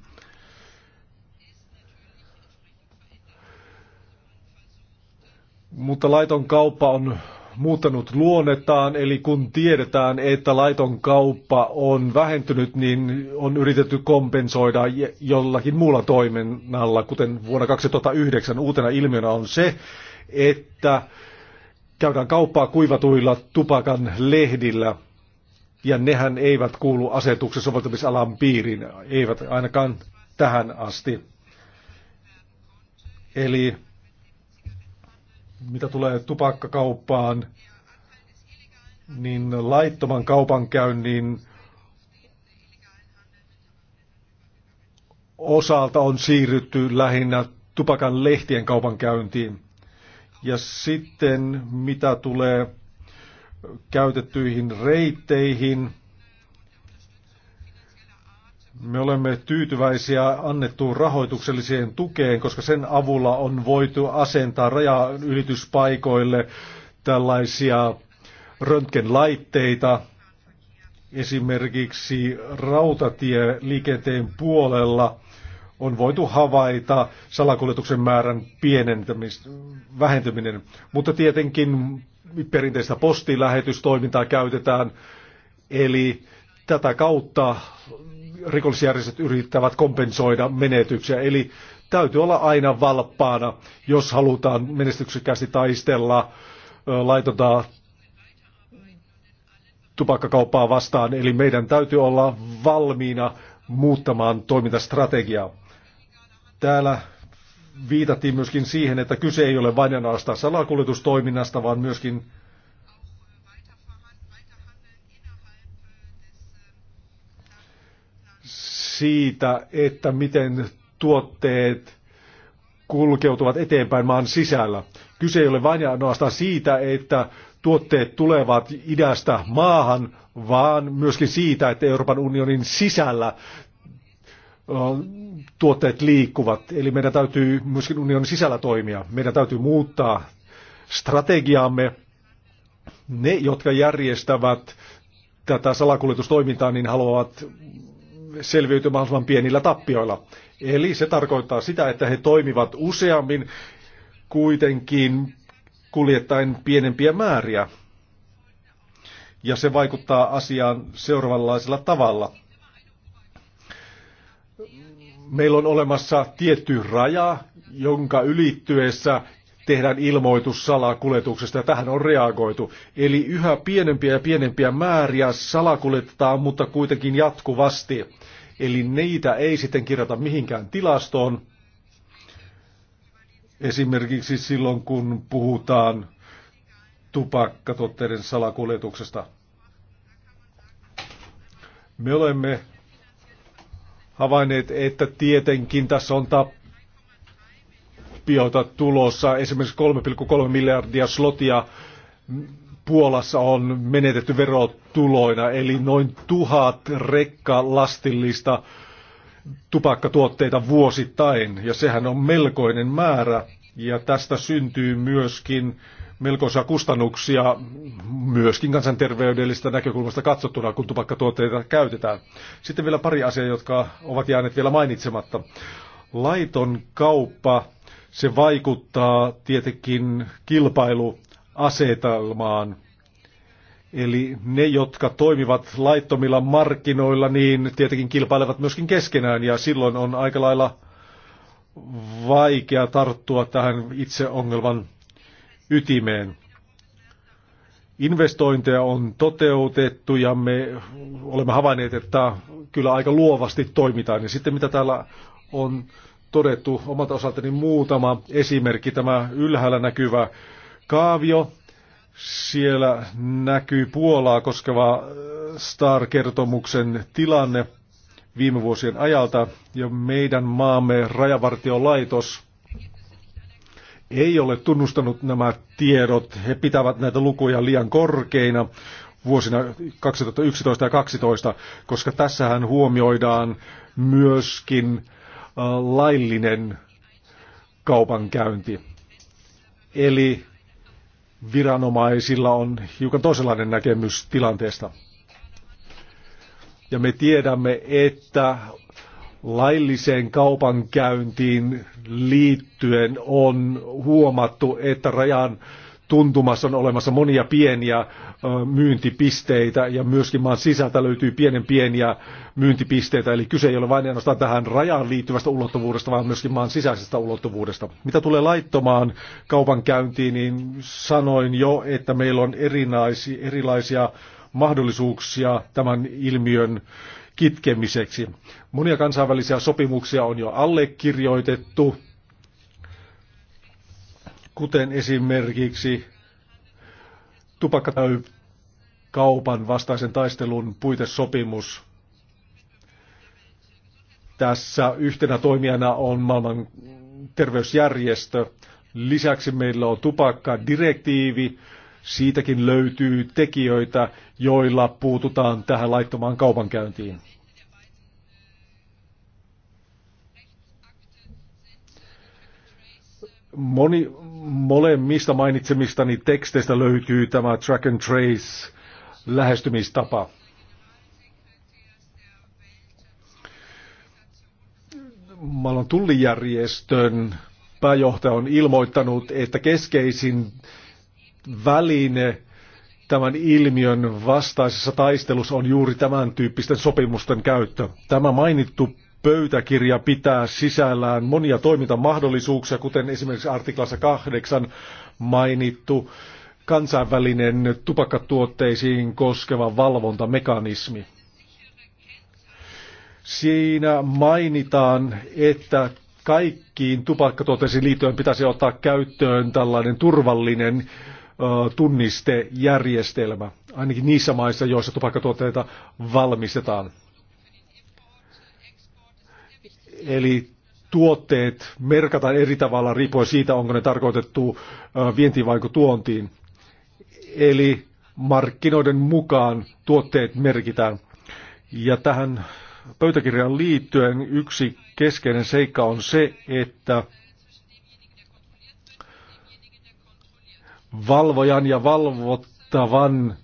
Mutta laiton kauppa on muuttanut luonnettaan, eli kun tiedetään, että laiton kauppa on vähentynyt, niin on yritetty kompensoida jollakin muulla toiminnalla, kuten vuonna 2009 uutena ilmiönä on se, että käydään kauppaa kuivatuilla tupakan lehdillä, ja nehän eivät kuulu asetuksen soveltamisalan piiriin, eivät ainakaan tähän asti. Eli mitä tulee tupakkakauppaan, niin laittoman kaupankäynnin osalta on siirrytty lähinnä tupakan lehtien kaupankäyntiin. Ja sitten mitä tulee käytettyihin reitteihin, me olemme tyytyväisiä annettuun rahoitukselliseen tukeen, koska sen avulla on voitu asentaa rajaylityspaikoille tällaisia röntgenlaitteita. Esimerkiksi rautatieliikenteen puolella on voitu havaita salakuljetuksen määrän pienentämistä, mutta tietenkin perinteistä postilähetystoimintaa käytetään, eli tätä kautta rikollisjärjestöt yrittävät kompensoida menetyksiä. Eli täytyy olla aina valppaana, jos halutaan menestyksekkäästi taistella laitonta tupakkakauppaa vastaan. Eli meidän täytyy olla valmiina muuttamaan toimintastrategiaa. Täällä viitattiin myöskin siihen, että kyse ei ole vain ja ainoastaan salakuljetustoiminnasta, vaan myöskin siitä, että miten tuotteet kulkeutuvat eteenpäin maan sisällä. Kyse ei ole vain ja ainoastaan siitä, että tuotteet tulevat idästä maahan, vaan myöskin siitä, että Euroopan unionin sisällä tuotteet liikkuvat. Eli meidän täytyy myöskin unionin sisällä toimia. Meidän täytyy muuttaa strategiaamme. Ne, jotka järjestävät tätä salakuljetustoimintaa, niin haluavat selviytyy mahdollisimman pienillä tappioilla. Eli se tarkoittaa sitä, että he toimivat useammin kuitenkin kuljettaen pienempiä määriä. Ja se vaikuttaa asiaan seuraavanlaisella tavalla. Meillä on olemassa tietty raja, jonka ylittyessä tehdään ilmoitus salakuljetuksesta ja tähän on reagoitu. Eli yhä pienempiä ja pienempiä määriä salakuljetetaan, mutta kuitenkin jatkuvasti. Eli niitä ei sitten kirjata mihinkään tilastoon. Esimerkiksi silloin, kun puhutaan tupakkatuotteiden salakuljetuksesta. Me olemme havainneet, että tietenkin tässä on tappiota tulossa esimerkiksi 3,3 miljardia slotia Puolassa on menetetty verotuloina, eli noin tuhat rekka lastillista tupakkatuotteita vuosittain, ja sehän on melkoinen määrä, ja tästä syntyy myöskin melkoisia kustannuksia myöskin kansanterveydellistä näkökulmasta katsottuna, kun tupakkatuotteita käytetään. Sitten vielä pari asiaa, jotka ovat jääneet vielä mainitsematta. Laiton kauppa, se vaikuttaa tietenkin kilpailu asetelmaan. Eli ne, jotka toimivat laittomilla markkinoilla, niin tietenkin kilpailevat myöskin keskenään ja silloin on aika lailla vaikea tarttua tähän itse ongelman ytimeen. Investointeja on toteutettu ja me olemme havainneet, että kyllä aika luovasti toimitaan. Ja sitten mitä täällä on todettu omalta osaltani muutama esimerkki, tämä ylhäällä näkyvä kaavio. Siellä näkyy Puolaa koskeva äh, STAR-kertomuksen tilanne viime vuosien ajalta ja meidän maamme rajavartiolaitos ei ole tunnustanut nämä tiedot. He pitävät näitä lukuja liian korkeina vuosina 2011 ja 2012, koska tässähän huomioidaan myöskin äh, laillinen kaupankäynti. Eli viranomaisilla on hiukan toisenlainen näkemys tilanteesta. Ja me tiedämme, että lailliseen kaupankäyntiin liittyen on huomattu, että rajan tuntumassa on olemassa monia pieniä myyntipisteitä ja myöskin maan sisältä löytyy pienen pieniä myyntipisteitä. Eli kyse ei ole vain ainoastaan tähän rajaan liittyvästä ulottuvuudesta, vaan myöskin maan sisäisestä ulottuvuudesta. Mitä tulee laittomaan kaupankäyntiin, niin sanoin jo, että meillä on erinaisi, erilaisia mahdollisuuksia tämän ilmiön kitkemiseksi. Monia kansainvälisiä sopimuksia on jo allekirjoitettu kuten esimerkiksi tupakkakaupan vastaisen taistelun puitesopimus. Tässä yhtenä toimijana on maailman terveysjärjestö. Lisäksi meillä on tupakkadirektiivi. Siitäkin löytyy tekijöitä, joilla puututaan tähän laittomaan kaupankäyntiin. Moni, molemmista mainitsemistani teksteistä löytyy tämä track and trace lähestymistapa. Maailman tullijärjestön pääjohtaja on ilmoittanut, että keskeisin väline tämän ilmiön vastaisessa taistelussa on juuri tämän tyyppisten sopimusten käyttö. Tämä mainittu pöytäkirja pitää sisällään monia toimintamahdollisuuksia, kuten esimerkiksi artiklassa 8 mainittu kansainvälinen tupakkatuotteisiin koskeva valvontamekanismi. Siinä mainitaan, että kaikkiin tupakkatuotteisiin liittyen pitäisi ottaa käyttöön tällainen turvallinen tunnistejärjestelmä, ainakin niissä maissa, joissa tupakkatuotteita valmistetaan. Eli tuotteet merkataan eri tavalla riippuen siitä, onko ne tarkoitettu vientiin vai tuontiin. Eli markkinoiden mukaan tuotteet merkitään. Ja tähän pöytäkirjaan liittyen yksi keskeinen seikka on se, että valvojan ja valvottavan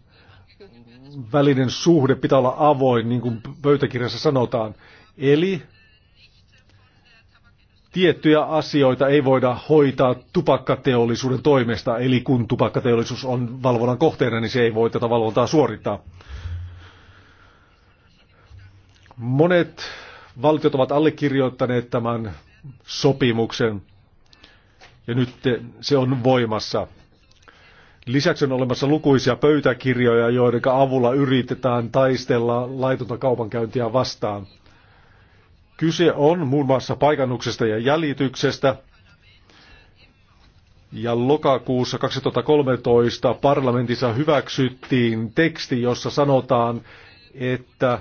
välinen suhde pitää olla avoin, niin kuin pöytäkirjassa sanotaan. Eli tiettyjä asioita ei voida hoitaa tupakkateollisuuden toimesta, eli kun tupakkateollisuus on valvonnan kohteena, niin se ei voi tätä valvontaa suorittaa. Monet valtiot ovat allekirjoittaneet tämän sopimuksen, ja nyt se on voimassa. Lisäksi on olemassa lukuisia pöytäkirjoja, joiden avulla yritetään taistella laitonta kaupankäyntiä vastaan. Kyse on muun muassa paikannuksesta ja jäljityksestä. Ja lokakuussa 2013 parlamentissa hyväksyttiin teksti, jossa sanotaan, että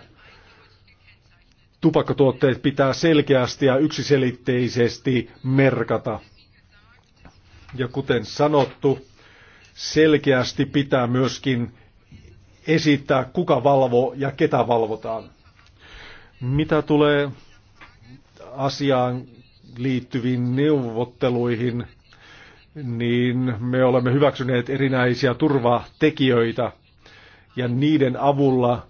tupakkatuotteet pitää selkeästi ja yksiselitteisesti merkata. Ja kuten sanottu, selkeästi pitää myöskin esittää, kuka valvoo ja ketä valvotaan. Mitä tulee asiaan liittyviin neuvotteluihin, niin me olemme hyväksyneet erinäisiä turvatekijöitä ja niiden avulla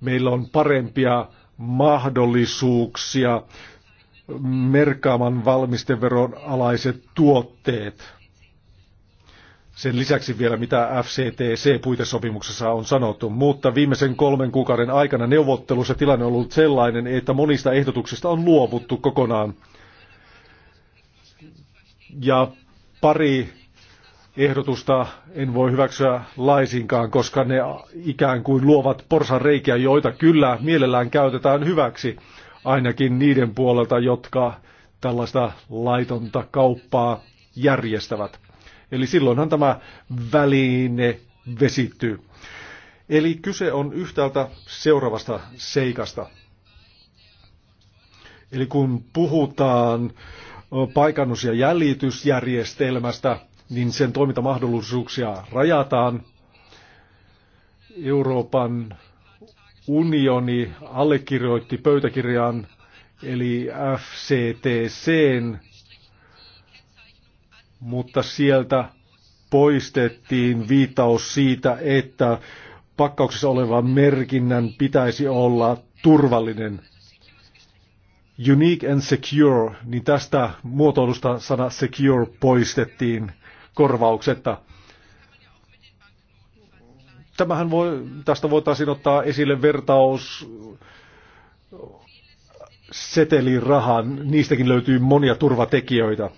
meillä on parempia mahdollisuuksia merkaamaan valmisteveron alaiset tuotteet sen lisäksi vielä, mitä FCTC-puitesopimuksessa on sanottu. Mutta viimeisen kolmen kuukauden aikana neuvottelussa tilanne on ollut sellainen, että monista ehdotuksista on luovuttu kokonaan. Ja pari ehdotusta en voi hyväksyä laisinkaan, koska ne ikään kuin luovat porsan reikiä, joita kyllä mielellään käytetään hyväksi, ainakin niiden puolelta, jotka tällaista laitonta kauppaa järjestävät. Eli silloinhan tämä väline vesittyy. Eli kyse on yhtäältä seuraavasta seikasta. Eli kun puhutaan paikannus- ja jäljitysjärjestelmästä, niin sen toimintamahdollisuuksia rajataan. Euroopan unioni allekirjoitti pöytäkirjaan eli FCTCn mutta sieltä poistettiin viittaus siitä, että pakkauksessa olevan merkinnän pitäisi olla turvallinen. Unique and secure, niin tästä muotoilusta sana secure poistettiin korvauksetta. Tämähän voi, tästä voitaisiin ottaa esille vertaus setelirahan. Niistäkin löytyy monia turvatekijöitä.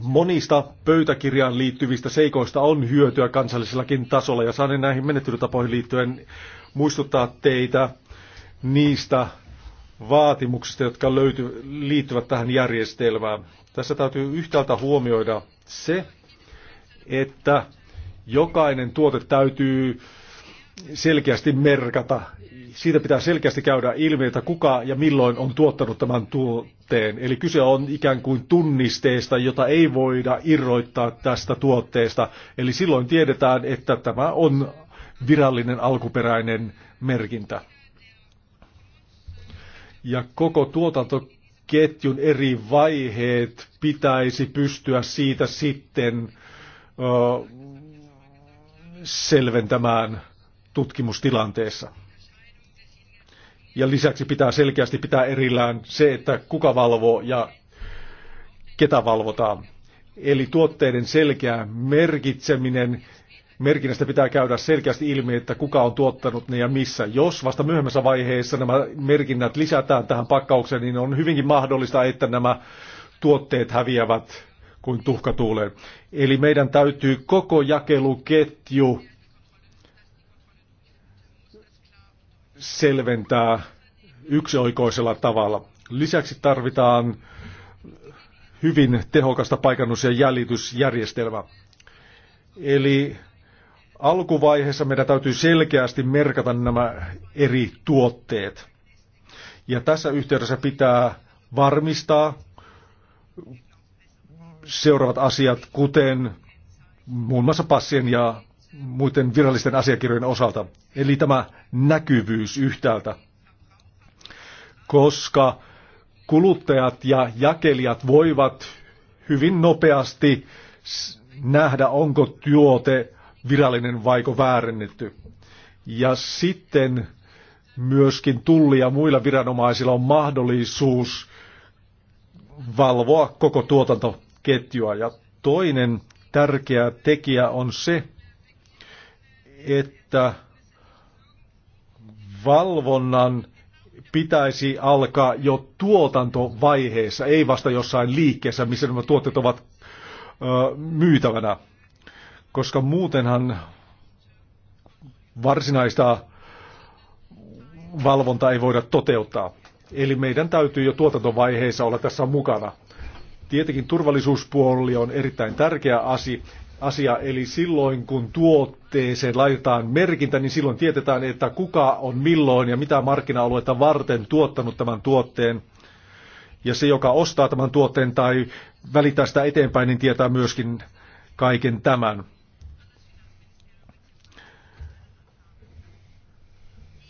Monista pöytäkirjaan liittyvistä seikoista on hyötyä kansallisellakin tasolla ja saan näihin menettelytapoihin liittyen muistuttaa teitä niistä vaatimuksista, jotka löyty, liittyvät tähän järjestelmään. Tässä täytyy yhtäältä huomioida se, että jokainen tuote täytyy selkeästi merkata. Siitä pitää selkeästi käydä ilmi, että kuka ja milloin on tuottanut tämän tuotteen. Eli kyse on ikään kuin tunnisteesta, jota ei voida irroittaa tästä tuotteesta. Eli silloin tiedetään, että tämä on virallinen alkuperäinen merkintä. Ja koko tuotantoketjun eri vaiheet pitäisi pystyä siitä sitten ö, selventämään – tutkimustilanteessa. Ja lisäksi pitää selkeästi pitää erillään se, että kuka valvoo ja ketä valvotaan. Eli tuotteiden selkeä merkitseminen, merkinnästä pitää käydä selkeästi ilmi, että kuka on tuottanut ne ja missä. Jos vasta myöhemmässä vaiheessa nämä merkinnät lisätään tähän pakkaukseen, niin on hyvinkin mahdollista, että nämä tuotteet häviävät kuin tuhkatuuleen. Eli meidän täytyy koko jakeluketju selventää yksioikoisella tavalla. Lisäksi tarvitaan hyvin tehokasta paikannus- ja jäljitysjärjestelmää. Eli alkuvaiheessa meidän täytyy selkeästi merkata nämä eri tuotteet. Ja tässä yhteydessä pitää varmistaa seuraavat asiat, kuten muun muassa passien ja muiden virallisten asiakirjojen osalta. Eli tämä näkyvyys yhtäältä, koska kuluttajat ja jakelijat voivat hyvin nopeasti nähdä, onko tuote virallinen vaiko väärennetty. Ja sitten myöskin tulli ja muilla viranomaisilla on mahdollisuus valvoa koko tuotantoketjua. Ja toinen tärkeä tekijä on se, että valvonnan pitäisi alkaa jo tuotantovaiheessa, ei vasta jossain liikkeessä, missä nämä tuotteet ovat ö, myytävänä. Koska muutenhan varsinaista valvontaa ei voida toteuttaa. Eli meidän täytyy jo tuotantovaiheessa olla tässä mukana. Tietenkin turvallisuuspuoli on erittäin tärkeä asia, asia, eli silloin kun tuotteeseen laitetaan merkintä, niin silloin tietetään, että kuka on milloin ja mitä markkina alueita varten tuottanut tämän tuotteen. Ja se, joka ostaa tämän tuotteen tai välittää sitä eteenpäin, niin tietää myöskin kaiken tämän.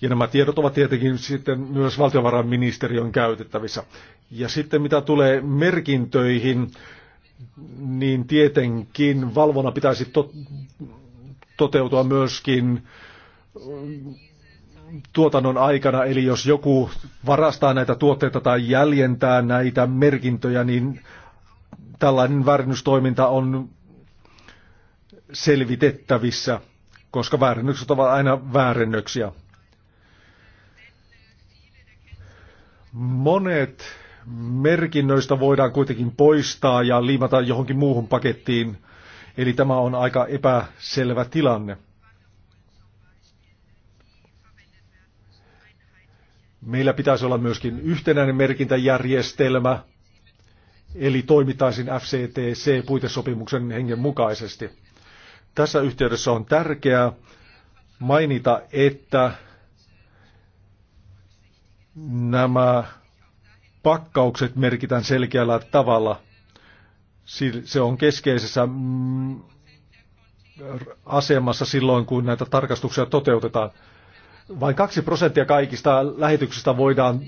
Ja nämä tiedot ovat tietenkin sitten myös valtiovarainministeriön käytettävissä. Ja sitten mitä tulee merkintöihin, niin tietenkin valvona pitäisi to- toteutua myöskin mm, tuotannon aikana, eli jos joku varastaa näitä tuotteita tai jäljentää näitä merkintöjä, niin tällainen väärennystoiminta on selvitettävissä, koska väärennykset ovat aina väärennöksiä. Monet merkinnöistä voidaan kuitenkin poistaa ja liimata johonkin muuhun pakettiin. Eli tämä on aika epäselvä tilanne. Meillä pitäisi olla myöskin yhtenäinen merkintäjärjestelmä, eli toimitaisin FCTC-puitesopimuksen hengen mukaisesti. Tässä yhteydessä on tärkeää mainita, että nämä pakkaukset merkitään selkeällä tavalla. Se on keskeisessä mm, asemassa silloin, kun näitä tarkastuksia toteutetaan. Vain kaksi prosenttia kaikista lähetyksistä voidaan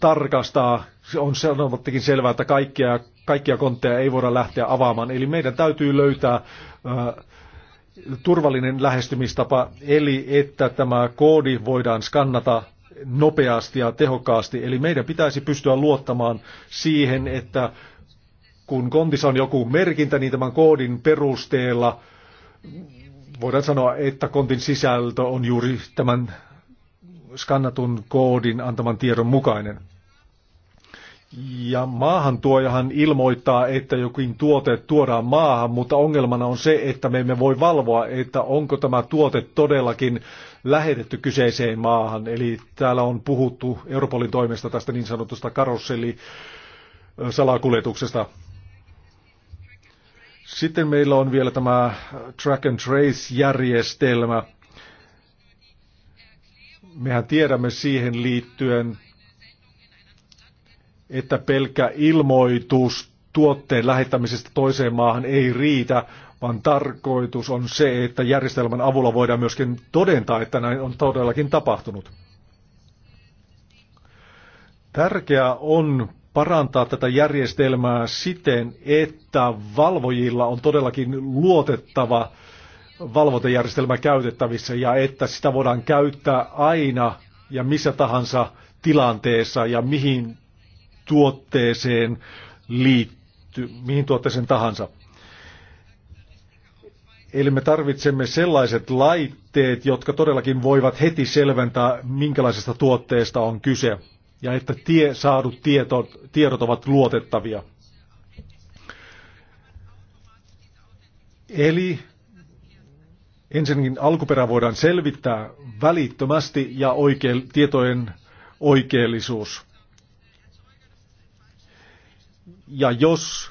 tarkastaa. On sanomattakin selvää, että kaikkia, kaikkia kontteja ei voida lähteä avaamaan. Eli meidän täytyy löytää turvallinen lähestymistapa, eli että tämä koodi voidaan skannata nopeasti ja tehokkaasti. Eli meidän pitäisi pystyä luottamaan siihen, että kun kontissa on joku merkintä, niin tämän koodin perusteella voidaan sanoa, että kontin sisältö on juuri tämän skannatun koodin antaman tiedon mukainen. Ja maahantuojahan ilmoittaa, että jokin tuote tuodaan maahan, mutta ongelmana on se, että me emme voi valvoa, että onko tämä tuote todellakin lähetetty kyseiseen maahan. Eli täällä on puhuttu Europolin toimesta tästä niin sanotusta karusselli salakuljetuksesta. Sitten meillä on vielä tämä track and trace-järjestelmä. Mehän tiedämme siihen liittyen että pelkkä ilmoitus tuotteen lähettämisestä toiseen maahan ei riitä, vaan tarkoitus on se, että järjestelmän avulla voidaan myöskin todentaa, että näin on todellakin tapahtunut. Tärkeää on parantaa tätä järjestelmää siten, että valvojilla on todellakin luotettava valvontajärjestelmä käytettävissä ja että sitä voidaan käyttää aina ja missä tahansa tilanteessa ja mihin tuotteeseen liitty, mihin tuotteeseen tahansa. Eli me tarvitsemme sellaiset laitteet, jotka todellakin voivat heti selventää, minkälaisesta tuotteesta on kyse, ja että tie, saadut tieto, tiedot ovat luotettavia. Eli ensinnäkin alkuperä voidaan selvittää välittömästi ja oikein, tietojen oikeellisuus. Ja jos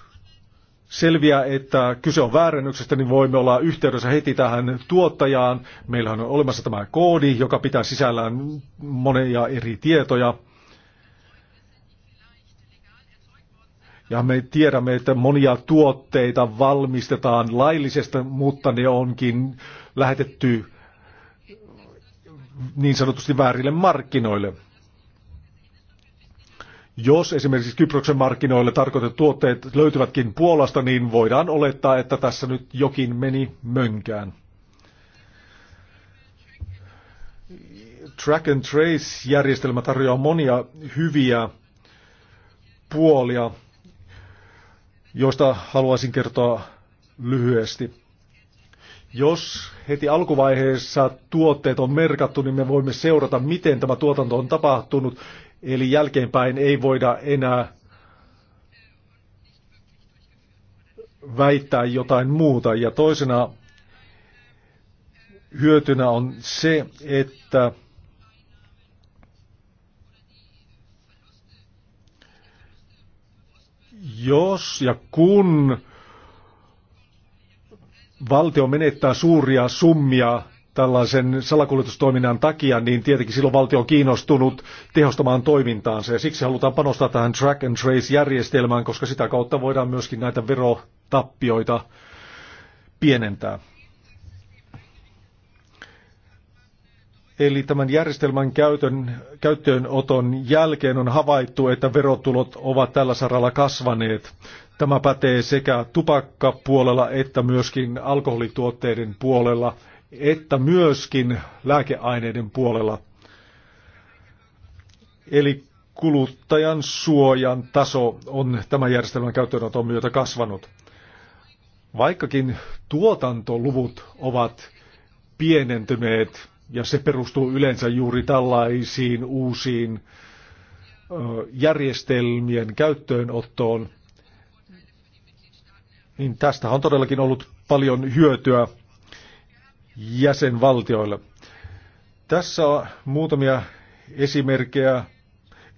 selviää, että kyse on väärennyksestä, niin voimme olla yhteydessä heti tähän tuottajaan. Meillä on olemassa tämä koodi, joka pitää sisällään monia eri tietoja. Ja me tiedämme, että monia tuotteita valmistetaan laillisesta, mutta ne onkin lähetetty niin sanotusti väärille markkinoille. Jos esimerkiksi Kyproksen markkinoille tarkoitetut tuotteet löytyvätkin Puolasta, niin voidaan olettaa, että tässä nyt jokin meni mönkään. Track and Trace-järjestelmä tarjoaa monia hyviä puolia, joista haluaisin kertoa lyhyesti. Jos heti alkuvaiheessa tuotteet on merkattu, niin me voimme seurata, miten tämä tuotanto on tapahtunut Eli jälkeenpäin ei voida enää väittää jotain muuta. Ja toisena hyötynä on se, että jos ja kun valtio menettää suuria summia tällaisen salakuljetustoiminnan takia, niin tietenkin silloin valtio on kiinnostunut tehostamaan toimintaansa. Ja siksi halutaan panostaa tähän track and trace-järjestelmään, koska sitä kautta voidaan myöskin näitä verotappioita pienentää. Eli tämän järjestelmän käytön, käyttöönoton jälkeen on havaittu, että verotulot ovat tällä saralla kasvaneet. Tämä pätee sekä tupakkapuolella että myöskin alkoholituotteiden puolella että myöskin lääkeaineiden puolella. Eli kuluttajan suojan taso on tämän järjestelmän käyttöönoton myötä kasvanut. Vaikkakin tuotantoluvut ovat pienentyneet, ja se perustuu yleensä juuri tällaisiin uusiin järjestelmien käyttöönottoon, niin tästä on todellakin ollut paljon hyötyä jäsenvaltioille. Tässä on muutamia esimerkkejä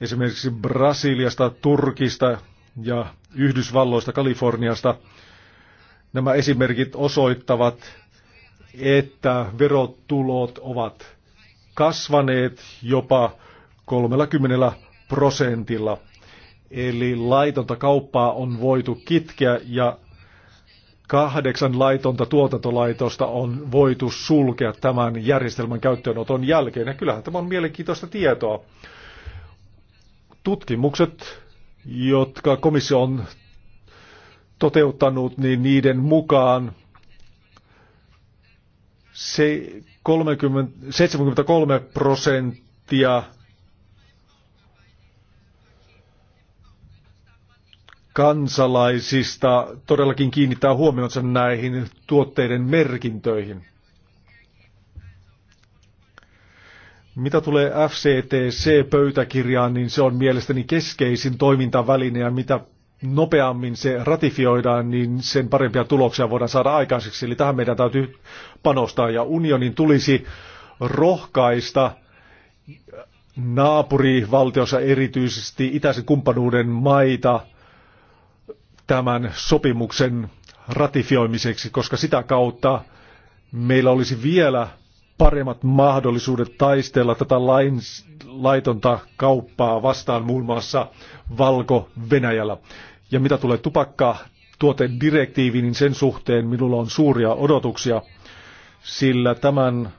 esimerkiksi Brasiliasta, Turkista ja Yhdysvalloista, Kaliforniasta. Nämä esimerkit osoittavat, että verotulot ovat kasvaneet jopa 30 prosentilla. Eli laitonta kauppaa on voitu kitkeä ja kahdeksan laitonta tuotantolaitosta on voitu sulkea tämän järjestelmän käyttöönoton jälkeen. Ja kyllähän tämä on mielenkiintoista tietoa. Tutkimukset, jotka komissio on toteuttanut, niin niiden mukaan se 30, 73 prosenttia kansalaisista todellakin kiinnittää huomionsa näihin tuotteiden merkintöihin. Mitä tulee FCTC-pöytäkirjaan, niin se on mielestäni keskeisin toimintaväline ja mitä nopeammin se ratifioidaan, niin sen parempia tuloksia voidaan saada aikaiseksi. Eli tähän meidän täytyy panostaa ja unionin tulisi rohkaista naapurivaltiossa erityisesti itäisen kumppanuuden maita tämän sopimuksen ratifioimiseksi, koska sitä kautta meillä olisi vielä paremmat mahdollisuudet taistella tätä lain, laitonta kauppaa vastaan muun muassa Valko-Venäjällä. Ja mitä tulee tupakka tuotedirektiiviin, niin sen suhteen minulla on suuria odotuksia, sillä tämän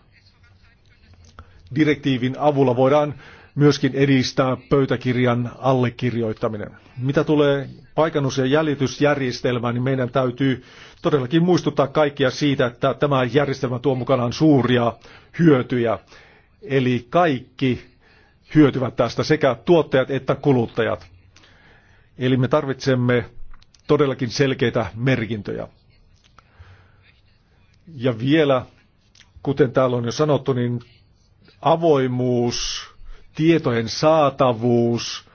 direktiivin avulla voidaan myöskin edistää pöytäkirjan allekirjoittaminen. Mitä tulee paikannus- ja jäljitysjärjestelmään, niin meidän täytyy todellakin muistuttaa kaikkia siitä, että tämä järjestelmä tuo mukanaan suuria hyötyjä. Eli kaikki hyötyvät tästä, sekä tuottajat että kuluttajat. Eli me tarvitsemme todellakin selkeitä merkintöjä. Ja vielä, kuten täällä on jo sanottu, niin avoimuus tietojen saatavuus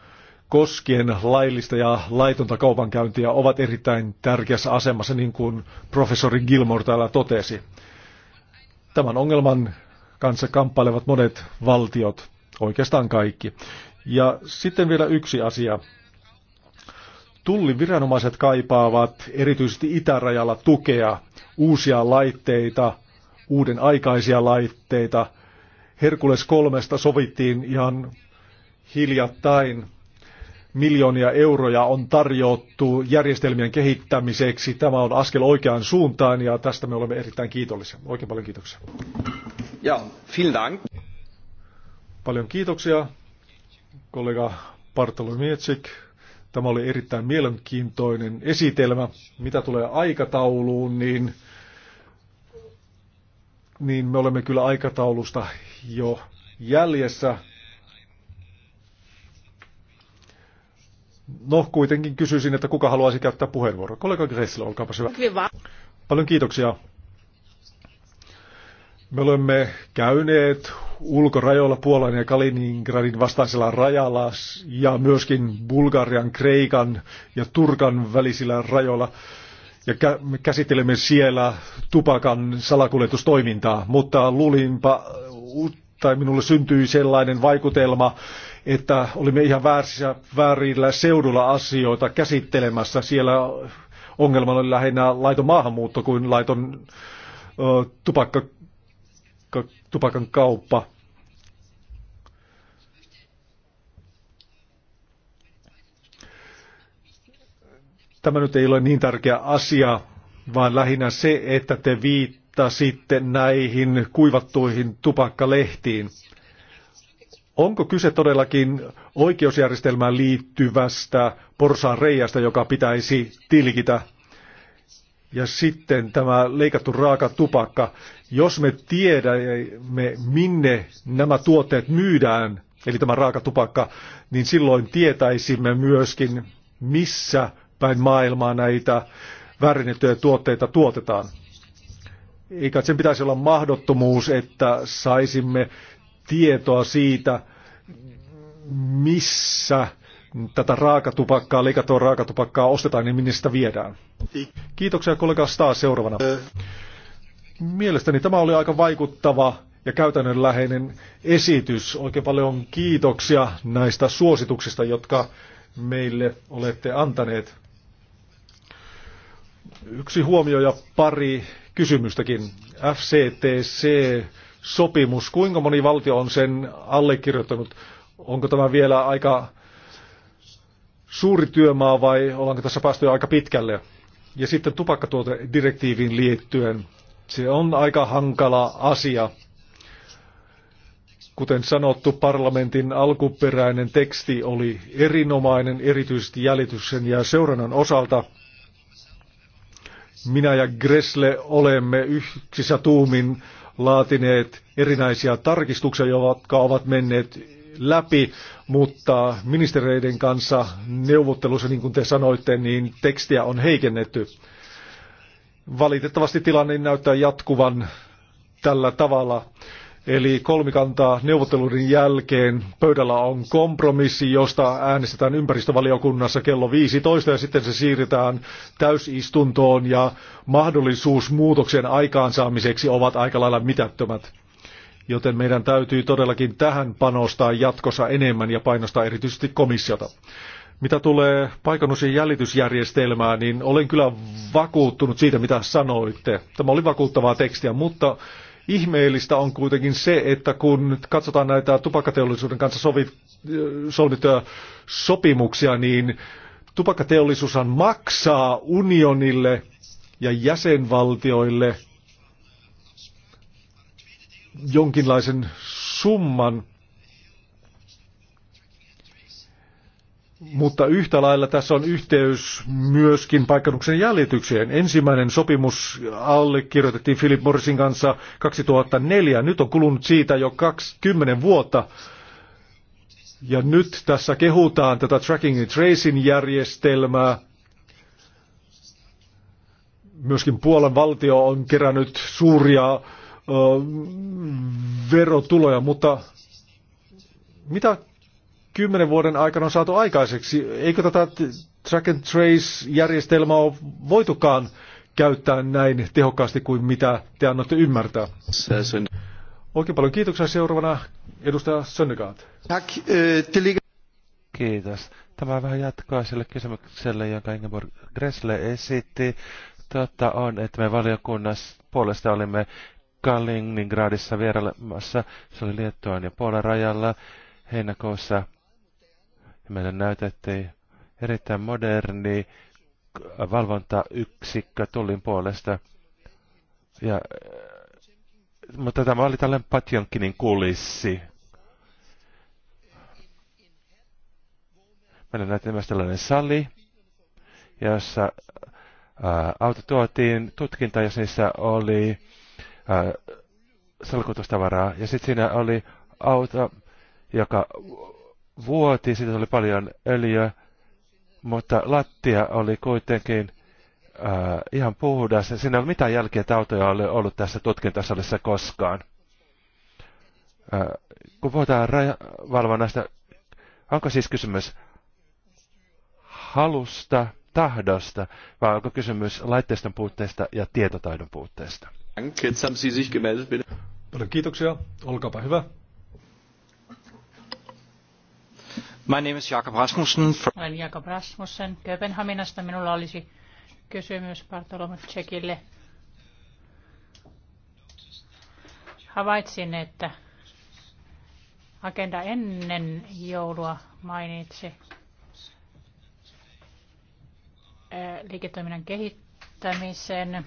koskien laillista ja laitonta kaupankäyntiä ovat erittäin tärkeässä asemassa, niin kuin professori Gilmore täällä totesi. Tämän ongelman kanssa kamppailevat monet valtiot, oikeastaan kaikki. Ja sitten vielä yksi asia. Tulliviranomaiset kaipaavat erityisesti itärajalla tukea, uusia laitteita, uuden aikaisia laitteita – Herkules kolmesta sovittiin ihan hiljattain. Miljoonia euroja on tarjottu järjestelmien kehittämiseksi. Tämä on askel oikeaan suuntaan ja tästä me olemme erittäin kiitollisia. Oikein paljon kiitoksia. Ja, vielen dank. Paljon kiitoksia, kollega Bartolomietsik. Tämä oli erittäin mielenkiintoinen esitelmä. Mitä tulee aikatauluun, niin niin me olemme kyllä aikataulusta jo jäljessä. No, kuitenkin kysyisin, että kuka haluaisi käyttää puheenvuoroa. Kollega Gressel, olkaapa hyvä. Hyvä. Paljon kiitoksia. Me olemme käyneet ulkorajoilla Puolan ja Kaliningradin vastaisella rajalla ja myöskin Bulgarian, Kreikan ja Turkan välisillä rajoilla ja käsittelemme siellä tupakan salakuljetustoimintaa, mutta luulinpa, tai minulle syntyi sellainen vaikutelma, että olimme ihan väärissä, väärillä seudulla asioita käsittelemässä. Siellä ongelmana oli lähinnä laiton maahanmuutto kuin laiton ö, tupakka, tupakan kauppa. tämä nyt ei ole niin tärkeä asia, vaan lähinnä se, että te viittasitte näihin kuivattuihin tupakkalehtiin. Onko kyse todellakin oikeusjärjestelmään liittyvästä porsaan reijasta, joka pitäisi tilkitä? Ja sitten tämä leikattu raaka tupakka. Jos me tiedämme, minne nämä tuotteet myydään, eli tämä raaka tupakka, niin silloin tietäisimme myöskin, missä päin maailmaa näitä väärennettyjä tuotteita tuotetaan. Eikä sen pitäisi olla mahdottomuus, että saisimme tietoa siitä, missä tätä raakatupakkaa, leikattua raakatupakkaa ostetaan niin minne sitä viedään. Kiitoksia kollega Staas seuraavana. Mielestäni tämä oli aika vaikuttava ja käytännönläheinen esitys. Oikein paljon kiitoksia näistä suosituksista, jotka meille olette antaneet. Yksi huomio ja pari kysymystäkin. FCTC-sopimus, kuinka moni valtio on sen allekirjoittanut? Onko tämä vielä aika suuri työmaa vai ollaanko tässä päästy jo aika pitkälle? Ja sitten tupakkatuotedirektiiviin liittyen. Se on aika hankala asia. Kuten sanottu, parlamentin alkuperäinen teksti oli erinomainen, erityisesti jäljityksen ja seurannan osalta – minä ja Gressle olemme yksissä tuumin laatineet erinäisiä tarkistuksia, jotka ovat menneet läpi, mutta ministereiden kanssa neuvottelussa, niin kuin te sanoitte, niin tekstiä on heikennetty. Valitettavasti tilanne näyttää jatkuvan tällä tavalla. Eli kolmikantaa neuvotteluiden jälkeen pöydällä on kompromissi, josta äänestetään ympäristövaliokunnassa kello 15 ja sitten se siirretään täysistuntoon ja mahdollisuus muutoksen aikaansaamiseksi ovat aika lailla mitättömät. Joten meidän täytyy todellakin tähän panostaa jatkossa enemmän ja painostaa erityisesti komissiota. Mitä tulee paikannusien ja jäljitysjärjestelmään, niin olen kyllä vakuuttunut siitä, mitä sanoitte. Tämä oli vakuuttavaa tekstiä, mutta Ihmeellistä on kuitenkin se, että kun nyt katsotaan näitä tupakkateollisuuden kanssa solmittuja sopimuksia, niin tupakkateollisuushan maksaa unionille ja jäsenvaltioille jonkinlaisen summan – Mutta yhtä lailla tässä on yhteys myöskin paikannuksen jäljitykseen. Ensimmäinen sopimus allekirjoitettiin Philip Morrisin kanssa 2004. Nyt on kulunut siitä jo 20 vuotta. Ja nyt tässä kehutaan tätä tracking and tracing järjestelmää. Myöskin Puolan valtio on kerännyt suuria ö, verotuloja, mutta mitä kymmenen vuoden aikana on saatu aikaiseksi. Eikö tätä track and trace-järjestelmää ole voitukaan käyttää näin tehokkaasti kuin mitä te annatte ymmärtää? Oikein paljon kiitoksia seuraavana edustaja Sönnykaat. Eh, Kiitos. Tämä vähän jatkaa sille kysymykselle, jonka Ingeborg Gressle esitti. Totta on, että me valiokunnassa puolesta olimme Kaliningradissa vierailemassa. Se oli Liettuan ja Puolan rajalla heinäkuussa ja meille näytettiin erittäin moderni valvontayksikkö tullin puolesta. Ja, mutta tämä oli tällainen Patjonkinin kulissi. Meillä näytettiin myös tällainen sali, jossa ää, auto tuotiin tutkinta, jos niissä oli salkutustavaraa. Ja sitten siinä oli auto, joka vuoti, siitä oli paljon öljyä, mutta lattia oli kuitenkin äh, ihan puhdas. Siinä ei ollut mitään jälkeä, että autoja oli ollut tässä tutkintasalissa koskaan. Äh, kun puhutaan rajavalvonnasta, onko siis kysymys halusta, tahdosta, vai onko kysymys laitteiston puutteesta ja tietotaidon puutteesta? Paljon kiitoksia. Olkaapa hyvä. My Jakob Rasmussen. Olen Jakob Rasmussen Kööpenhaminasta. Minulla olisi kysymys Bartolome Havaitsin, että agenda ennen joulua mainitsi eh, liiketoiminnan kehittämisen.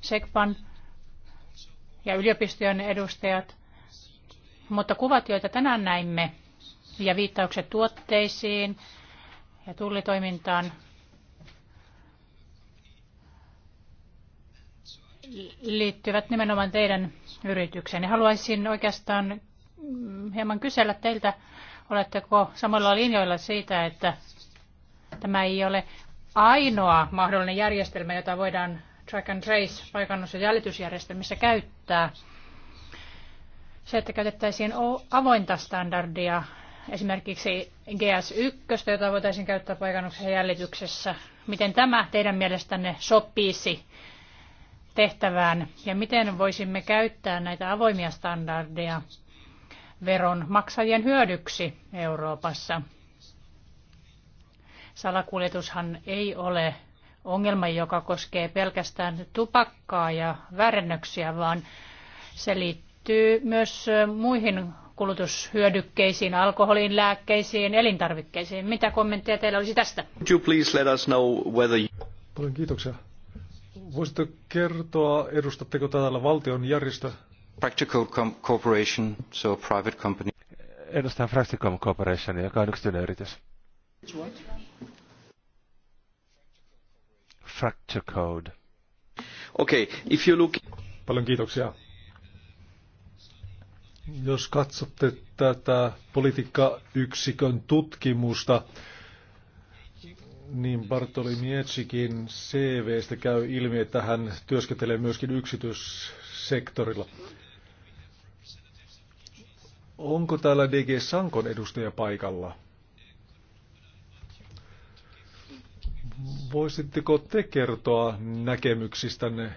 Sekpan ja yliopistojen edustajat. Mutta kuvat, joita tänään näimme, ja viittaukset tuotteisiin ja tullitoimintaan, liittyvät nimenomaan teidän yritykseen. Haluaisin oikeastaan mm, hieman kysellä teiltä, oletteko samalla linjoilla siitä, että tämä ei ole ainoa mahdollinen järjestelmä, jota voidaan track and trace paikannus- ja jäljitysjärjestelmissä käyttää. Se, että käytettäisiin avointa standardia, esimerkiksi GS1, jota voitaisiin käyttää paikannuksessa ja jäljityksessä. Miten tämä teidän mielestänne sopisi tehtävään ja miten voisimme käyttää näitä avoimia standardeja veron maksajien hyödyksi Euroopassa? Salakuljetushan ei ole ongelma, joka koskee pelkästään tupakkaa ja värennöksiä, vaan se liittyy myös muihin kulutushyödykkeisiin, alkoholiin, lääkkeisiin, elintarvikkeisiin. Mitä kommentteja teillä olisi tästä? Paljon kiitoksia. Voisitko kertoa, edustatteko täällä valtion järjestö? Practical com- Corporation, so private company. Edustan Practical Corporation, joka on yksityinen yritys fracture code. Okay, if you look... Paljon kiitoksia. Jos katsotte tätä politiikkayksikön tutkimusta, niin Bartoli Mietsikin CVstä käy ilmi, että hän työskentelee myöskin yksityissektorilla. Onko täällä DG Sankon edustaja paikalla? Voisitteko te kertoa näkemyksistänne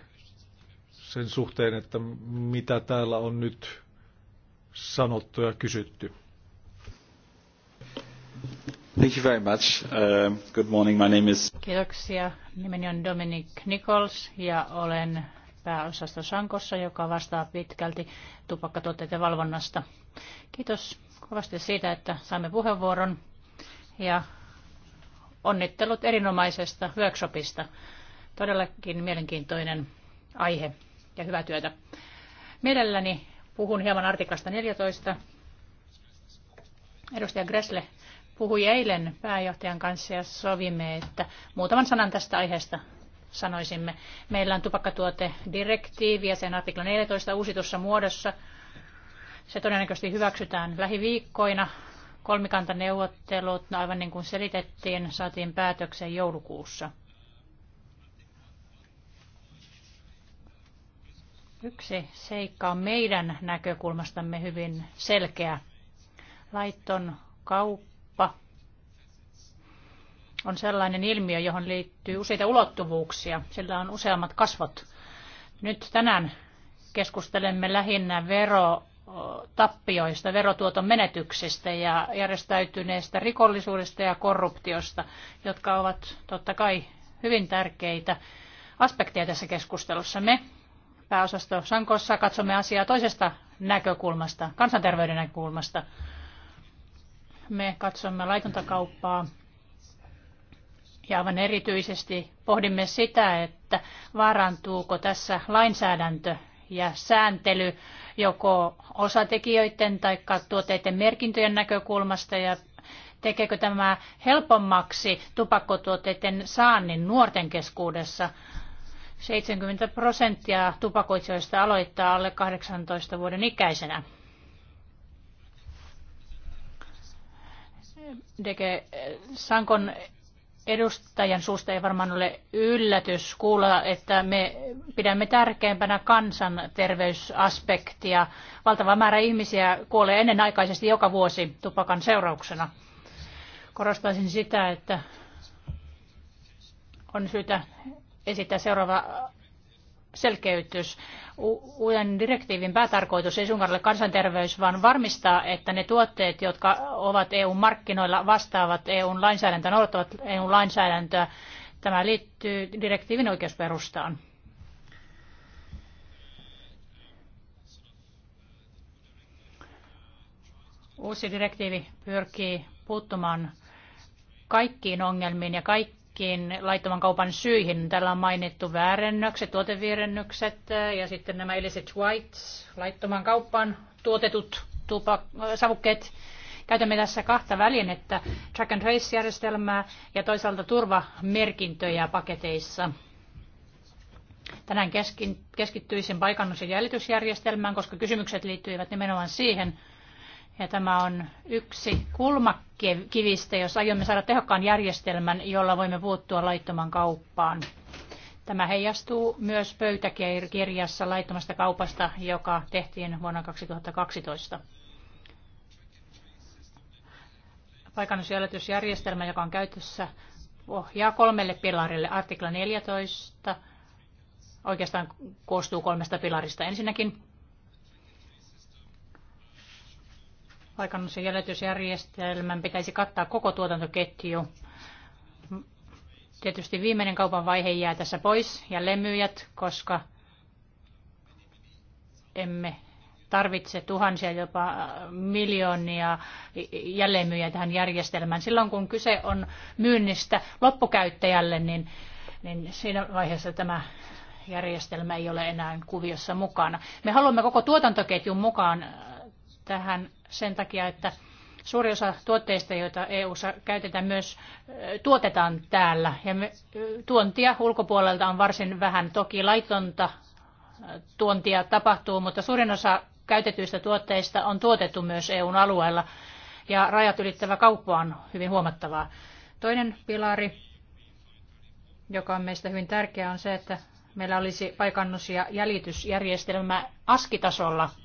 sen suhteen, että mitä täällä on nyt sanottu ja kysytty? Thank you very much. Uh, good morning. My name is... Kiitoksia. Nimeni on Dominic Nichols ja olen pääosasta Sankossa, joka vastaa pitkälti tupakkatuotteiden valvonnasta. Kiitos kovasti siitä, että saimme puheenvuoron ja onnittelut erinomaisesta workshopista. Todellakin mielenkiintoinen aihe ja hyvää työtä. Mielelläni puhun hieman artiklasta 14. Edustaja Gressle puhui eilen pääjohtajan kanssa ja sovimme, että muutaman sanan tästä aiheesta sanoisimme. Meillä on tupakkatuotedirektiivi ja sen artikla 14 uusitussa muodossa. Se todennäköisesti hyväksytään lähiviikkoina. Kolmikantaneuvottelut, aivan niin kuin selitettiin, saatiin päätökseen joulukuussa. Yksi seikka on meidän näkökulmastamme hyvin selkeä. laitton kauppa on sellainen ilmiö, johon liittyy useita ulottuvuuksia. Sillä on useammat kasvot. Nyt tänään keskustelemme lähinnä vero tappioista, verotuoton menetyksistä ja järjestäytyneestä rikollisuudesta ja korruptiosta, jotka ovat totta kai hyvin tärkeitä aspekteja tässä keskustelussa. Me pääosasto Sankossa katsomme asiaa toisesta näkökulmasta, kansanterveyden näkökulmasta. Me katsomme laitonta kauppaa ja aivan erityisesti pohdimme sitä, että vaarantuuko tässä lainsäädäntö ja sääntely joko osatekijöiden tai tuotteiden merkintöjen näkökulmasta ja tekeekö tämä helpommaksi tupakkotuotteiden saannin nuorten keskuudessa? 70 prosenttia tupakoitsijoista aloittaa alle 18 vuoden ikäisenä. Dege Sankon edustajan suusta ei varmaan ole yllätys kuulla, että me pidämme tärkeimpänä kansanterveysaspektia. Valtava määrä ihmisiä kuolee ennenaikaisesti joka vuosi tupakan seurauksena. Korostaisin sitä, että on syytä esittää seuraava selkeytys. Uuden direktiivin päätarkoitus ei suinkaan ole kansanterveys, vaan varmistaa, että ne tuotteet, jotka ovat EU-markkinoilla, vastaavat EU-lainsäädäntöä, noudattavat EU-lainsäädäntöä. Tämä liittyy direktiivin oikeusperustaan. Uusi direktiivi pyrkii puuttumaan kaikkiin ongelmiin ja kaikkiin kaikkiin laittoman kaupan syihin. Täällä on mainittu väärennökset, tuoteviirennökset ja sitten nämä illicit whites, laittoman kauppaan tuotetut tupak- savukkeet. Käytämme tässä kahta välinettä, track and trace-järjestelmää ja toisaalta turvamerkintöjä paketeissa. Tänään keskittyisin paikannus- ja jäljitysjärjestelmään, koska kysymykset liittyivät nimenomaan siihen, ja tämä on yksi kulmakivistä, jos aiomme saada tehokkaan järjestelmän, jolla voimme puuttua laittoman kauppaan. Tämä heijastuu myös pöytäkirjassa laittomasta kaupasta, joka tehtiin vuonna 2012. Paikannusjäljitysjärjestelmä, joka on käytössä, ohjaa kolmelle pilarille. Artikla 14 oikeastaan koostuu kolmesta pilarista. Ensinnäkin paikannus- ja jäljitysjärjestelmän pitäisi kattaa koko tuotantoketju. Tietysti viimeinen kaupan vaihe jää tässä pois, ja lemyjät, koska emme tarvitse tuhansia, jopa miljoonia jälleenmyyjä tähän järjestelmään. Silloin kun kyse on myynnistä loppukäyttäjälle, niin, niin siinä vaiheessa tämä järjestelmä ei ole enää kuviossa mukana. Me haluamme koko tuotantoketjun mukaan tähän sen takia, että suuri osa tuotteista, joita EU-ssa käytetään, myös tuotetaan täällä. Ja tuontia ulkopuolelta on varsin vähän. Toki laitonta tuontia tapahtuu, mutta suurin osa käytetyistä tuotteista on tuotettu myös EUn alueella. Ja rajat ylittävä kauppa on hyvin huomattavaa. Toinen pilari, joka on meistä hyvin tärkeä, on se, että meillä olisi paikannus- ja jäljitysjärjestelmä askitasolla –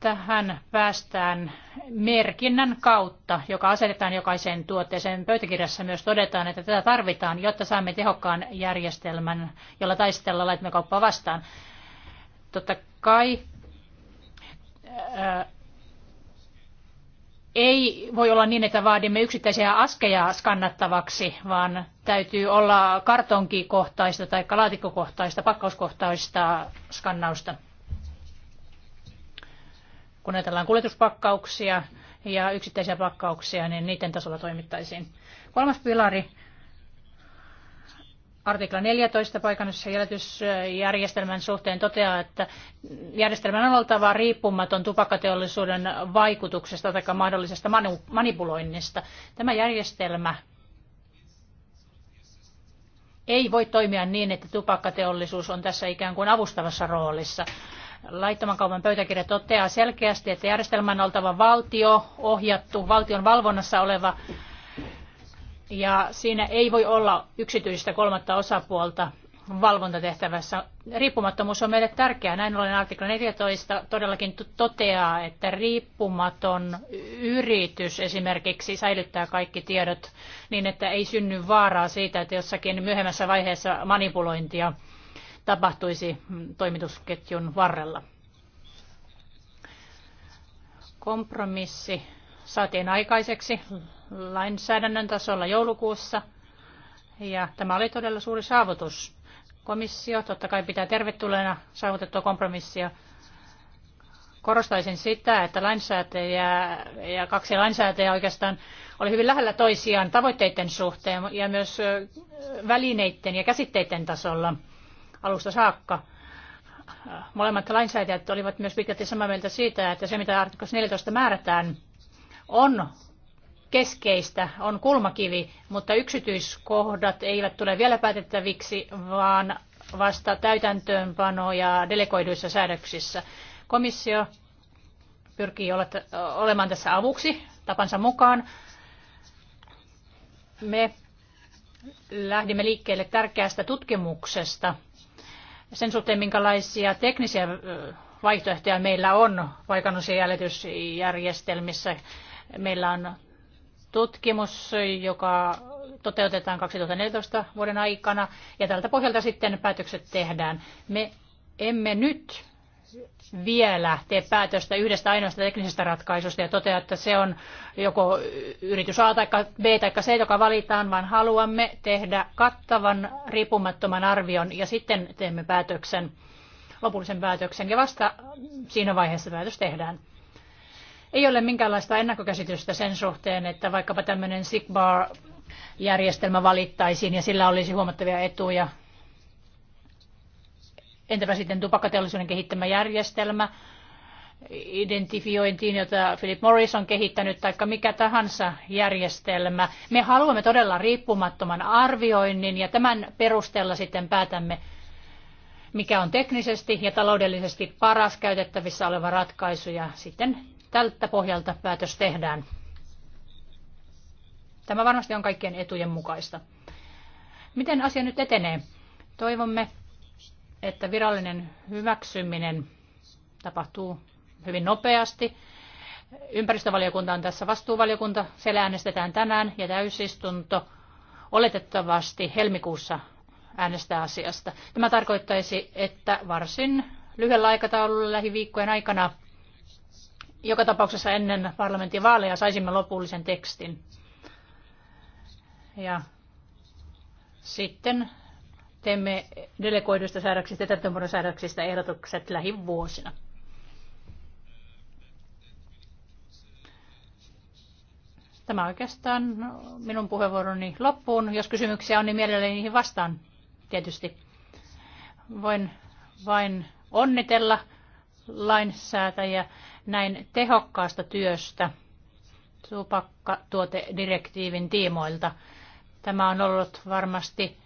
tähän päästään merkinnän kautta, joka asetetaan jokaiseen tuotteeseen. Pöytäkirjassa myös todetaan, että tätä tarvitaan, jotta saamme tehokkaan järjestelmän, jolla taistellaan kauppaa vastaan. Totta kai ei voi olla niin, että vaadimme yksittäisiä askeja skannattavaksi, vaan täytyy olla kartonkikohtaista tai laatikkokohtaista, pakkauskohtaista skannausta kun ajatellaan kuljetuspakkauksia ja yksittäisiä pakkauksia, niin niiden tasolla toimittaisiin. Kolmas pilari, artikla 14 paikannus- ja jäljitysjärjestelmän suhteen toteaa, että järjestelmän on oltava riippumaton tupakkateollisuuden vaikutuksesta tai mahdollisesta manipuloinnista. Tämä järjestelmä ei voi toimia niin, että tupakkateollisuus on tässä ikään kuin avustavassa roolissa laittoman kaupan pöytäkirja toteaa selkeästi, että järjestelmän on oltava valtio ohjattu, valtion valvonnassa oleva ja siinä ei voi olla yksityistä kolmatta osapuolta valvontatehtävässä. Riippumattomuus on meille tärkeää. Näin ollen artikla 14 todellakin toteaa, että riippumaton yritys esimerkiksi säilyttää kaikki tiedot niin, että ei synny vaaraa siitä, että jossakin myöhemmässä vaiheessa manipulointia tapahtuisi toimitusketjun varrella. Kompromissi saatiin aikaiseksi lainsäädännön tasolla joulukuussa ja tämä oli todella suuri saavutus. Komissio totta kai pitää tervetulleena saavutettua kompromissia. Korostaisin sitä, että lainsäätäjä ja kaksi lainsäätäjää oikeastaan oli hyvin lähellä toisiaan tavoitteiden suhteen ja myös välineiden ja käsitteiden tasolla – alusta saakka. Molemmat lainsäätäjät olivat myös pitkälti samaa mieltä siitä, että se mitä artiklassa 14 määrätään on keskeistä, on kulmakivi, mutta yksityiskohdat eivät tule vielä päätettäviksi, vaan vasta täytäntöönpano ja delegoiduissa säädöksissä. Komissio pyrkii olemaan tässä avuksi tapansa mukaan. Me lähdimme liikkeelle tärkeästä tutkimuksesta, sen suhteen, minkälaisia teknisiä vaihtoehtoja meillä on paikannus- jäljitysjärjestelmissä. Meillä on tutkimus, joka toteutetaan 2014 vuoden aikana, ja tältä pohjalta sitten päätökset tehdään. Me emme nyt vielä tee päätöstä yhdestä ainoasta teknisestä ratkaisusta ja totea, että se on joko yritys A tai B tai C, joka valitaan, vaan haluamme tehdä kattavan riippumattoman arvion ja sitten teemme päätöksen, lopullisen päätöksen ja vasta siinä vaiheessa päätös tehdään. Ei ole minkäänlaista ennakkokäsitystä sen suhteen, että vaikkapa tämmöinen SIGBAR-järjestelmä valittaisiin ja sillä olisi huomattavia etuja Entäpä sitten tupakkateollisuuden kehittämä järjestelmä, identifiointiin, jota Philip Morris on kehittänyt, tai mikä tahansa järjestelmä. Me haluamme todella riippumattoman arvioinnin, ja tämän perusteella sitten päätämme, mikä on teknisesti ja taloudellisesti paras käytettävissä oleva ratkaisu, ja sitten tältä pohjalta päätös tehdään. Tämä varmasti on kaikkien etujen mukaista. Miten asia nyt etenee? Toivomme, että virallinen hyväksyminen tapahtuu hyvin nopeasti. Ympäristövaliokunta on tässä vastuuvaliokunta. Siellä äänestetään tänään ja täysistunto oletettavasti helmikuussa äänestää asiasta. Tämä tarkoittaisi, että varsin lyhyellä aikataululla lähiviikkojen aikana joka tapauksessa ennen parlamentin vaaleja saisimme lopullisen tekstin. Ja sitten Teemme delegoiduista säädöksistä ja täytäntöönpanon säädöksistä ehdotukset lähivuosina. Tämä oikeastaan minun puheenvuoroni loppuun. Jos kysymyksiä on, niin mielelläni niihin vastaan tietysti. Voin vain onnitella lainsäätäjä näin tehokkaasta työstä tupakkatuotedirektiivin tiimoilta. Tämä on ollut varmasti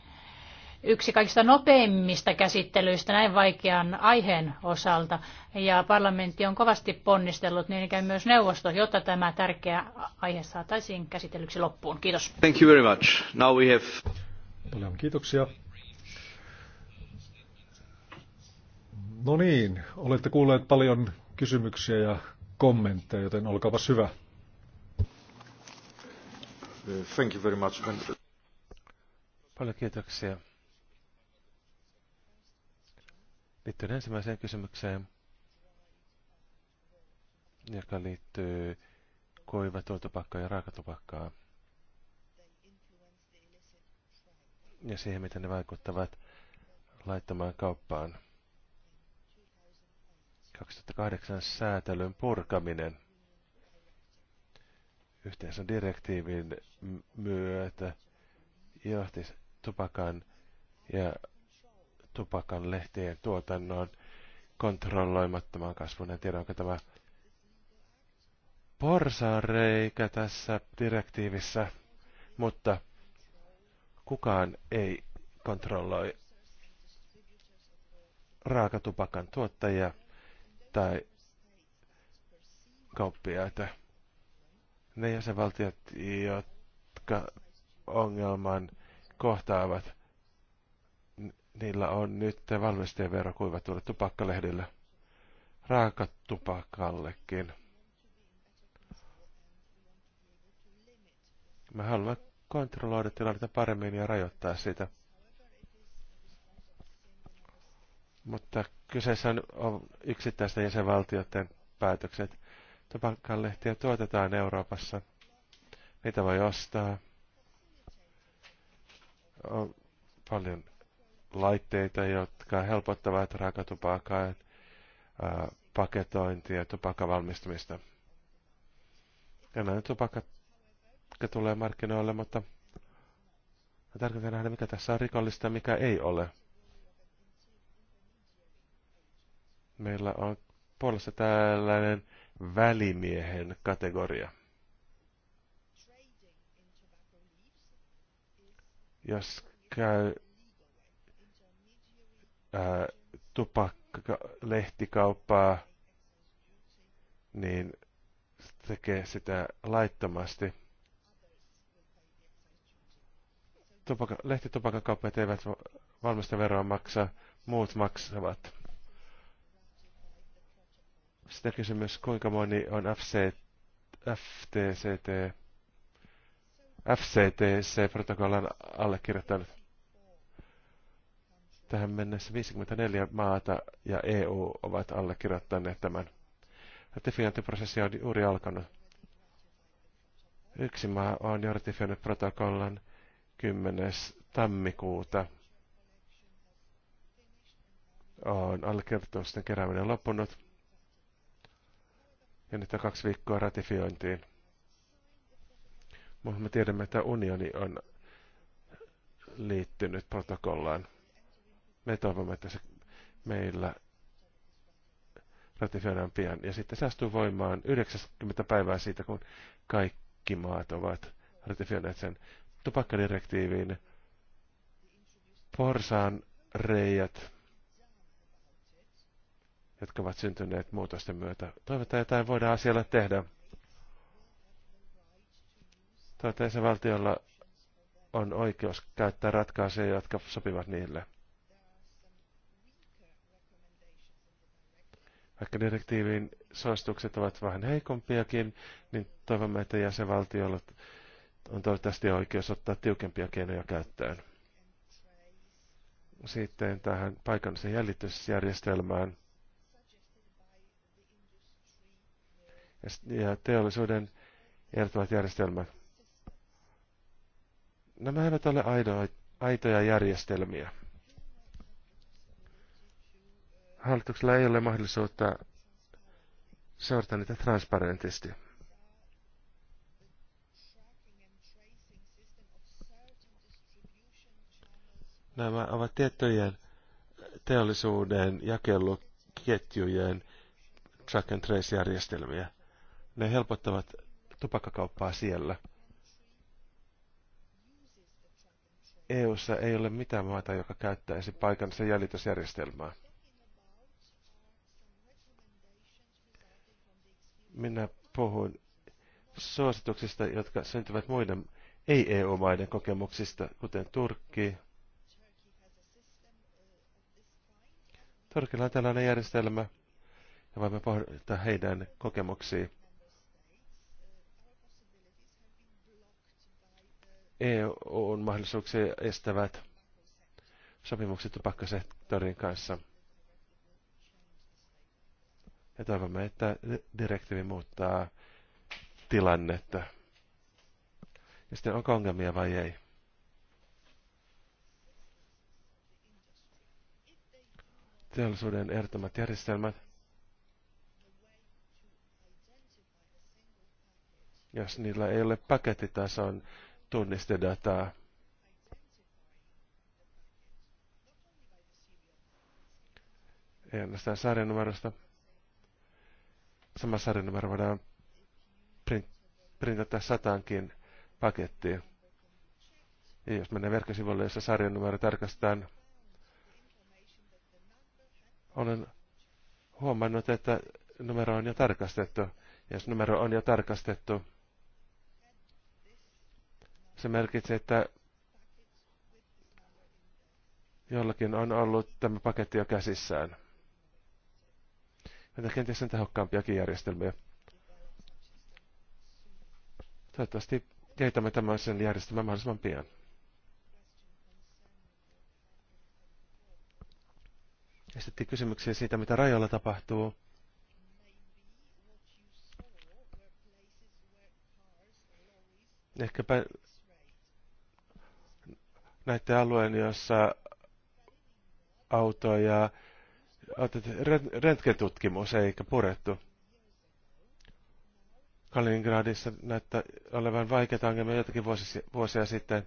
yksi kaikista nopeimmista käsittelyistä näin vaikean aiheen osalta. Ja parlamentti on kovasti ponnistellut, niin ikään myös neuvosto, jotta tämä tärkeä aihe saataisiin käsitellyksi loppuun. Kiitos. Thank you very much. Now we have... Paljon kiitoksia. No niin, olette kuulleet paljon kysymyksiä ja kommentteja, joten olkaapas hyvä. Thank you very much. Paljon kiitoksia. Liittyen ensimmäiseen kysymykseen, joka liittyy kuivatuotupakkaan ja raakatupakkaan. Ja siihen, miten ne vaikuttavat laittamaan kauppaan. 2008 säätelyn purkaminen yhteensä direktiivin myötä johti tupakan ja tupakan lehtien tuotannon kontrolloimattoman kasvun. En tiedä, onko tämä porsareikä tässä direktiivissä, mutta kukaan ei kontrolloi raakatupakan tuottajia tai kauppiaita. Ne jäsenvaltiot, jotka ongelman kohtaavat, niillä on nyt valmistevero kuivatulle tupakkalehdille, raakatupakallekin. Me haluamme kontrolloida tilannetta paremmin ja rajoittaa sitä. Mutta kyseessä on yksittäisten jäsenvaltioiden päätökset. Tupakkalehtiä tuotetaan Euroopassa. Niitä voi ostaa. On paljon laitteita, jotka helpottavat raakatupakan paketointia ja tupakan valmistamista. Englannin tupakka tulee markkinoille, mutta on nähdä, mikä tässä on rikollista ja mikä ei ole. Meillä on puolessa tällainen välimiehen kategoria. Jos käy ää, tupakka, lehtikauppaa, niin tekee sitä laittomasti. Tupaka, lehtitupakan eivät valmista veroa maksa, muut maksavat. Sitä kysymys, kuinka moni on FC, FTCT, FCTC-protokollan allekirjoittanut Tähän mennessä 54 maata ja EU ovat allekirjoittaneet tämän. Ratifiointiprosessi on juuri alkanut. Yksi maa on jo ratifioinut protokollan 10. tammikuuta. On allekirjoitusten kerääminen loppunut. Ja nyt on kaksi viikkoa ratifiointiin. Mutta me tiedämme, että unioni on liittynyt protokollaan me toivomme, että se meillä ratifioidaan pian. Ja sitten se astuu voimaan 90 päivää siitä, kun kaikki maat ovat ratifioineet sen tupakkadirektiiviin. Porsaan reijät, jotka ovat syntyneet muutosten myötä. Toivotaan jotain voidaan asialle tehdä. Toivottavasti valtiolla on oikeus käyttää ratkaisuja, jotka sopivat niille. Vaikka direktiivin suositukset ovat vähän heikompiakin, niin toivomme, että jäsenvaltiolla on toivottavasti oikeus ottaa tiukempia keinoja käyttöön. Sitten tähän paikallisen jäljitysjärjestelmään ja teollisuuden ehdottomat järjestelmät. Nämä eivät ole aidoja, aitoja järjestelmiä. Hallituksella ei ole mahdollisuutta seurata niitä transparentisti. Nämä ovat tiettyjen teollisuuden jakeluketjujen track and trace-järjestelmiä. Ne helpottavat tupakkakauppaa siellä. EU:ssa ei ole mitään maata, joka käyttäisi paikansa jäljitysjärjestelmää. Minä puhun suosituksista, jotka syntyvät muiden ei-EU-maiden kokemuksista, kuten Turkki. Turkilla on tällainen järjestelmä, ja voimme pohtia heidän kokemuksia. eu mahdollisuuksia estävät sopimukset tupakkasektorin kanssa. Ja toivomme, että direktiivi muuttaa tilannetta. Ja sitten onko ongelmia vai ei? Teollisuuden ehdottomat järjestelmät. Jos niillä ei ole pakettitason tunnistedataa, ei ainoastaan sarjanumerosta, sama sarjanumero voidaan print, printata sataankin pakettiin. Ja jos mennään verkkosivuille, jossa sarjanumero tarkastetaan, olen huomannut, että numero on jo tarkastettu. Ja jos numero on jo tarkastettu, se merkitsee, että jollakin on ollut tämä paketti jo käsissään näitä kenties on tehokkaampiakin järjestelmiä. Toivottavasti kehitämme tämän sen järjestelmän mahdollisimman pian. Esitettiin kysymyksiä siitä, mitä rajoilla tapahtuu. Ehkäpä näiden alueen, jossa autoja röntgentutkimus eikä purettu. Kaliningradissa näyttää olevan vaikeita ongelmia jotakin vuosia, vuosia sitten.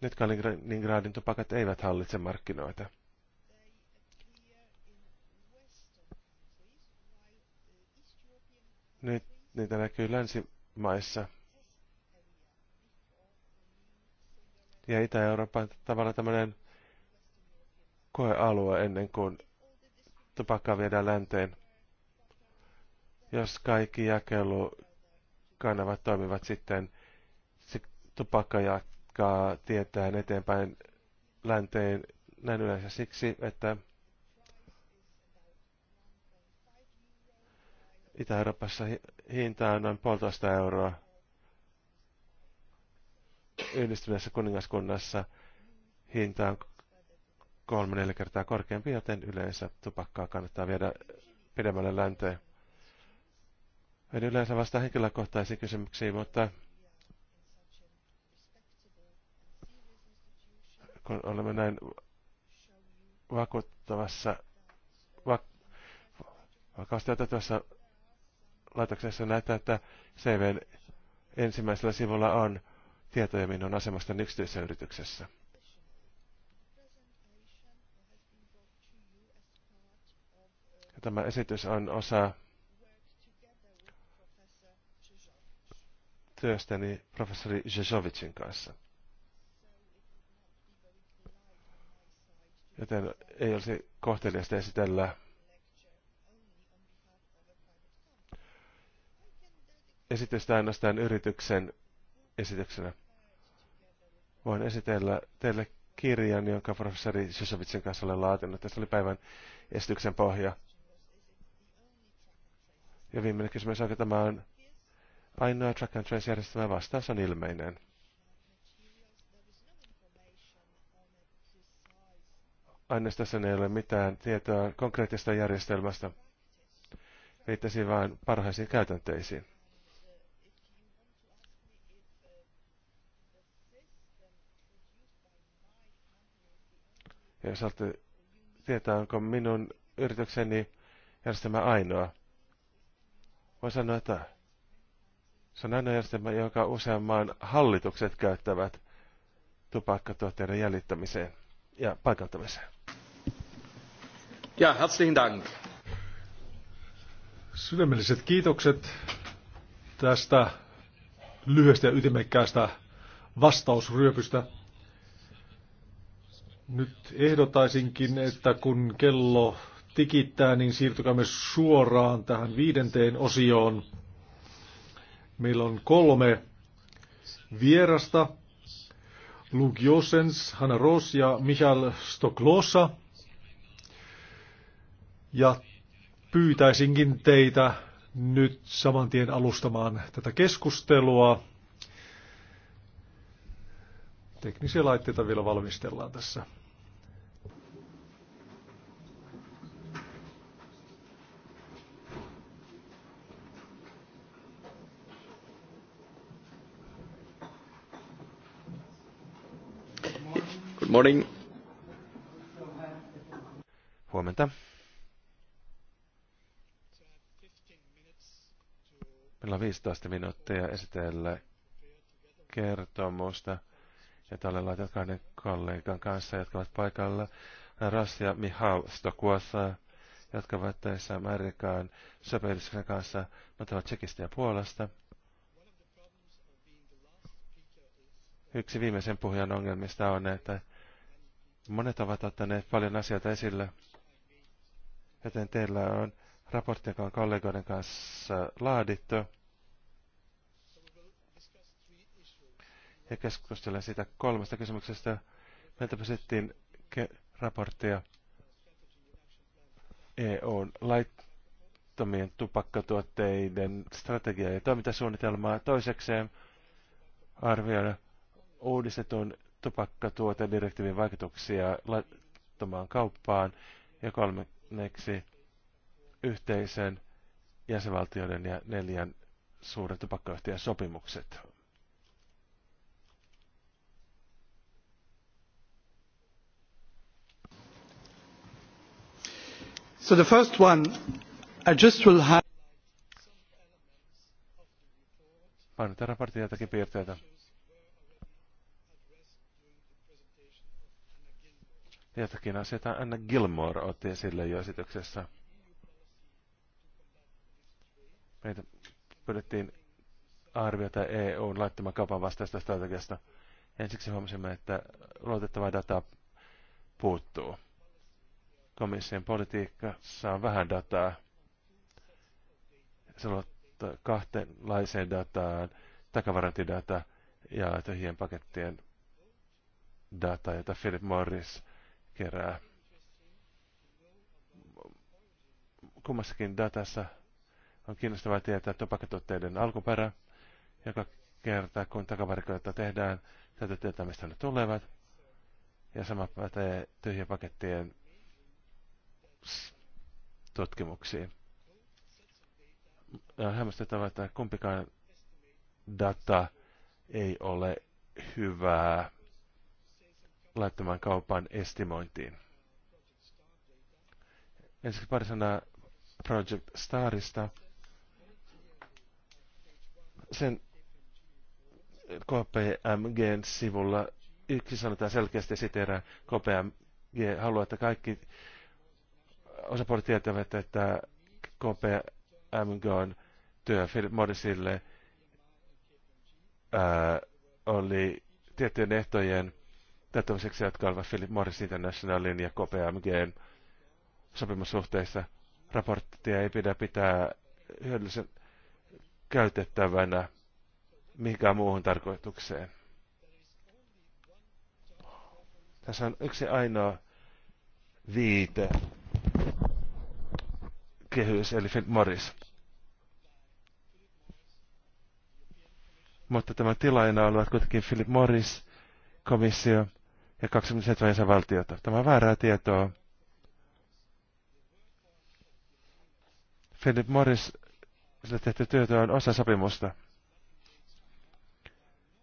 Nyt Kaliningradin tupakat eivät hallitse markkinoita. Nyt niitä näkyy länsimaissa. Ja Itä-Euroopan tavallaan tämmöinen koealue ennen kuin tupakka viedään länteen. Jos kaikki jakelukanavat toimivat sitten, se tupakka jatkaa tietään eteenpäin länteen näin yleensä siksi, että Itä-Euroopassa hinta on noin puolitoista euroa. Yhdistyneessä kuningaskunnassa hinta on kolme-neljä kertaa korkeampi, joten yleensä tupakkaa kannattaa viedä pidemmälle länteen. En yleensä vastaa henkilökohtaisiin kysymyksiin, mutta kun olemme näin vakuuttavassa, vak, vakaasti otettavassa laitoksessa näyttää, että CVn ensimmäisellä sivulla on tietoja minun asemastani yksityisessä yrityksessä. Ja tämä esitys on osa työstäni professori Zezovicin kanssa. Joten ei olisi kohteliasta esitellä esitystä ainoastaan yrityksen esityksenä. Voin esitellä teille kirjan, jonka professori Sysovitsin kanssa olen laatinut. Tässä oli päivän esityksen pohja. Ja viimeinen kysymys, onko tämä on ainoa track and trace järjestelmä vastaus on ilmeinen. Aineistossa ei ole mitään tietoa konkreettista järjestelmästä. Viittasi vain parhaisiin käytänteisiin. Ja jos tietää, onko minun yritykseni järjestelmä ainoa, voi sanoa, että se on aina järjestelmä, jonka usean maan hallitukset käyttävät tupakkatuotteiden jäljittämiseen ja paikantamiseen. Ja, herzlichen Dank. Sydämelliset kiitokset tästä lyhyestä ja ytimekkäästä vastausryöpystä. Nyt ehdotaisinkin, että kun kello tikittää, niin siirtykäämme suoraan tähän viidenteen osioon. Meillä on kolme vierasta. Luke Josens, Hanna Roos ja Michael Stoklosa. Ja pyytäisinkin teitä nyt saman tien alustamaan tätä keskustelua. Teknisiä laitteita vielä valmistellaan tässä. morning. Huomenta. Meillä on 15 minuuttia esitellä kertomusta. Ja tälle laitan kahden kollegan kanssa, jotka ovat paikalla. Ras ja Mihal Stokuassa, jotka ovat töissä Amerikan sopeudessa kanssa, mutta ovat Tsekistä ja Puolasta. Yksi viimeisen puhujan ongelmista on, että Monet ovat ottaneet paljon asioita esille, joten teillä on raportti, joka on kollegoiden kanssa laadittu. Ja keskustelen siitä kolmesta kysymyksestä. Meiltä pysyttiin raporttia EUn laittomien tupakkatuotteiden strategia- ja toimintasuunnitelmaa. Toisekseen arvioida uudistetun tupakkatuotedirektiivin vaikutuksia laittomaan kauppaan ja kolmanneksi yhteisen jäsenvaltioiden ja neljän suuren tupakkayhtiön sopimukset. So the first one, I just will have... Painotan raportin jotakin piirteitä. jotakin asioita Anna Gilmore otti esille jo esityksessä. Meitä pyydettiin arviota EUn laittoman kaupan vastaista strategiasta. Ensiksi huomasimme, että luotettava data puuttuu. Komission politiikassa on vähän dataa. Se luottaa kahtenlaiseen dataan, takavarantidata ja tyhjien pakettien data, jota Philip Morris – kerää. Kummassakin datassa on kiinnostavaa tietää tupakatuotteiden alkuperä, joka kertaa kun takavarikoita tehdään, täytyy tietää mistä ne tulevat. Ja sama pätee tyhjäpakettien tutkimuksiin. On hämmästyttävää, että kumpikaan data ei ole hyvää laittamaan kaupan estimointiin. Ensiksi pari sanaa Project Starista. Sen KPMGn sivulla yksi sanotaan selkeästi siteerää KPMG haluaa, että kaikki osapuolet tietävät, että KPMG on työ Morrisille oli tiettyjen ehtojen täyttämiseksi, jotka olivat Philip Morris Internationalin ja KPMGn sopimussuhteissa. Raporttia ei pidä pitää hyödyllisen käytettävänä mihinkään muuhun tarkoitukseen. Tässä on yksi ainoa viite kehys, eli Philip Morris. Mutta tämä tilaina olivat kuitenkin Philip Morris, komissio, ja 27 jäsenvaltiota. Tämä on väärää tietoa. Philip Morris sillä tehty työtä on osa sopimusta.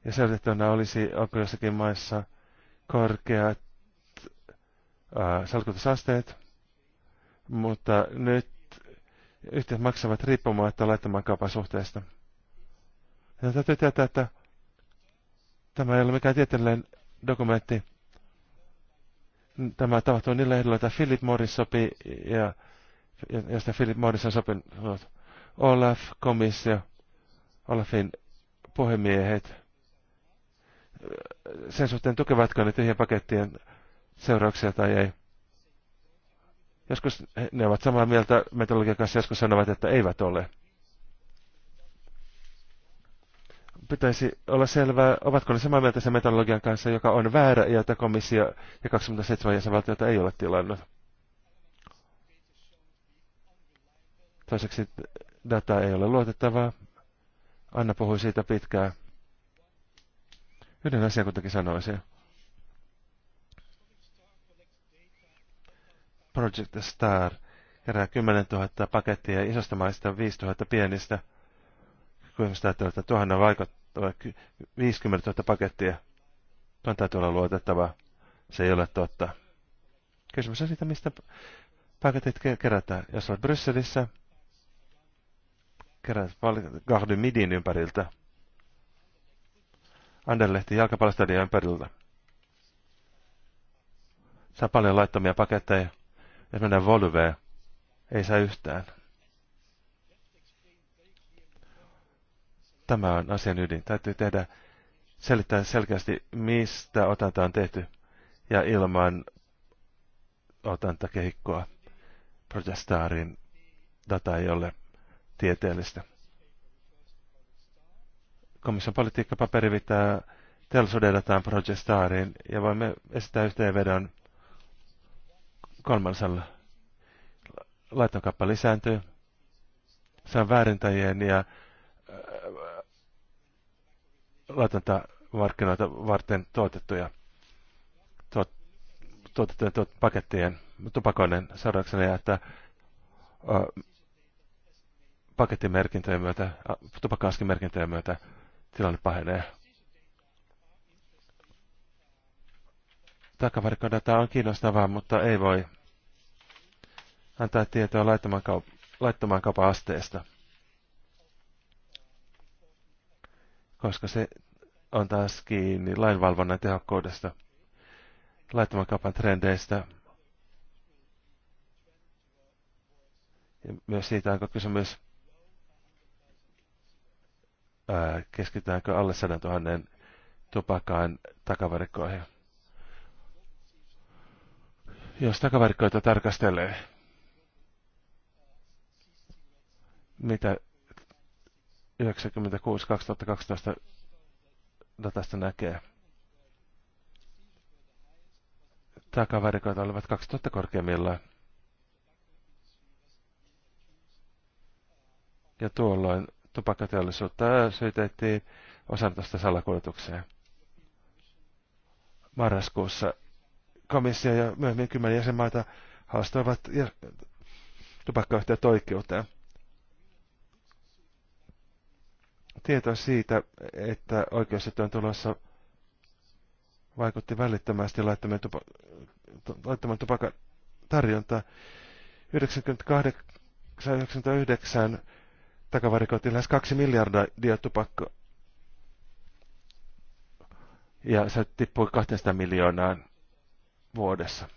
Ja selvitettynä olisi onko maissa korkeat äh, salkutusasteet, mutta nyt yhteydet maksavat riippumatta laittamaan kaupan suhteesta. Ja täytyy tietää, että tämä ei ole mikään tieteellinen dokumentti. Tämä tapahtui niillä ehdolla, että Philip Morris sopi ja, ja sitä Philip Morris on sopinut no, Olaf, komissio, Olafin puhemiehet. Sen suhteen tukevatko ne tyhjien pakettien seurauksia tai ei. Joskus ne ovat samaa mieltä metodologian kanssa, joskus sanovat, että eivät ole. pitäisi olla selvää, ovatko ne samaa mieltä sen metodologian kanssa, joka on väärä ja jota komissio ja 27 jäsenvaltiota ei ole tilannut. Toiseksi data ei ole luotettavaa. Anna puhui siitä pitkään. Yhden asian kuitenkin sanoisin. Project Star kerää 10 000 pakettia isosta maista 5 000 pienistä – kun ihmiset ajattelevat, että tuohon on vaikuttava 50 000 pakettia, on täytyy olla luotettava, se ei ole totta. Kysymys on siitä, mistä paketit kerätään. Jos olet Brysselissä, kerät Gardin Midin ympäriltä, Anderlehti jalkapallostadion ympäriltä. Saa paljon laittomia paketteja, jos mennään Volveen, ei saa yhtään. Tämä on asian ydin. Täytyy tehdä, selittää selkeästi, mistä otanta on tehty ja ilman otantakehikkoa. Protestaarin data ei ole tieteellistä. Komission politiikkapaperi viittaa teollisuuden dataan Progestaariin ja voimme esittää yhteenvedon kolmansalla. Laitonkappa lisääntyy. Se on väärintäjien ja äh, laitonta markkinoita varten tuotettuja tuot, tuotettujen tuot, pakettien tupakoinnin seurauksena, että ö, pakettimerkintöjen myötä, tupakaskimerkintöjen myötä tilanne pahenee. Takavarikkodata on kiinnostavaa, mutta ei voi antaa tietoa laittoman, kaup- laittoman kaupan asteesta, koska se on taas kiinni lainvalvonnan tehokkuudesta, laittoman kaupan trendeistä ja myös siitä, onko kysymys, ää, keskitytäänkö alle 100 000 tupakaan takavarikkoihin. Jos takavarikkoita tarkastelee, mitä 96-2012 datasta näkee. joka olivat 2000 korkeimmillaan. Ja tuolloin tupakkateollisuutta syytettiin osan tuosta salakuljetukseen. Marraskuussa komissio ja myöhemmin kymmenen jäsenmaita haastoivat tupakkayhtiöt oikeuteen. tietoa siitä, että oikeusjuttu on tulossa vaikutti välittömästi laittamaan, tupa, laittoman tupakan tarjonta. 98-99 takavarikoitiin lähes 2 miljardia tupakko. Ja se tippui 200 miljoonaan vuodessa.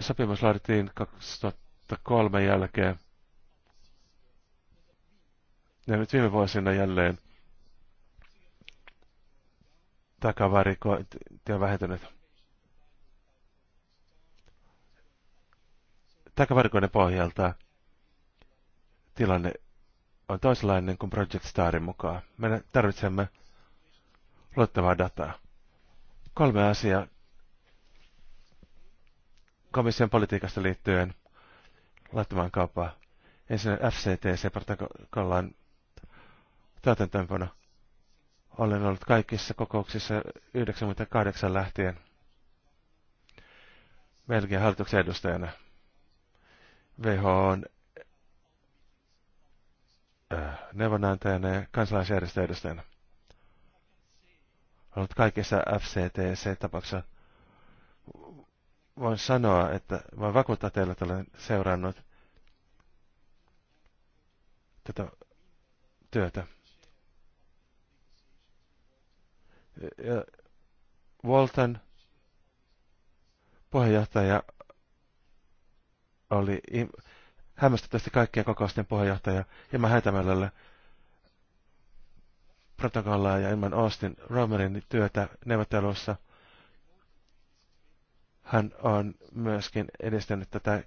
Sopimus laadittiin 2003 jälkeen ja nyt viime vuosina jälleen takavarikointi on vähentynyt. Takavarikoiden pohjalta tilanne on toisenlainen kuin Project Starin mukaan. Me tarvitsemme luottavaa dataa. Kolme asiaa komission politiikasta liittyen laittamaan kauppaa. Ensin FCTC-protokollaan täytäntöönpano. Olen ollut kaikissa kokouksissa 98 lähtien Belgian hallituksen edustajana. WHO on neuvonantajana ja kansalaisjärjestö edustajana. Ollut kaikissa FCTC-tapauksissa. Voin sanoa, että voin vakuuttaa teille, että olen seurannut tätä työtä. ja Walton puheenjohtaja oli hämmästyttävästi kaikkien kokousten puheenjohtaja Ilman Hätämöllälle protokollaa ja ilman Austin Romerin työtä neuvotteluissa. Hän on myöskin edistänyt tätä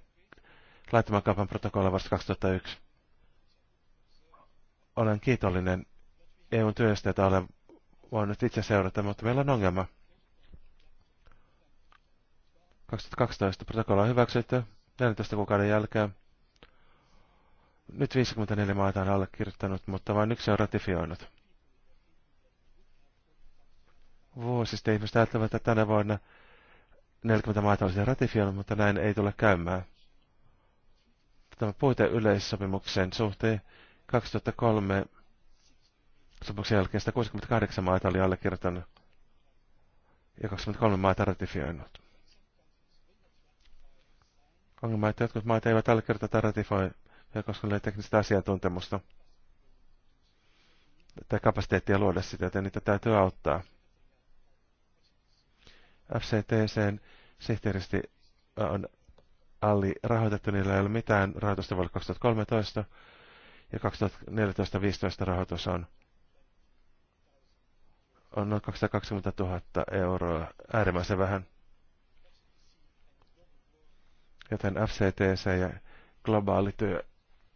laittoman kaupan protokollaa vasta 2001. Olen kiitollinen EUn työstä, jota olen voinut itse seurata, mutta meillä on ongelma. 2012 protokolla on hyväksytty 14 kuukauden jälkeen. Nyt 54 maata on allekirjoittanut, mutta vain yksi on ratifioinut. Vuosista ihmiset ajattelevat, että tänä vuonna 40 maata olisi ratifioinut, mutta näin ei tule käymään. Tämä puite yleissopimuksen suhteen 2003 sopimuksen jälkeen 168 maata oli allekirjoittanut ja 23 maata ratifioinut. Ongelma, että jotkut maat eivät allekirjoita tai ratifioi, koska niillä ei teknistä asiantuntemusta tai kapasiteettia luoda sitä, joten niitä täytyy auttaa. FCTCn sihteeristi on alli rahoitettu, niillä ei ole mitään rahoitusta vuodelle 2013 ja 2014-2015 rahoitus on on noin 220 000 euroa, äärimmäisen vähän. Joten FCTC ja globaali työ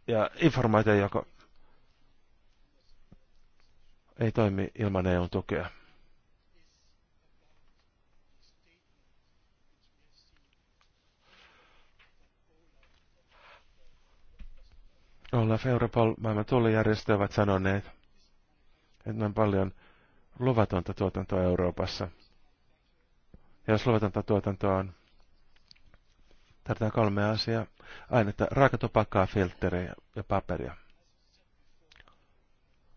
ja informaatiojako ei toimi ilman EUn tukea. Olaf Europol, maailman tullijärjestö ovat sanoneet, että on paljon luvatonta tuotantoa Euroopassa. Ja jos luvatonta tuotantoa on, tarvitaan kolme asiaa. Ainetta raakatopakkaa filtteriä ja paperia.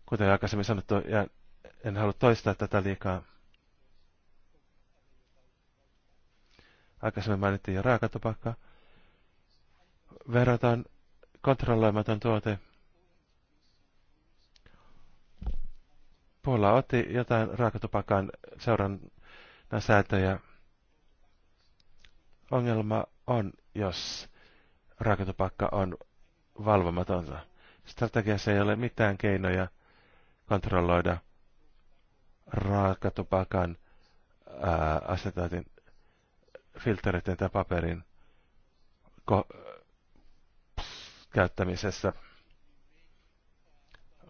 Kuten aikaisemmin sanottu, ja en halua toistaa tätä liikaa. Aikaisemmin mainittiin jo raakatupakka. Verrataan kontrolloimaton tuote Puola otti jotain raakatupakan seuran säätöjä. Ongelma on, jos raakatupakka on valvomatonta. Strategiassa ei ole mitään keinoja kontrolloida raakatupakan ää, asetaatin filtereiden tai paperin ko- käyttämisessä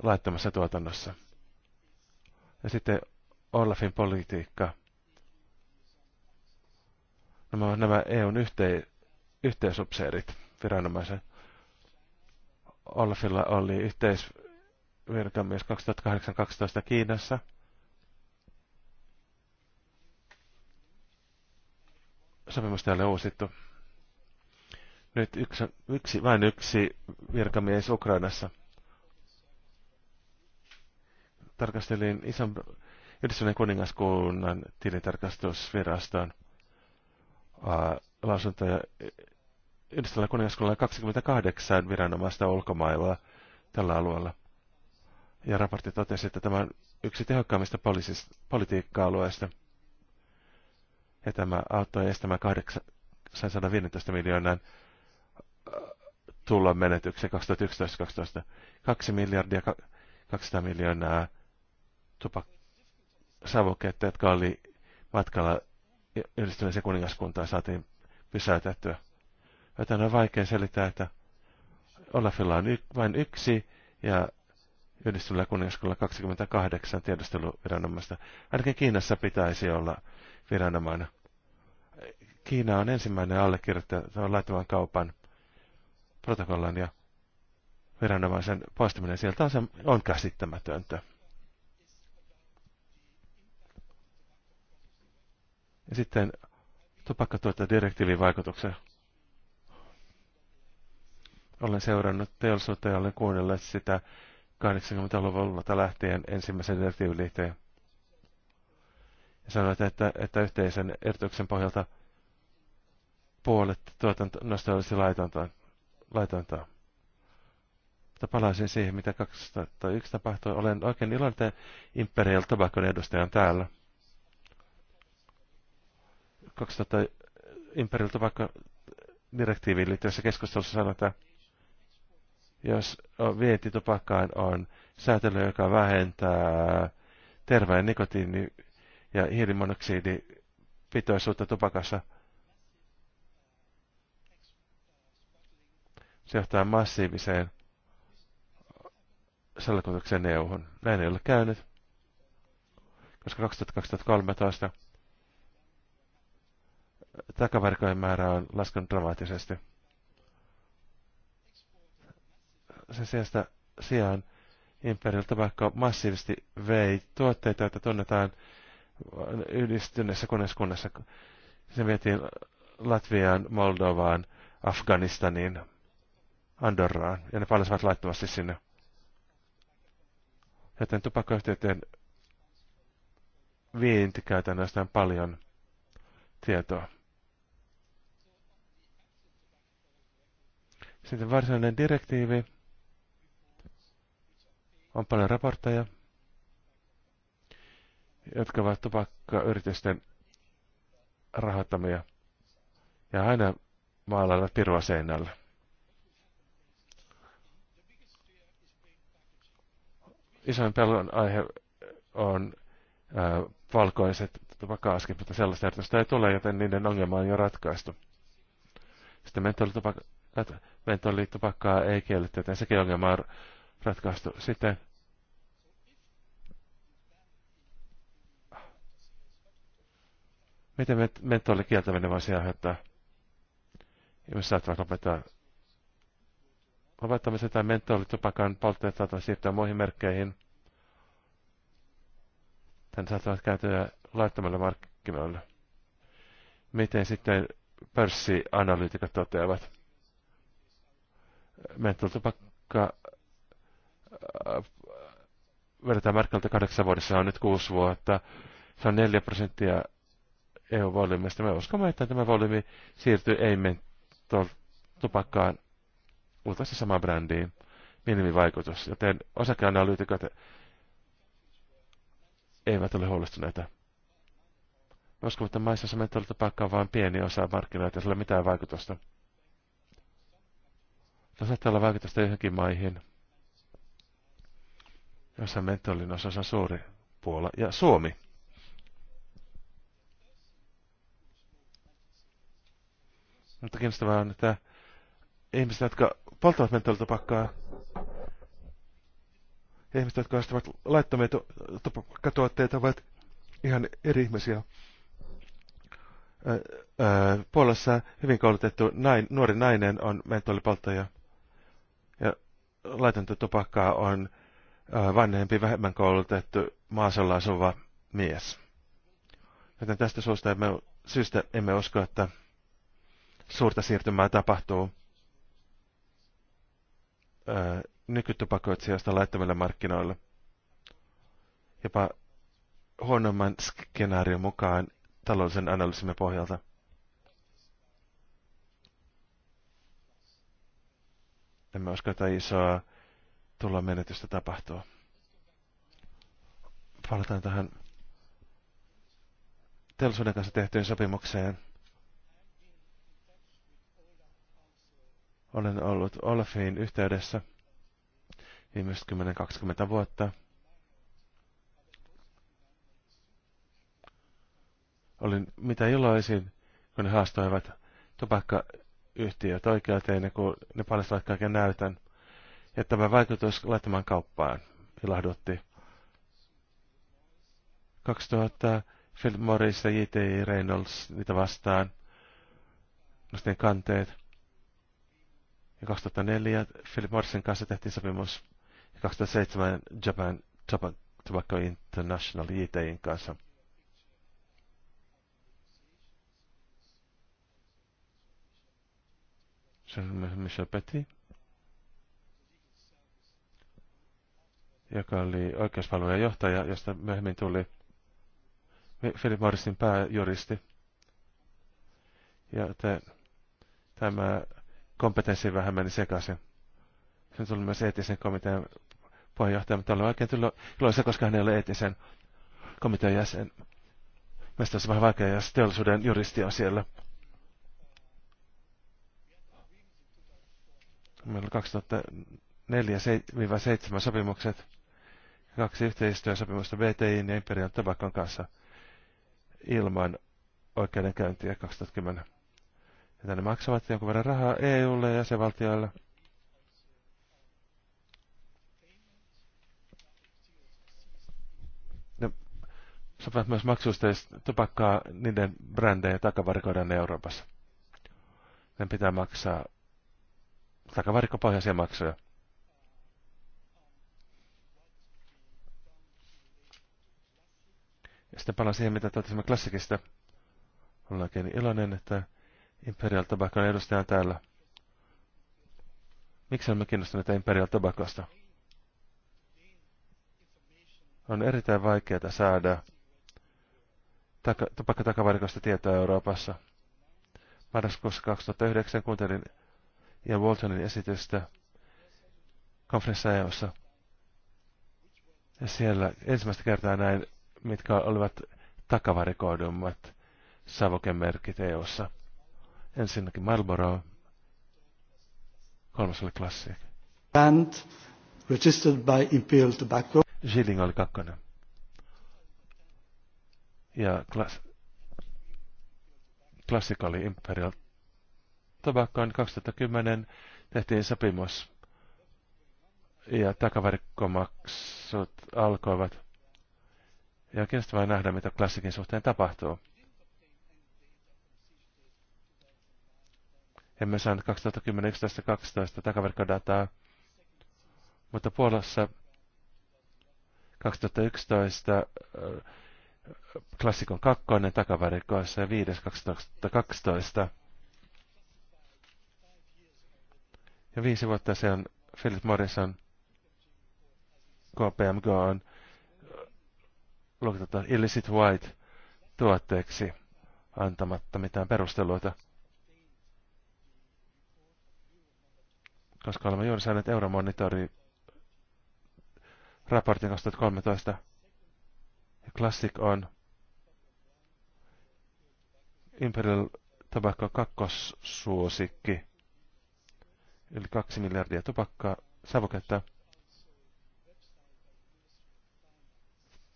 laittamassa tuotannossa. Ja sitten Olafin politiikka. Nämä, nämä EUn yhte, yhteisupseerit viranomaisen. Olafilla oli yhteisvirkamies 2008-2012 Kiinassa. Sopimusta ei ole uusittu. Nyt yksi, yksi, vain yksi virkamies Ukrainassa – tarkastelin ison Yhdistyneen kuningaskunnan tilintarkastusviraston lausuntoja. Yhdistyneen kuningaskunnalla 28 viranomaista ulkomailla tällä alueella. Ja raportti totesi, että tämä on yksi tehokkaimmista politiikka-alueista. Ja tämä auttoi estämään 815 miljoonan tulon menetyksen 2011-2012. 2 miljardia 200 miljoonaa tupakasavuketta, jotka oli matkalla yhdistyneeseen kuningaskuntaan, saatiin pysäytettyä. Joten on vaikea selittää, että Olafilla on y- vain yksi ja yhdistyneellä kuningaskunnalla 28 tiedusteluviranomaista. Ainakin Kiinassa pitäisi olla viranomainen. Kiina on ensimmäinen allekirjoittaja laittavan kaupan protokollan ja viranomaisen poistaminen sieltä on, se, on käsittämätöntä. Ja sitten tupakkatuotteiden direktiivin vaikutuksen. Olen seurannut teollisuutta ja olen kuunnellut sitä 80-luvulta lähtien ensimmäisen direktiiviliitteen. Ja sanoit, että, että yhteisen erityksen pohjalta puolet tuotannosta olisi laitontaa. laitonta. Mutta palaisin siihen, mitä 2001 tapahtui. Olen oikein iloinen, että Imperial Tobacco edustaja on täällä. 2000 Imperilta vaikka direktiiviin liittyvässä keskustelussa sanotaan, jos vientitupakkaan on säätely, joka vähentää terveen nikotiini- ja hiilimonoksidipitoisuutta tupakassa, se johtaa massiiviseen salakuljetuksen neuhun. Näin ei ole käynyt, koska 2013 takavarikojen määrä on laskenut dramaattisesti. Sen sijasta sijaan Imperial Tobacco massiivisesti vei tuotteita, joita tunnetaan yhdistyneessä koneskunnassa. Se vietiin Latviaan, Moldovaan, Afganistaniin, Andorraan, ja ne palasivat laittomasti sinne. Joten tupakkayhtiöiden vienti käytännössä paljon tietoa. Sitten varsinainen direktiivi. On paljon raportteja, jotka ovat tupakkayritysten rahoittamia. Ja aina maalailla pirua seinällä. Isoin pelon aihe on äh, valkoiset tupakka-askit, mutta sellaista ei tule, joten niiden ongelma on jo ratkaistu. Sitten mentolitupakka lentoliittopakkaa ei kielletty, joten sekin ongelma on ratkaistu. Sitten Miten mentolin kieltäminen voisi aiheuttaa? Ihmiset saattavat lopettaa lopettamisen tai mentolitupakan poltteet saattavat siirtyä muihin merkkeihin. Tän saattavat käyttää laittomalle markkinoille. Miten sitten pörssianalyytikot toteavat? mentoltupakka äh, vedetään merkeltä kahdeksan vuodessa, on nyt kuusi vuotta. Se on neljä prosenttia EU-volyymista. Me uskomme, että tämä volyymi siirtyy ei tupakkaan uutasi sama brändiin. Minimivaikutus, joten osakeanalyytikot eivät ole huolestuneita. Uskon, että maissa se on vain pieni osa markkinoita, sillä ei ole mitään vaikutusta. No saattaa olla vaikutusta johonkin maihin, jossa mentolin osassa on suuri Puola ja Suomi. Mutta kiinnostavaa on, että ihmiset, jotka polttavat mentolitupakkaa, ja ihmiset, jotka ostavat laittomia tupakkatuotteita, ovat ihan eri ihmisiä. Puolassa hyvin koulutettu nain, nuori nainen on mentolipolttaja laitonta tupakkaa on äh, vanhempi, vähemmän koulutettu maasolla asuva mies. Joten tästä suusta emme, syystä emme usko, että suurta siirtymää tapahtuu öö, nykytupakoitsijasta markkinoille. Jopa huonomman skenaarion mukaan taloudellisen analyysimme pohjalta. emme usko, että isoa tulla menetystä tapahtuu. Palataan tähän teollisuuden kanssa tehtyyn sopimukseen. Olen ollut Olafin yhteydessä viimeiset 10-20 vuotta. Olin mitä iloisin, kun he haastoivat tupakka yhtiöt oikeuteen, niin kun ne paljastavat kaiken näytön. Ja tämä vaikutus laittamaan kauppaan ilahdutti. 2000 Phil Morris ja J.T. Reynolds niitä vastaan nostin kanteet. Ja 2004 Philip Morrisin kanssa tehtiin sopimus. Ja 2007 Japan Tobacco International JTIn kanssa. Michel Petit, joka oli oikeuspalvelujen johtaja, josta myöhemmin tuli Philip Morrisin pääjuristi. Ja te, tämä kompetenssi vähän meni sekaisin. Sen tuli myös eettisen komitean puheenjohtaja, mutta oli oikein iloisia, koska hän ei ole eettisen komitean jäsen. Mielestäni olisi vähän vaikea, jos teollisuuden juristi on siellä. Meillä on 2004 2007 sopimukset, kaksi yhteistyösopimusta VTIin ja Imperial Tobacon kanssa ilman oikeudenkäyntiä 2010. Ja ne maksavat jonkun verran rahaa EUlle ja jäsenvaltioille. Ne sopivat myös maksuista, jos tupakkaa niiden brändejä takavarikoidaan Euroopassa. Ne pitää maksaa takavarikkopohjaisia maksuja. Ja sitten palaan siihen, mitä totesimme klassikista. Olen oikein iloinen, että Imperial Tobacco on edustajan täällä. Miksi olemme kiinnostuneita Imperial Tobacosta? On erittäin vaikeaa saada tupakka takavarikosta tietoa Euroopassa. Marraskuussa 2009 kuuntelin ja Waltonin esitystä konferenssiajoissa. Ja siellä ensimmäistä kertaa näin, mitkä olivat takavarikoidummat EU-ssa. E Ensinnäkin Marlboro, kolmas oli Classic. Band, registered by Imperial Tobacco. Gilling oli kakkonen. Ja klas Classic oli Imperial Tobaccoon 2010 tehtiin sopimus ja takavarikkomaksut alkoivat. Ja kiinnostavaa nähdä, mitä klassikin suhteen tapahtuu. Emme saaneet 2010, 2012 12 takaverkkodataa, mutta Puolassa 2011 äh, klassikon kakkonen takavarikoissa ja 5. 2012 Ja viisi vuotta se on Philip Morrison KPMG on äh, luokiteltu illicit white tuotteeksi antamatta mitään perusteluita. Koska olemme juuri saaneet Euromonitorin raportin 2013. Ja Classic on Imperial Tobacco kakkossuosikki yli kaksi miljardia tupakkaa, käyttää.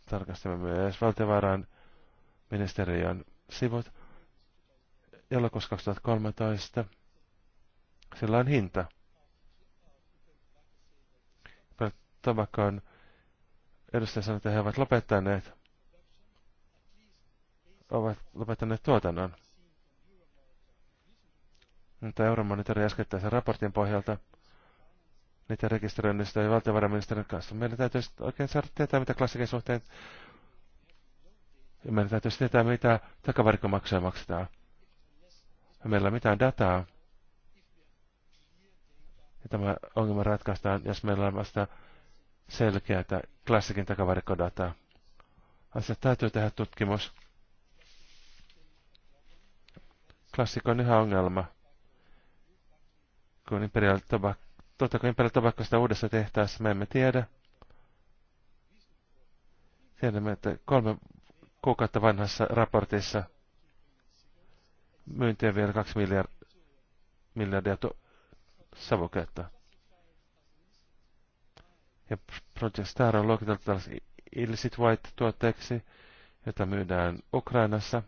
Tarkastamme myös valtiovarain ministeriön sivut. Elokuussa 2013 sillä on hinta. Tabakan edustaja sanoi, että he ovat lopettaneet, ovat lopettaneet tuotannon että Euromonitori äskettäisen raportin pohjalta niiden rekisteröinnistä ja valtiovarainministerin kanssa. Meidän täytyisi oikein saada tietää, mitä klassikin suhteen... Ja meidän täytyisi tietää, mitä takavarikomaksuja maksetaan. Ja meillä ei ole mitään dataa. Ja tämä ongelma ratkaistaan, jos meillä on vasta selkeää klassikin takavarikodataa. Asia täytyy tehdä tutkimus. Klassikko on yhä ongelma kuin Imperial Tobacco. Tuottaako Imperial Tobacco sitä uudessa tehtaassa, me emme tiedä. Tiedämme, että kolme kuukautta vanhassa raportissa myyntiä vielä kaksi miljard, miljardia to, savuketta. Ja Project Star on luokiteltu tällaisen illicit white-tuotteeksi, jota myydään Ukrainassa.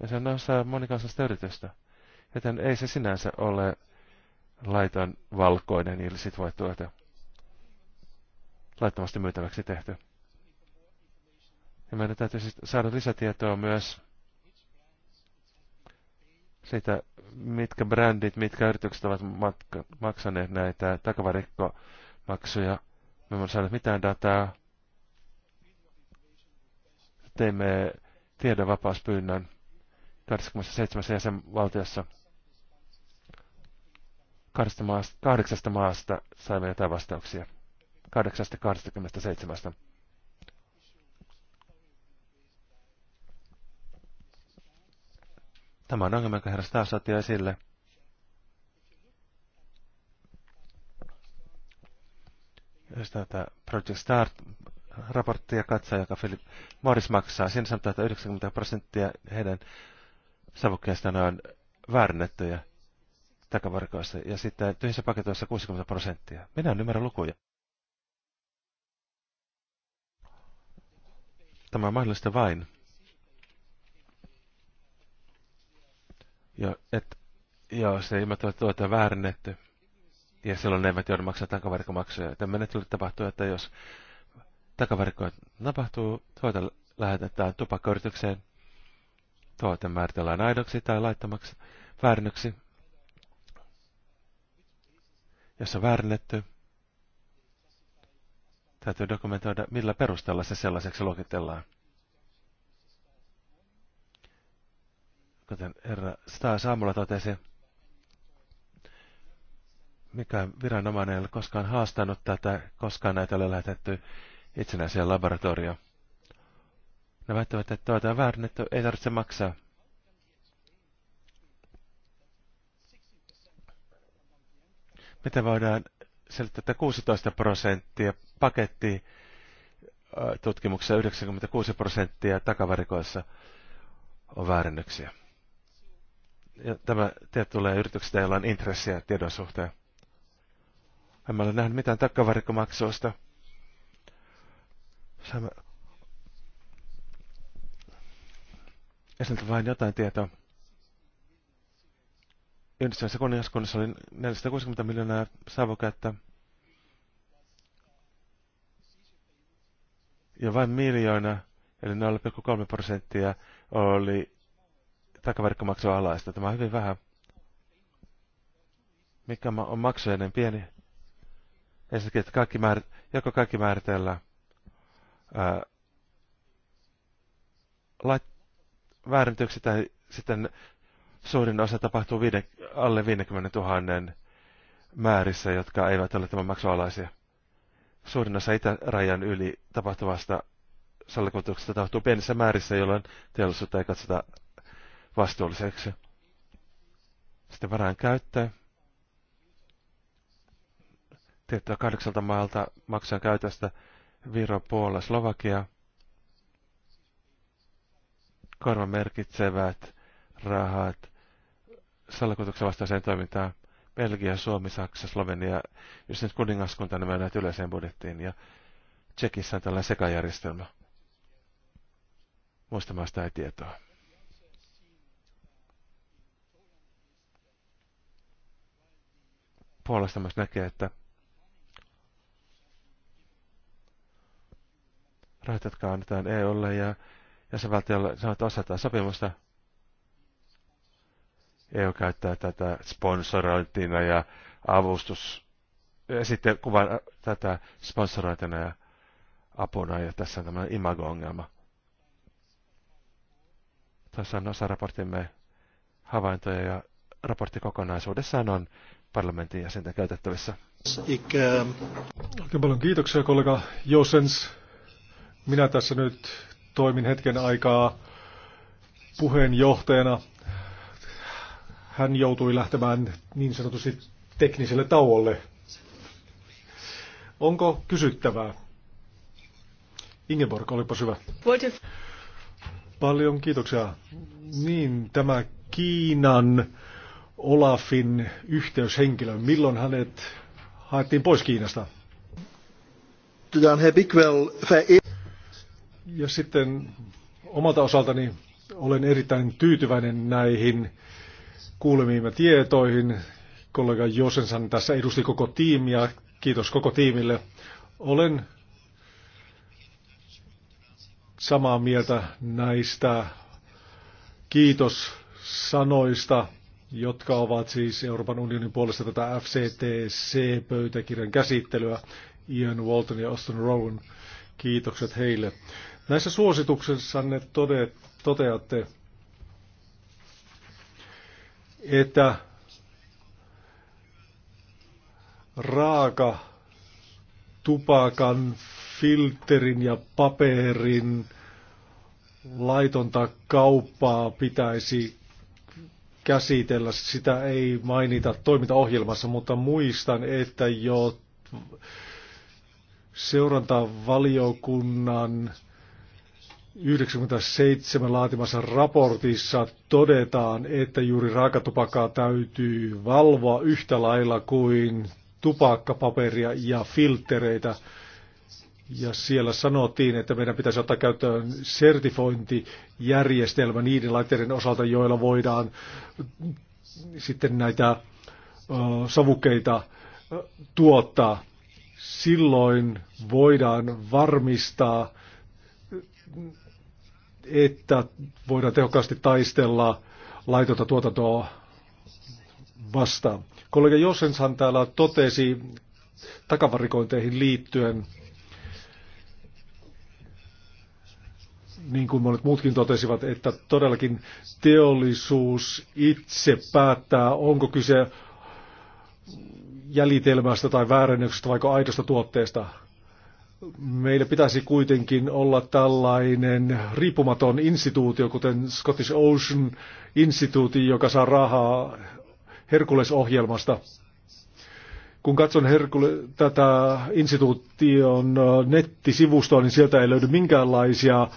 Ja se on osa monikansallista yritystä. Joten ei se sinänsä ole laiton valkoinen, niin sit voi tuota laittomasti myytäväksi tehty. Ja meidän täytyy siis saada lisätietoa myös siitä, mitkä brändit, mitkä yritykset ovat matka, maksaneet näitä takavarikkomaksuja. Me emme saaneet mitään dataa. Teimme tiedonvapauspyynnön 27 jäsenvaltiossa. Kahdesta maasta, kahdeksasta maasta saimme jotain vastauksia. seitsemästä. Tämä on ongelma, jonka herra taas otti esille. Jos tätä Project Start-raporttia katsoa, joka Philip Morris maksaa, siinä sanotaan, että 90 prosenttia heidän savukkeistaan on väärennettyjä takavarikoista ja sitten tyhjissä paketoissa 60 prosenttia. Minä en lukuja. Tämä on mahdollista vain. Ja, et, joo, se ei ole tuota väärennetty. Ja silloin ne eivät joudu maksaa takavarikomaksuja. Tämä menettely tapahtuu, että jos takavarikoita tapahtuu, tuota lähetetään tupakkayritykseen, tuote määritellään aidoksi tai laittamaksi väärinnöksi jossa on väärennetty, täytyy dokumentoida, millä perusteella se sellaiseksi luokitellaan. Kuten herra Staas aamulla totesi, mikään viranomainen ei ole koskaan haastanut tätä, koskaan näitä ole lähetetty itsenäiseen laboratorioon. Ne väittävät, että tuota on väärennetty, ei tarvitse maksaa. Miten voidaan selittää, että 16 prosenttia paketti tutkimuksessa 96 prosenttia takavarikoissa on väärennyksiä. Ja tämä tieto tulee yrityksistä, joilla on intressiä tiedon suhteen. En ole nähnyt mitään takavarikomaksuista. Saamme... Esitän vain jotain tietoa. Yhdistyvässä kuningaskunnassa oli 460 miljoonaa savukäyttä. Ja vain miljoona, eli 0,3 prosenttia, oli takaverkkomaksua alaista. Tämä on hyvin vähän. Mikä on maksujen niin pieni? Ensinnäkin, että kaikki määr... joko kaikki määritellään ää, lait... väärintyksi tai sitten suurin osa tapahtuu viide, alle 50 000 määrissä, jotka eivät ole tämän maksualaisia. Suurin osa itärajan yli tapahtuvasta salakuljetuksesta tapahtuu pienissä määrissä, jolloin teollisuutta ei katsota vastuulliseksi. Sitten varaan käyttää. Tietoa kahdeksalta maalta maksaa käytöstä Viro, Puola, Slovakia. Korva merkitsevät rahat salakutuksen vastaiseen toimintaan Belgia, Suomi, Saksa, Slovenia, jos nyt kuningaskunta nämä niin näet yleiseen budjettiin ja Tsekissä on tällainen sekajärjestelmä. Muista sitä ei tietoa. Puolesta myös näkee, että rahat, jotka annetaan EUlle ja jäsenvaltiolle, sanotaan osataan sopimusta, EU käyttää tätä sponsorointina ja avustus, ja sitten kuvan tätä sponsorointina ja apuna, ja tässä on tämmöinen imago-ongelma. Tässä on osa raportimme havaintoja, ja raportti kokonaisuudessaan on parlamentin jäsenten käytettävissä. Eh, Oikein paljon kiitoksia kollega Josens. Minä tässä nyt toimin hetken aikaa puheenjohtajana hän joutui lähtemään niin sanotusti tekniselle tauolle. Onko kysyttävää? Ingeborg, olipa hyvä. Paljon kiitoksia. Niin, tämä Kiinan Olafin yhteyshenkilö, milloin hänet haettiin pois Kiinasta? E- ja sitten omalta osaltani olen erittäin tyytyväinen näihin ja tietoihin. Kollega Josensan tässä edusti koko tiimiä. Kiitos koko tiimille. Olen samaa mieltä näistä kiitos sanoista, jotka ovat siis Euroopan unionin puolesta tätä FCTC-pöytäkirjan käsittelyä. Ian Walton ja Austin Rowan, kiitokset heille. Näissä suosituksissanne toteatte, että raaka tupakan, filterin ja paperin laitonta kauppaa pitäisi käsitellä. Sitä ei mainita toimintaohjelmassa, mutta muistan, että jo seurantavaliokunnan 97 laatimassa raportissa todetaan, että juuri raakatupakkaa täytyy valvoa yhtä lailla kuin tupakkapaperia ja filtereitä. Ja siellä sanottiin, että meidän pitäisi ottaa käyttöön sertifointijärjestelmä niiden laitteiden osalta, joilla voidaan sitten näitä savukeita tuottaa. Silloin voidaan varmistaa, että voidaan tehokkaasti taistella laitonta tuotantoa vastaan. Kollega Josenshan täällä totesi takavarikointeihin liittyen, niin kuin monet muutkin totesivat, että todellakin teollisuus itse päättää, onko kyse jäljitelmästä tai väärennöksestä vaiko aidosta tuotteesta meillä pitäisi kuitenkin olla tällainen riippumaton instituutio, kuten Scottish Ocean Instituutti, joka saa rahaa Herkulesohjelmasta. Kun katson Herkule, tätä instituution nettisivustoa, niin sieltä ei löydy minkäänlaisia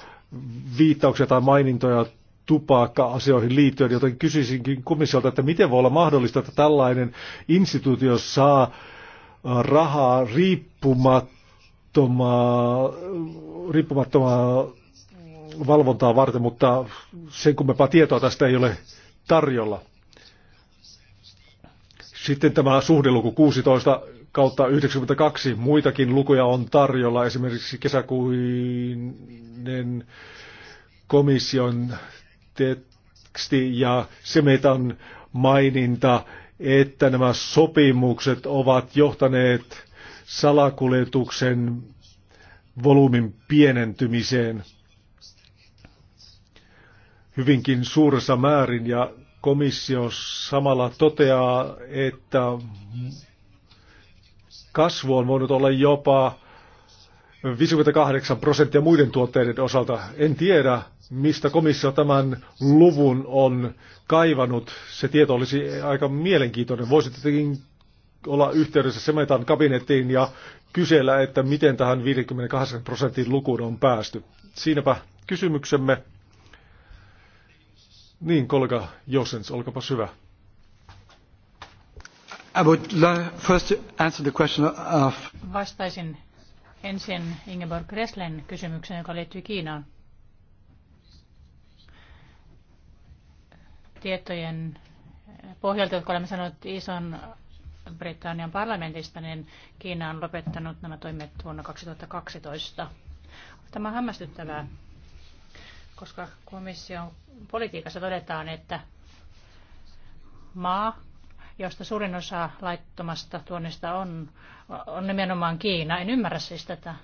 viittauksia tai mainintoja tupakka-asioihin liittyen, joten kysyisinkin komissiolta, että miten voi olla mahdollista, että tällainen instituutio saa rahaa riippumatta riippumattomaa, riippumattomaa valvontaa varten, mutta sen kummempaa tietoa tästä ei ole tarjolla. Sitten tämä suhdeluku 16 kautta 92. Muitakin lukuja on tarjolla, esimerkiksi kesäkuinen komission teksti ja Semetan maininta, että nämä sopimukset ovat johtaneet salakuljetuksen volyymin pienentymiseen hyvinkin suuressa määrin ja komissio samalla toteaa, että kasvu on voinut olla jopa 58 prosenttia muiden tuotteiden osalta. En tiedä, mistä komissio tämän luvun on kaivanut. Se tieto olisi aika mielenkiintoinen. Voisi tietenkin olla yhteydessä Semetan kabinettiin ja kysellä, että miten tähän 58 prosentin lukuun on päästy. Siinäpä kysymyksemme. Niin, kollega Josens, olkapa hyvä. I would first answer the question of... Vastaisin ensin Ingeborg Reslen kysymykseen, joka liittyy Kiinaan. Tietojen pohjalta, jotka olemme sanoneet ison Britannian parlamentista, niin Kiina on lopettanut nämä toimet vuonna 2012. Tämä on hämmästyttävää, koska komission politiikassa todetaan, että maa, josta suurin osa laittomasta tuonnista on, on nimenomaan Kiina. En ymmärrä siis tätä.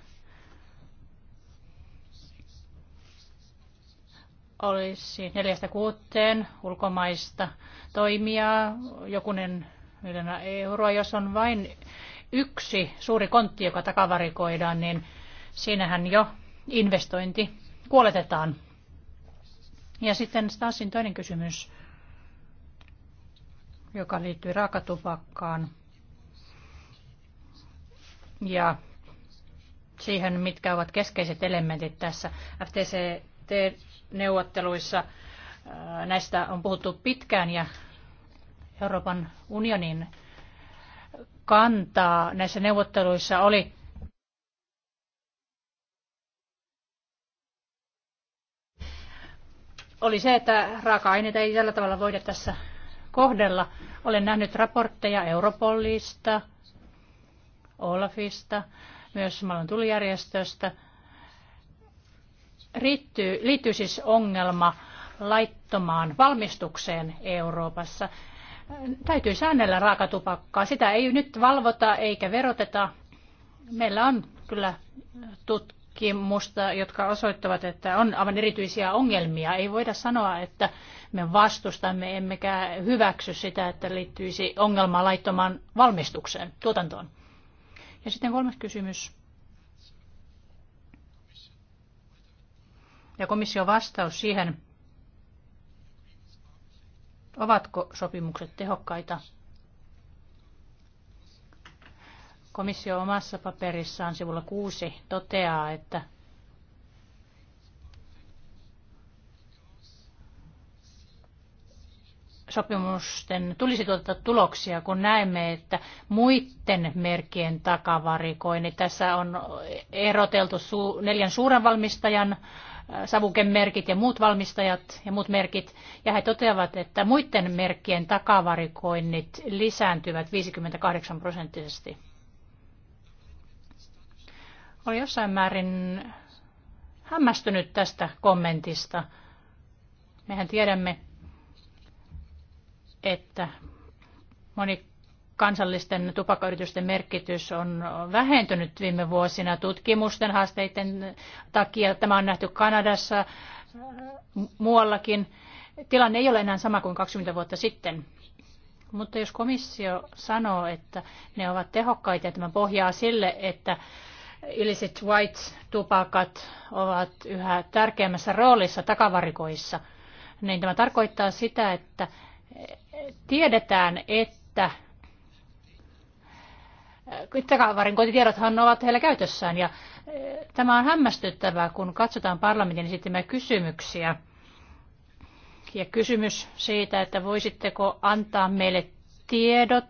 Olisi neljästä kuutteen ulkomaista toimijaa, jokunen miljoonaa euroa. Jos on vain yksi suuri kontti, joka takavarikoidaan, niin siinähän jo investointi kuoletetaan. Ja sitten Stasin toinen kysymys, joka liittyy raakatupakkaan ja siihen, mitkä ovat keskeiset elementit tässä FTCT-neuvotteluissa. Näistä on puhuttu pitkään ja Euroopan unionin kantaa näissä neuvotteluissa oli oli se, että raaka-aineita ei tällä tavalla voida tässä kohdella. Olen nähnyt raportteja Europolista, Olafista, myös maailman tulijärjestöstä. liittyy siis ongelma laittomaan valmistukseen Euroopassa täytyy säännellä raakatupakkaa. Sitä ei nyt valvota eikä veroteta. Meillä on kyllä tutkimusta, jotka osoittavat, että on aivan erityisiä ongelmia. Ei voida sanoa, että me vastustamme emmekä hyväksy sitä, että liittyisi ongelmaa laittomaan valmistukseen, tuotantoon. Ja sitten kolmas kysymys. Ja komission vastaus siihen, Ovatko sopimukset tehokkaita? Komissio omassa paperissaan sivulla 6 toteaa, että sopimusten tulisi tuottaa tuloksia, kun näemme, että muiden merkien takavarikoin, niin tässä on eroteltu neljän suuren valmistajan savukemerkit ja muut valmistajat ja muut merkit, ja he toteavat, että muiden merkkien takavarikoinnit lisääntyvät 58 prosenttisesti. Oli jossain määrin hämmästynyt tästä kommentista. Mehän tiedämme, että moni kansallisten tupakkayritysten merkitys on vähentynyt viime vuosina tutkimusten haasteiden takia. Tämä on nähty Kanadassa muuallakin. Tilanne ei ole enää sama kuin 20 vuotta sitten. Mutta jos komissio sanoo, että ne ovat tehokkaita ja tämä pohjaa sille, että illicit white-tupakat ovat yhä tärkeämmässä roolissa takavarikoissa, niin tämä tarkoittaa sitä, että tiedetään, että kotitiedothan ovat heillä käytössään ja eh, tämä on hämmästyttävää, kun katsotaan parlamentin esittämiä kysymyksiä. Ja kysymys siitä, että voisitteko antaa meille tiedot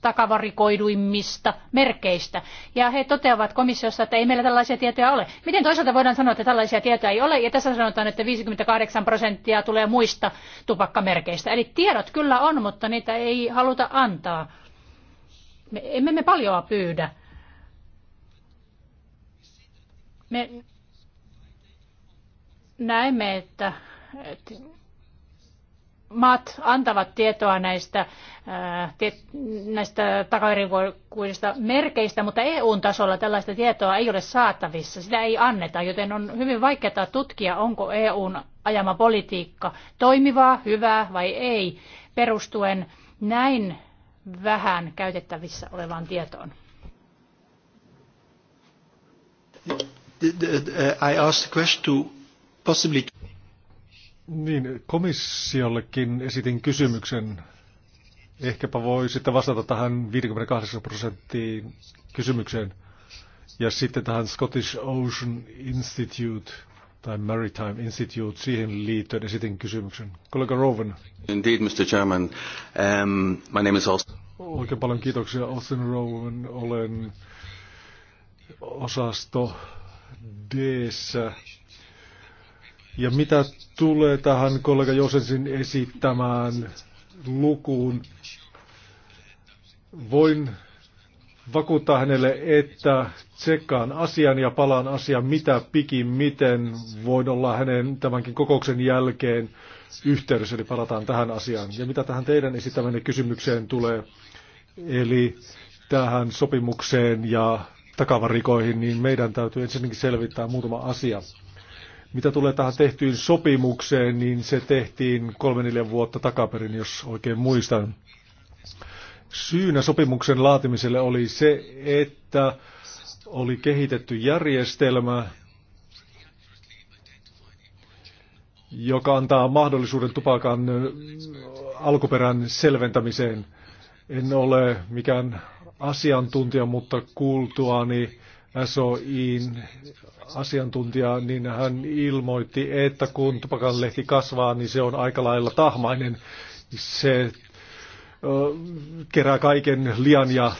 takavarikoiduimmista merkeistä. Ja he toteavat komissiossa, että ei meillä tällaisia tietoja ole. Miten toisaalta voidaan sanoa, että tällaisia tietoja ei ole? Ja tässä sanotaan, että 58 prosenttia tulee muista tupakkamerkeistä. Eli tiedot kyllä on, mutta niitä ei haluta antaa. Me, emme me paljoa pyydä. Me näemme, että, että maat antavat tietoa näistä, näistä takaerinkuisista merkeistä, mutta EU-tasolla tällaista tietoa ei ole saatavissa, sitä ei anneta, joten on hyvin vaikeaa tutkia, onko EUn ajama politiikka toimivaa, hyvää vai ei, perustuen näin vähän käytettävissä olevaan tietoon? I asked the question to possibly... Niin, komissiollekin esitin kysymyksen. Ehkäpä voi sitten vastata tähän 58 prosenttiin kysymykseen. Ja sitten tähän Scottish Ocean Institute – tai Maritime Institute, siihen liittyen esitin kysymyksen. Kollega Rowan. Indeed, Mr. Chairman. Um, my name is Austin. Oikein paljon kiitoksia, Austin Rowan. Olen osasto d -sä. Ja mitä tulee tähän kollega Josensin esittämään lukuun, voin vakuuttaa hänelle, että tsekkaan asian ja palaan asian mitä pikin miten. Voin olla hänen tämänkin kokouksen jälkeen yhteydessä, eli palataan tähän asiaan. Ja mitä tähän teidän esittämänne kysymykseen tulee, eli tähän sopimukseen ja takavarikoihin, niin meidän täytyy ensinnäkin selvittää muutama asia. Mitä tulee tähän tehtyyn sopimukseen, niin se tehtiin kolme neljä vuotta takaperin, jos oikein muistan. Syynä sopimuksen laatimiselle oli se, että oli kehitetty järjestelmä, joka antaa mahdollisuuden tupakan alkuperän selventämiseen. En ole mikään asiantuntija, mutta kuultuani SOIin asiantuntija, niin hän ilmoitti, että kun tupakanlehti kasvaa, niin se on aika lailla tahmainen. Se kerää kaiken lian ja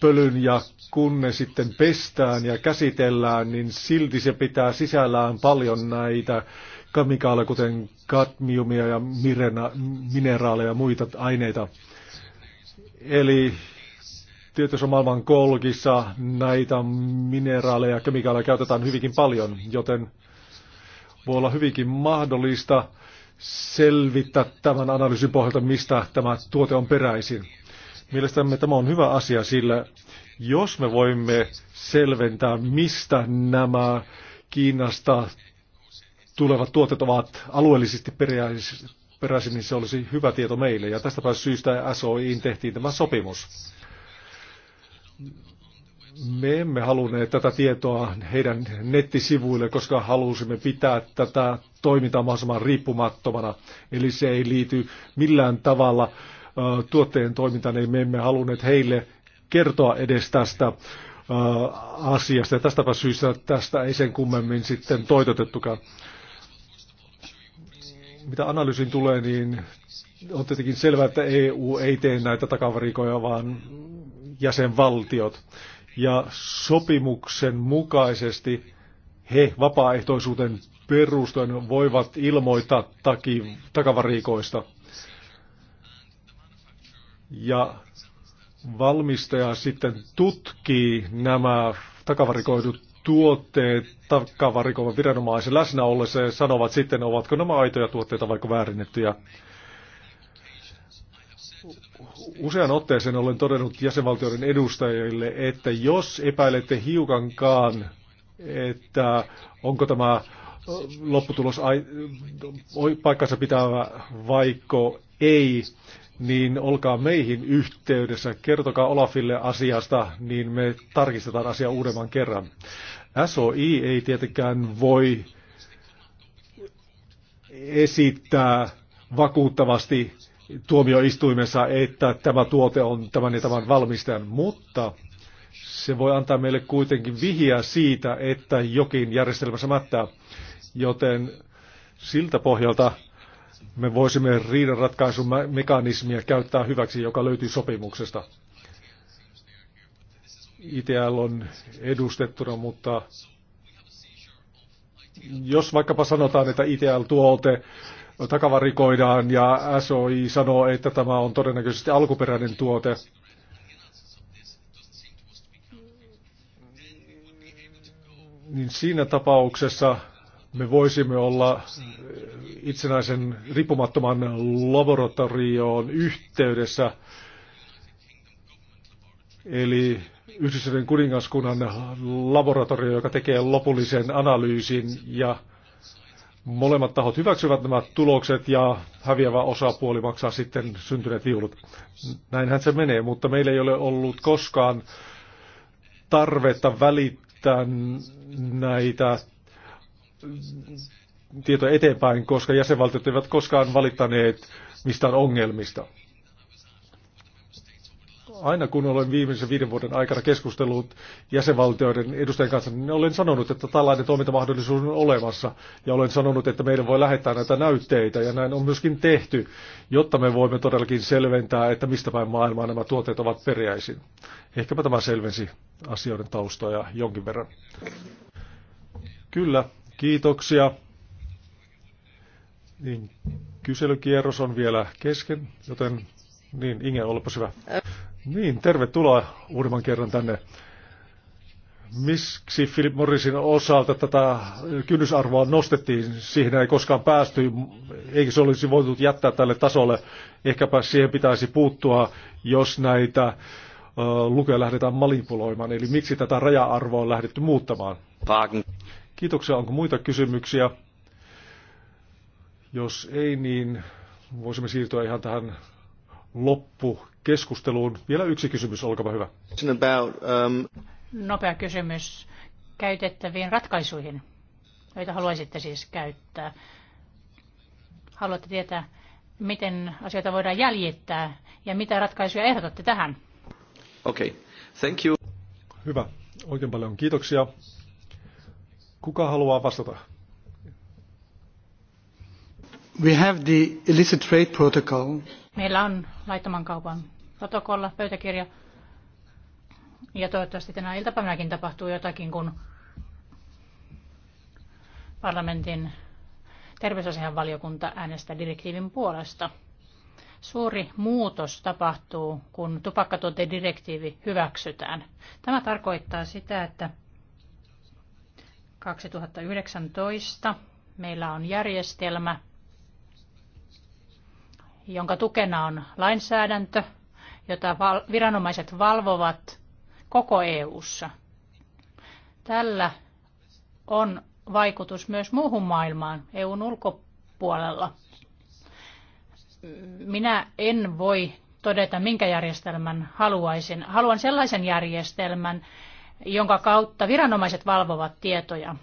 pölyn ja kun ne sitten pestään ja käsitellään, niin silti se pitää sisällään paljon näitä kamikaaleja, kuten kadmiumia ja mirena, mineraaleja ja muita aineita. Eli tietyssä maailman kolkissa näitä mineraaleja ja kemikaaleja käytetään hyvinkin paljon, joten voi olla hyvinkin mahdollista, selvittää tämän analyysin pohjalta, mistä tämä tuote on peräisin. Mielestämme tämä on hyvä asia, sillä jos me voimme selventää, mistä nämä Kiinasta tulevat tuotet ovat alueellisesti peräisin, niin se olisi hyvä tieto meille. Ja tästä syystä SOIin tehtiin tämä sopimus. Me emme halunneet tätä tietoa heidän nettisivuille, koska halusimme pitää tätä toimintaa mahdollisimman riippumattomana. Eli se ei liity millään tavalla tuotteen toimintaan, niin me emme halunneet heille kertoa edes tästä asiasta. Ja tästäpä syystä tästä ei sen kummemmin sitten toitotettukaan. Mitä analyysin tulee, niin on tietenkin selvää, että EU ei tee näitä takavarikoja, vaan jäsenvaltiot ja sopimuksen mukaisesti he vapaaehtoisuuden perustuen voivat ilmoittaa taki, takavarikoista. Ja valmistaja sitten tutkii nämä takavarikoidut tuotteet takavarikoivan viranomaisen läsnä ollessa ja sanovat sitten, ovatko nämä aitoja tuotteita vai väärinnettyjä. Usean otteeseen olen todennut jäsenvaltioiden edustajille, että jos epäilette hiukankaan, että onko tämä lopputulos paikkansa pitävä vaikko ei, niin olkaa meihin yhteydessä. Kertokaa Olafille asiasta, niin me tarkistetaan asia uudemman kerran. SOI ei tietenkään voi esittää vakuuttavasti tuomioistuimessa, että tämä tuote on tämän ja tämän valmistajan, mutta se voi antaa meille kuitenkin vihiä siitä, että jokin järjestelmässä mättää. Joten siltä pohjalta me voisimme mekanismia käyttää hyväksi, joka löytyy sopimuksesta. ITL on edustettuna, mutta jos vaikkapa sanotaan, että ITL-tuote takavarikoidaan ja SOI sanoo, että tämä on todennäköisesti alkuperäinen tuote. Niin siinä tapauksessa me voisimme olla itsenäisen riippumattoman laboratorioon yhteydessä, eli Yhdistyneen kuningaskunnan laboratorio, joka tekee lopullisen analyysin ja molemmat tahot hyväksyvät nämä tulokset ja häviävä osapuoli maksaa sitten syntyneet viulut. Näinhän se menee, mutta meillä ei ole ollut koskaan tarvetta välittää näitä tietoja eteenpäin, koska jäsenvaltiot eivät koskaan valittaneet mistään ongelmista aina kun olen viimeisen viiden vuoden aikana keskustellut jäsenvaltioiden edustajien kanssa, niin olen sanonut, että tällainen toimintamahdollisuus on olemassa. Ja olen sanonut, että meidän voi lähettää näitä näytteitä, ja näin on myöskin tehty, jotta me voimme todellakin selventää, että mistä päin maailmaa nämä tuotteet ovat peräisin. Ehkäpä tämä selvensi asioiden taustoja jonkin verran. Kyllä, kiitoksia. Niin, kyselykierros on vielä kesken, joten niin, Inge, olepas hyvä. Niin, tervetuloa uudemman kerran tänne. Miksi Philip Morrisin osalta tätä kynnysarvoa nostettiin? Siihen ei koskaan päästy, eikä se olisi voitu jättää tälle tasolle. Ehkäpä siihen pitäisi puuttua, jos näitä lukuja lähdetään manipuloimaan. Eli miksi tätä raja-arvoa on lähdetty muuttamaan? Kiitoksia. Onko muita kysymyksiä? Jos ei, niin voisimme siirtyä ihan tähän loppukeskusteluun. Vielä yksi kysymys, olkaa hyvä. Um, Nopea kysymys käytettäviin ratkaisuihin, joita haluaisitte siis käyttää. Haluatte tietää, miten asioita voidaan jäljittää ja mitä ratkaisuja ehdotatte tähän? Okei, okay. thank you. Hyvä, oikein paljon kiitoksia. Kuka haluaa vastata? We have the illicit trade protocol Meillä on laittoman kaupan protokolla, pöytäkirja. Ja toivottavasti tänä iltapäivänäkin tapahtuu jotakin, kun parlamentin terveysasian valiokunta äänestää direktiivin puolesta. Suuri muutos tapahtuu, kun tupakkatuotedirektiivi hyväksytään. Tämä tarkoittaa sitä, että 2019 meillä on järjestelmä, jonka tukena on lainsäädäntö, jota viranomaiset valvovat koko EU:ssa. Tällä on vaikutus myös muuhun maailmaan EUn ulkopuolella. Minä en voi todeta, minkä järjestelmän haluaisin. Haluan sellaisen järjestelmän, jonka kautta viranomaiset valvovat tietoja.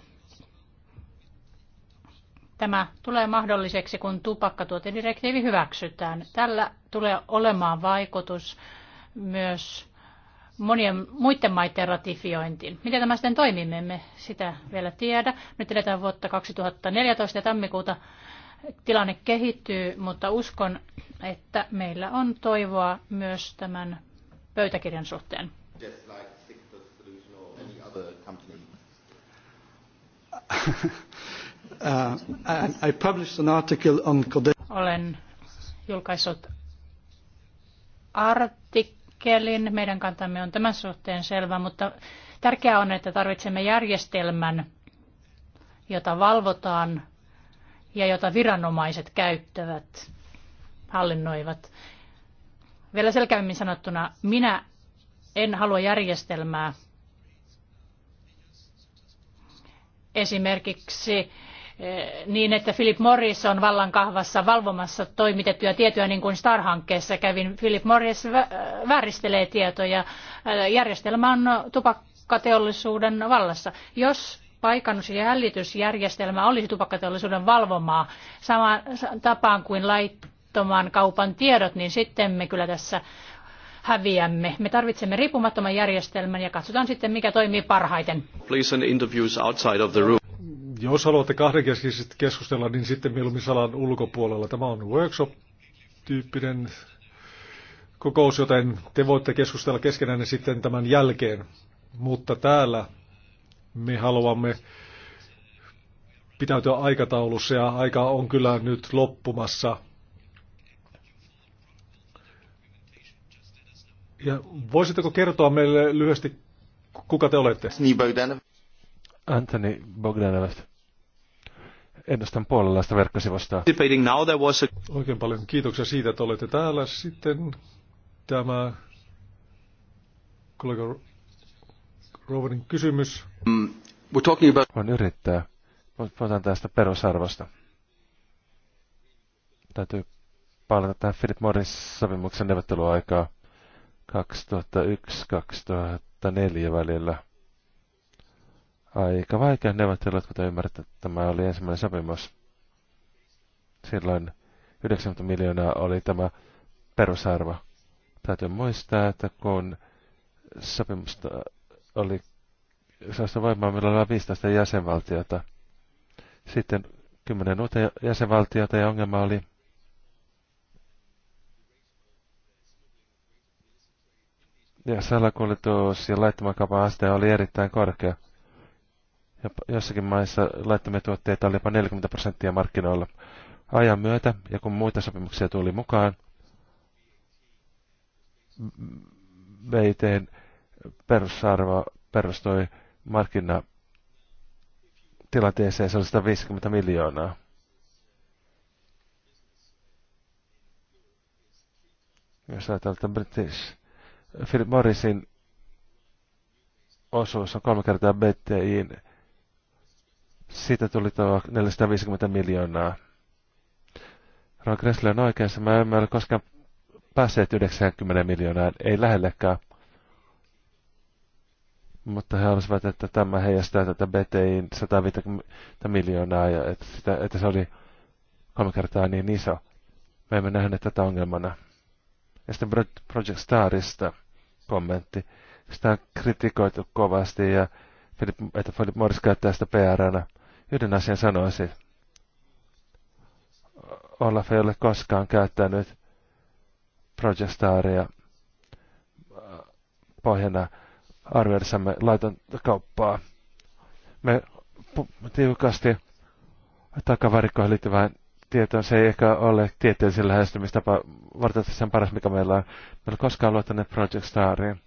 Tämä tulee mahdolliseksi, kun tupakkatuotedirektiivi hyväksytään. Tällä tulee olemaan vaikutus myös monien muiden maiden ratifiointiin. Miten tämä sitten toimii, me emme sitä vielä tiedä. Nyt eletään vuotta 2014 ja tammikuuta tilanne kehittyy, mutta uskon, että meillä on toivoa myös tämän pöytäkirjan suhteen. Uh, I published an article on Olen julkaissut artikkelin. Meidän kantamme on tämän suhteen selvä, mutta tärkeää on, että tarvitsemme järjestelmän, jota valvotaan ja jota viranomaiset käyttävät, hallinnoivat. Vielä selkeämmin sanottuna, minä en halua järjestelmää esimerkiksi Eh, niin, että Philip Morris on vallankahvassa valvomassa toimitettuja tietoja, niin kuin Star-hankkeessa kävin. Philip Morris äh, vääristelee tietoja. Äh, järjestelmä on tupakkateollisuuden vallassa. Jos paikannus- ja hälytysjärjestelmä olisi tupakkateollisuuden valvomaa samaan tapaan kuin laittoman kaupan tiedot, niin sitten me kyllä tässä häviämme. Me tarvitsemme riippumattoman järjestelmän ja katsotaan sitten, mikä toimii parhaiten. Please interviews outside of the room jos haluatte kahdenkeskisesti keskustella, niin sitten mieluummin salan ulkopuolella. Tämä on workshop-tyyppinen kokous, joten te voitte keskustella keskenään sitten tämän jälkeen. Mutta täällä me haluamme pitäytyä aikataulussa ja aika on kyllä nyt loppumassa. Ja voisitteko kertoa meille lyhyesti, kuka te olette? Niin, Anthony Bogdanovasta. Ennustan puolellaista verkkosivusta. Oikein paljon kiitoksia siitä, että olette täällä. Sitten tämä kollega Rovanin kysymys. On mm, we're talking about... Voin yrittää. Puhutaan tästä perusarvosta. Täytyy palata tähän Philip Morris sopimuksen neuvotteluaikaa 2001-2004 välillä aika vaikea neuvottelut, kuten että tämä oli ensimmäinen sopimus. Silloin 90 miljoonaa oli tämä perusarvo. Täytyy muistaa, että kun sopimusta oli saasta voimaa, millä oli 15 jäsenvaltiota, sitten 10 uutta jäsenvaltiota ja ongelma oli ja salakuljetus ja laittoman kaupan aste oli erittäin korkea. Ja jossakin maissa laittomia tuotteita oli jopa 40 prosenttia markkinoilla. Ajan myötä, ja kun muita sopimuksia tuli mukaan, VITn perusarvo perustui markkinatilanteeseen, se oli 150 miljoonaa. Jos ajatellaan, että British Philip Morrisin osuus on kolme kertaa BTIin siitä tuli tuo 450 miljoonaa. Ron Kressler on oikeassa. Mä emme ole koskaan päässeet 90 miljoonaa, ei lähellekään. Mutta he halusivat, että tämä heijastaa tätä BTIin 150 miljoonaa ja että, sitä, että se oli kolme kertaa niin iso. Me emme nähneet tätä ongelmana. Ja sitten Project Starista kommentti. Sitä on kritikoitu kovasti ja Philip, että Philip Morris käyttää sitä PR-nä yhden asian sanoisin. Olaf ei ole koskaan käyttänyt Projestaria äh, pohjana arvioidessamme laitonta kauppaa. Me tiukasti takavarikkoihin liittyvään tietoon se ei ehkä ole tieteellisen lähestymistapa varten sen paras, mikä meillä on. Meillä ei koskaan luottaneet Project Stariin.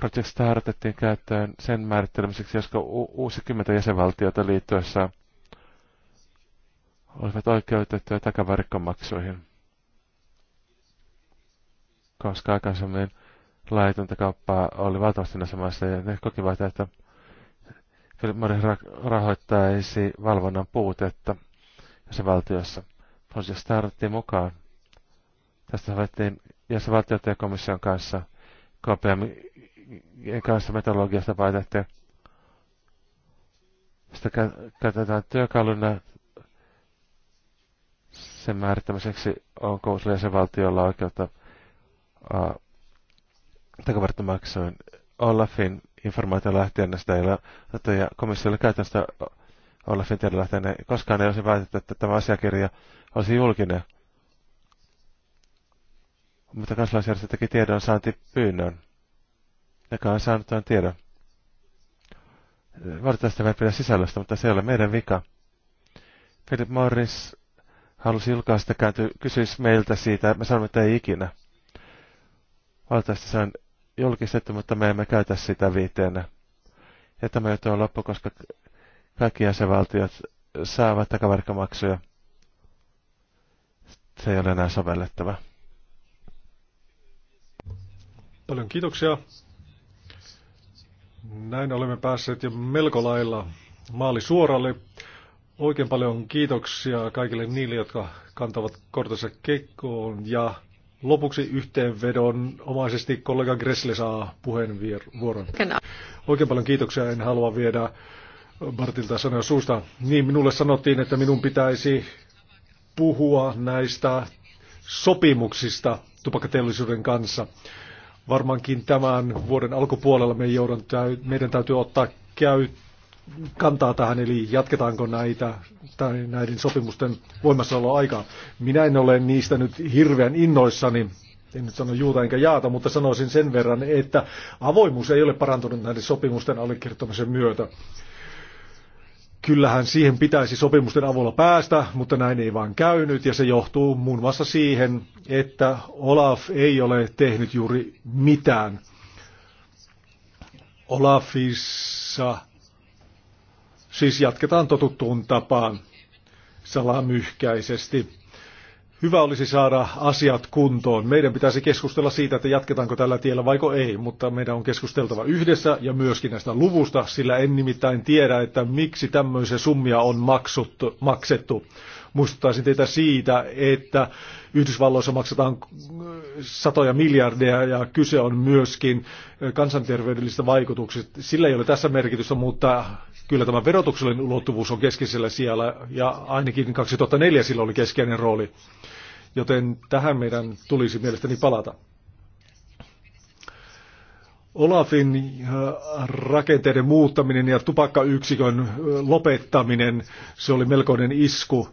Project Star otettiin käyttöön sen määrittelemiseksi, koska u- uusi kymmentä jäsenvaltiota liittyessä olivat oikeutettuja takavarikkomaksuihin, koska aikaisemmin laitonta kauppaa oli valtavasti näissä maissa ja ne kokivat, että Filmari rahoittaisi valvonnan puutetta jäsenvaltiossa. Project Star otettiin mukaan. Tästä havaittiin jäsenvaltioiden komission kanssa KPM kanssa metodologiasta, vaan että sitä käytetään työkaluna sen määrittämiseksi, onko se jäsenvaltiolla oikeutta uh, takavarttomaksuun Olafin informaatio lähtien sitä ei ole, ja komissiolle käytännössä Olafin tiedon lähtien, koskaan ei olisi väitetty, että tämä asiakirja olisi julkinen. Mutta kansalaisjärjestö teki tiedon saanti pyynnön joka on saanut tämän tiedon. Valitettavasti me ei pidä sisällöstä, mutta se ei ole meidän vika. Philip Morris halusi julkaista käänty, kysyisi meiltä siitä, me sanoimme, että ei ikinä. Valitettavasti se on julkistettu, mutta me emme käytä sitä viiteenä. Ja tämä juttu on loppu, koska kaikki jäsenvaltiot saavat takavarkkamaksuja. Se ei ole enää sovellettava. Paljon kiitoksia. Näin olemme päässeet jo melko lailla maali suoralle. Oikein paljon kiitoksia kaikille niille, jotka kantavat kortensa kekkoon. Ja lopuksi yhteenvedon omaisesti kollega Gressle saa puheenvuoron. Oikein paljon kiitoksia. En halua viedä Bartilta sanoa suusta. Niin, minulle sanottiin, että minun pitäisi puhua näistä sopimuksista tupakkateollisuuden kanssa. Varmaankin tämän vuoden alkupuolella me joudun, meidän täytyy ottaa käy, kantaa tähän, eli jatketaanko näitä, tai näiden sopimusten voimassaoloaikaa. Minä en ole niistä nyt hirveän innoissani, en nyt sano juuta enkä jaata, mutta sanoisin sen verran, että avoimuus ei ole parantunut näiden sopimusten allekirjoittamisen myötä. Kyllähän siihen pitäisi sopimusten avulla päästä, mutta näin ei vaan käynyt ja se johtuu muun muassa siihen, että Olaf ei ole tehnyt juuri mitään. Olafissa siis jatketaan totuttuun tapaan salamyhkäisesti. Hyvä olisi saada asiat kuntoon. Meidän pitäisi keskustella siitä, että jatketaanko tällä tiellä vaiko ei, mutta meidän on keskusteltava yhdessä ja myöskin näistä luvusta, sillä en nimittäin tiedä, että miksi tämmöisiä summia on maksuttu, maksettu. Muistuttaisin teitä siitä, että Yhdysvalloissa maksetaan satoja miljardeja ja kyse on myöskin kansanterveydellisistä vaikutuksista. Sillä ei ole tässä merkitystä, mutta kyllä tämä verotuksellinen ulottuvuus on keskeisellä siellä ja ainakin 2004 sillä oli keskeinen rooli. Joten tähän meidän tulisi mielestäni palata. Olafin äh, rakenteiden muuttaminen ja tupakkayksikön äh, lopettaminen, se oli melkoinen isku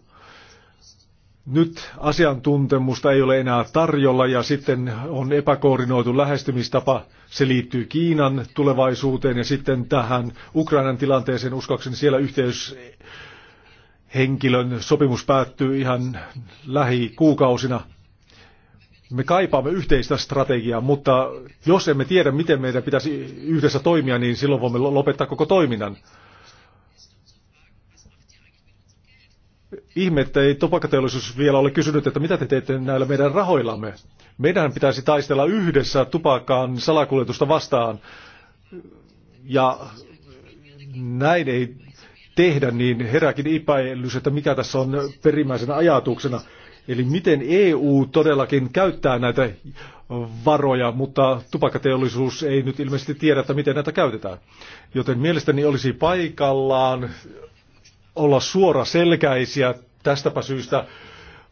nyt asiantuntemusta ei ole enää tarjolla ja sitten on epäkoordinoitu lähestymistapa. Se liittyy Kiinan tulevaisuuteen ja sitten tähän Ukrainan tilanteeseen. Uskoakseni siellä yhteyshenkilön sopimus päättyy ihan lähikuukausina. Me kaipaamme yhteistä strategiaa, mutta jos emme tiedä, miten meidän pitäisi yhdessä toimia, niin silloin voimme lopettaa koko toiminnan. Ihme, että ei tupakateollisuus vielä ole kysynyt, että mitä te teette näillä meidän rahoillamme. Meidän pitäisi taistella yhdessä tupakan salakuljetusta vastaan. Ja näin ei tehdä, niin heräkin epäilys, että mikä tässä on perimmäisenä ajatuksena. Eli miten EU todellakin käyttää näitä varoja, mutta tupakateollisuus ei nyt ilmeisesti tiedä, että miten näitä käytetään. Joten mielestäni olisi paikallaan olla suora selkäisiä Tästäpä syystä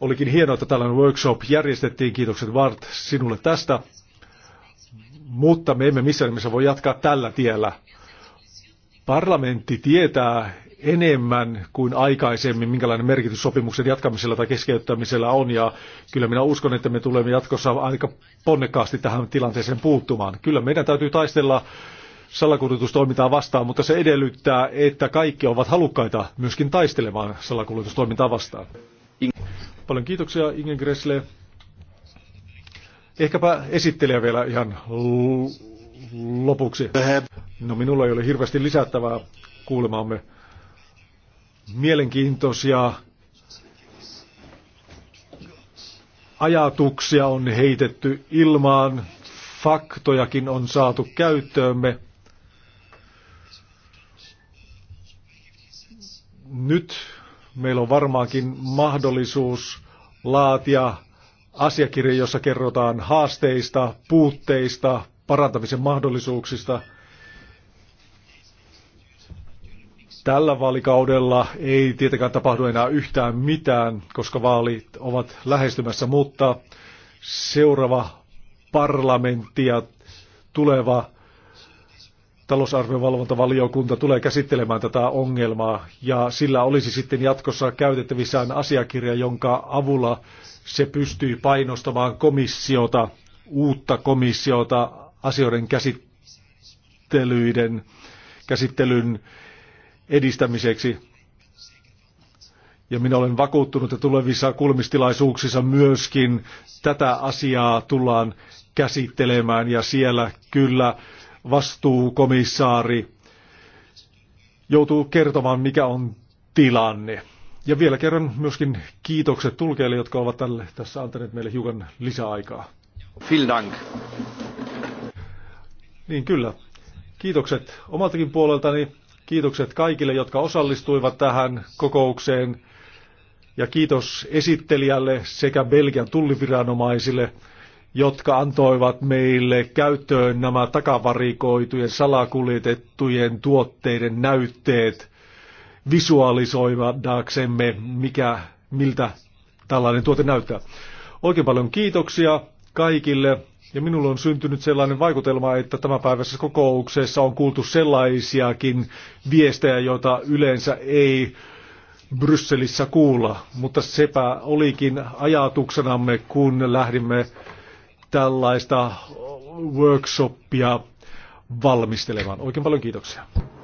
olikin hienoa, että tällainen workshop järjestettiin. Kiitokset Vart sinulle tästä. Mutta me emme missään nimessä voi jatkaa tällä tiellä. Parlamentti tietää enemmän kuin aikaisemmin, minkälainen merkitys sopimuksen jatkamisella tai keskeyttämisellä on. Ja kyllä minä uskon, että me tulemme jatkossa aika ponnekkaasti tähän tilanteeseen puuttumaan. Kyllä meidän täytyy taistella salakuljetustoimintaa vastaan, mutta se edellyttää, että kaikki ovat halukkaita myöskin taistelemaan salakuljetustoimintaa vastaan. Paljon kiitoksia Inge Gressle. Ehkäpä esittelijä vielä ihan lopuksi. No minulla ei ole hirveästi lisättävää kuulemaamme mielenkiintoisia ajatuksia on heitetty ilmaan, faktojakin on saatu käyttöömme. nyt meillä on varmaankin mahdollisuus laatia asiakirja, jossa kerrotaan haasteista, puutteista, parantamisen mahdollisuuksista. Tällä vaalikaudella ei tietenkään tapahdu enää yhtään mitään, koska vaalit ovat lähestymässä, mutta seuraava parlamentti ja tuleva talousarviovalvontavaliokunta tulee käsittelemään tätä ongelmaa ja sillä olisi sitten jatkossa käytettävissään asiakirja, jonka avulla se pystyy painostamaan komissiota, uutta komissiota asioiden käsittelyiden, käsittelyn edistämiseksi. Ja minä olen vakuuttunut, että tulevissa kulmistilaisuuksissa myöskin tätä asiaa tullaan käsittelemään ja siellä kyllä vastuukomissaari joutuu kertomaan, mikä on tilanne. Ja vielä kerran myöskin kiitokset tulkeille, jotka ovat tälle, tässä antaneet meille hiukan lisäaikaa. Vielen dank. Niin kyllä. Kiitokset omaltakin puoleltani. Kiitokset kaikille, jotka osallistuivat tähän kokoukseen. Ja kiitos esittelijälle sekä Belgian tulliviranomaisille jotka antoivat meille käyttöön nämä takavarikoitujen, salakuljetettujen tuotteiden näytteet visualisoidaksemme, mikä, miltä tällainen tuote näyttää. Oikein paljon kiitoksia kaikille. Ja minulle on syntynyt sellainen vaikutelma, että tämän päivässä kokouksessa on kuultu sellaisiakin viestejä, joita yleensä ei Brysselissä kuulla. Mutta sepä olikin ajatuksenamme, kun lähdimme tällaista workshoppia valmistelemaan. Oikein paljon kiitoksia.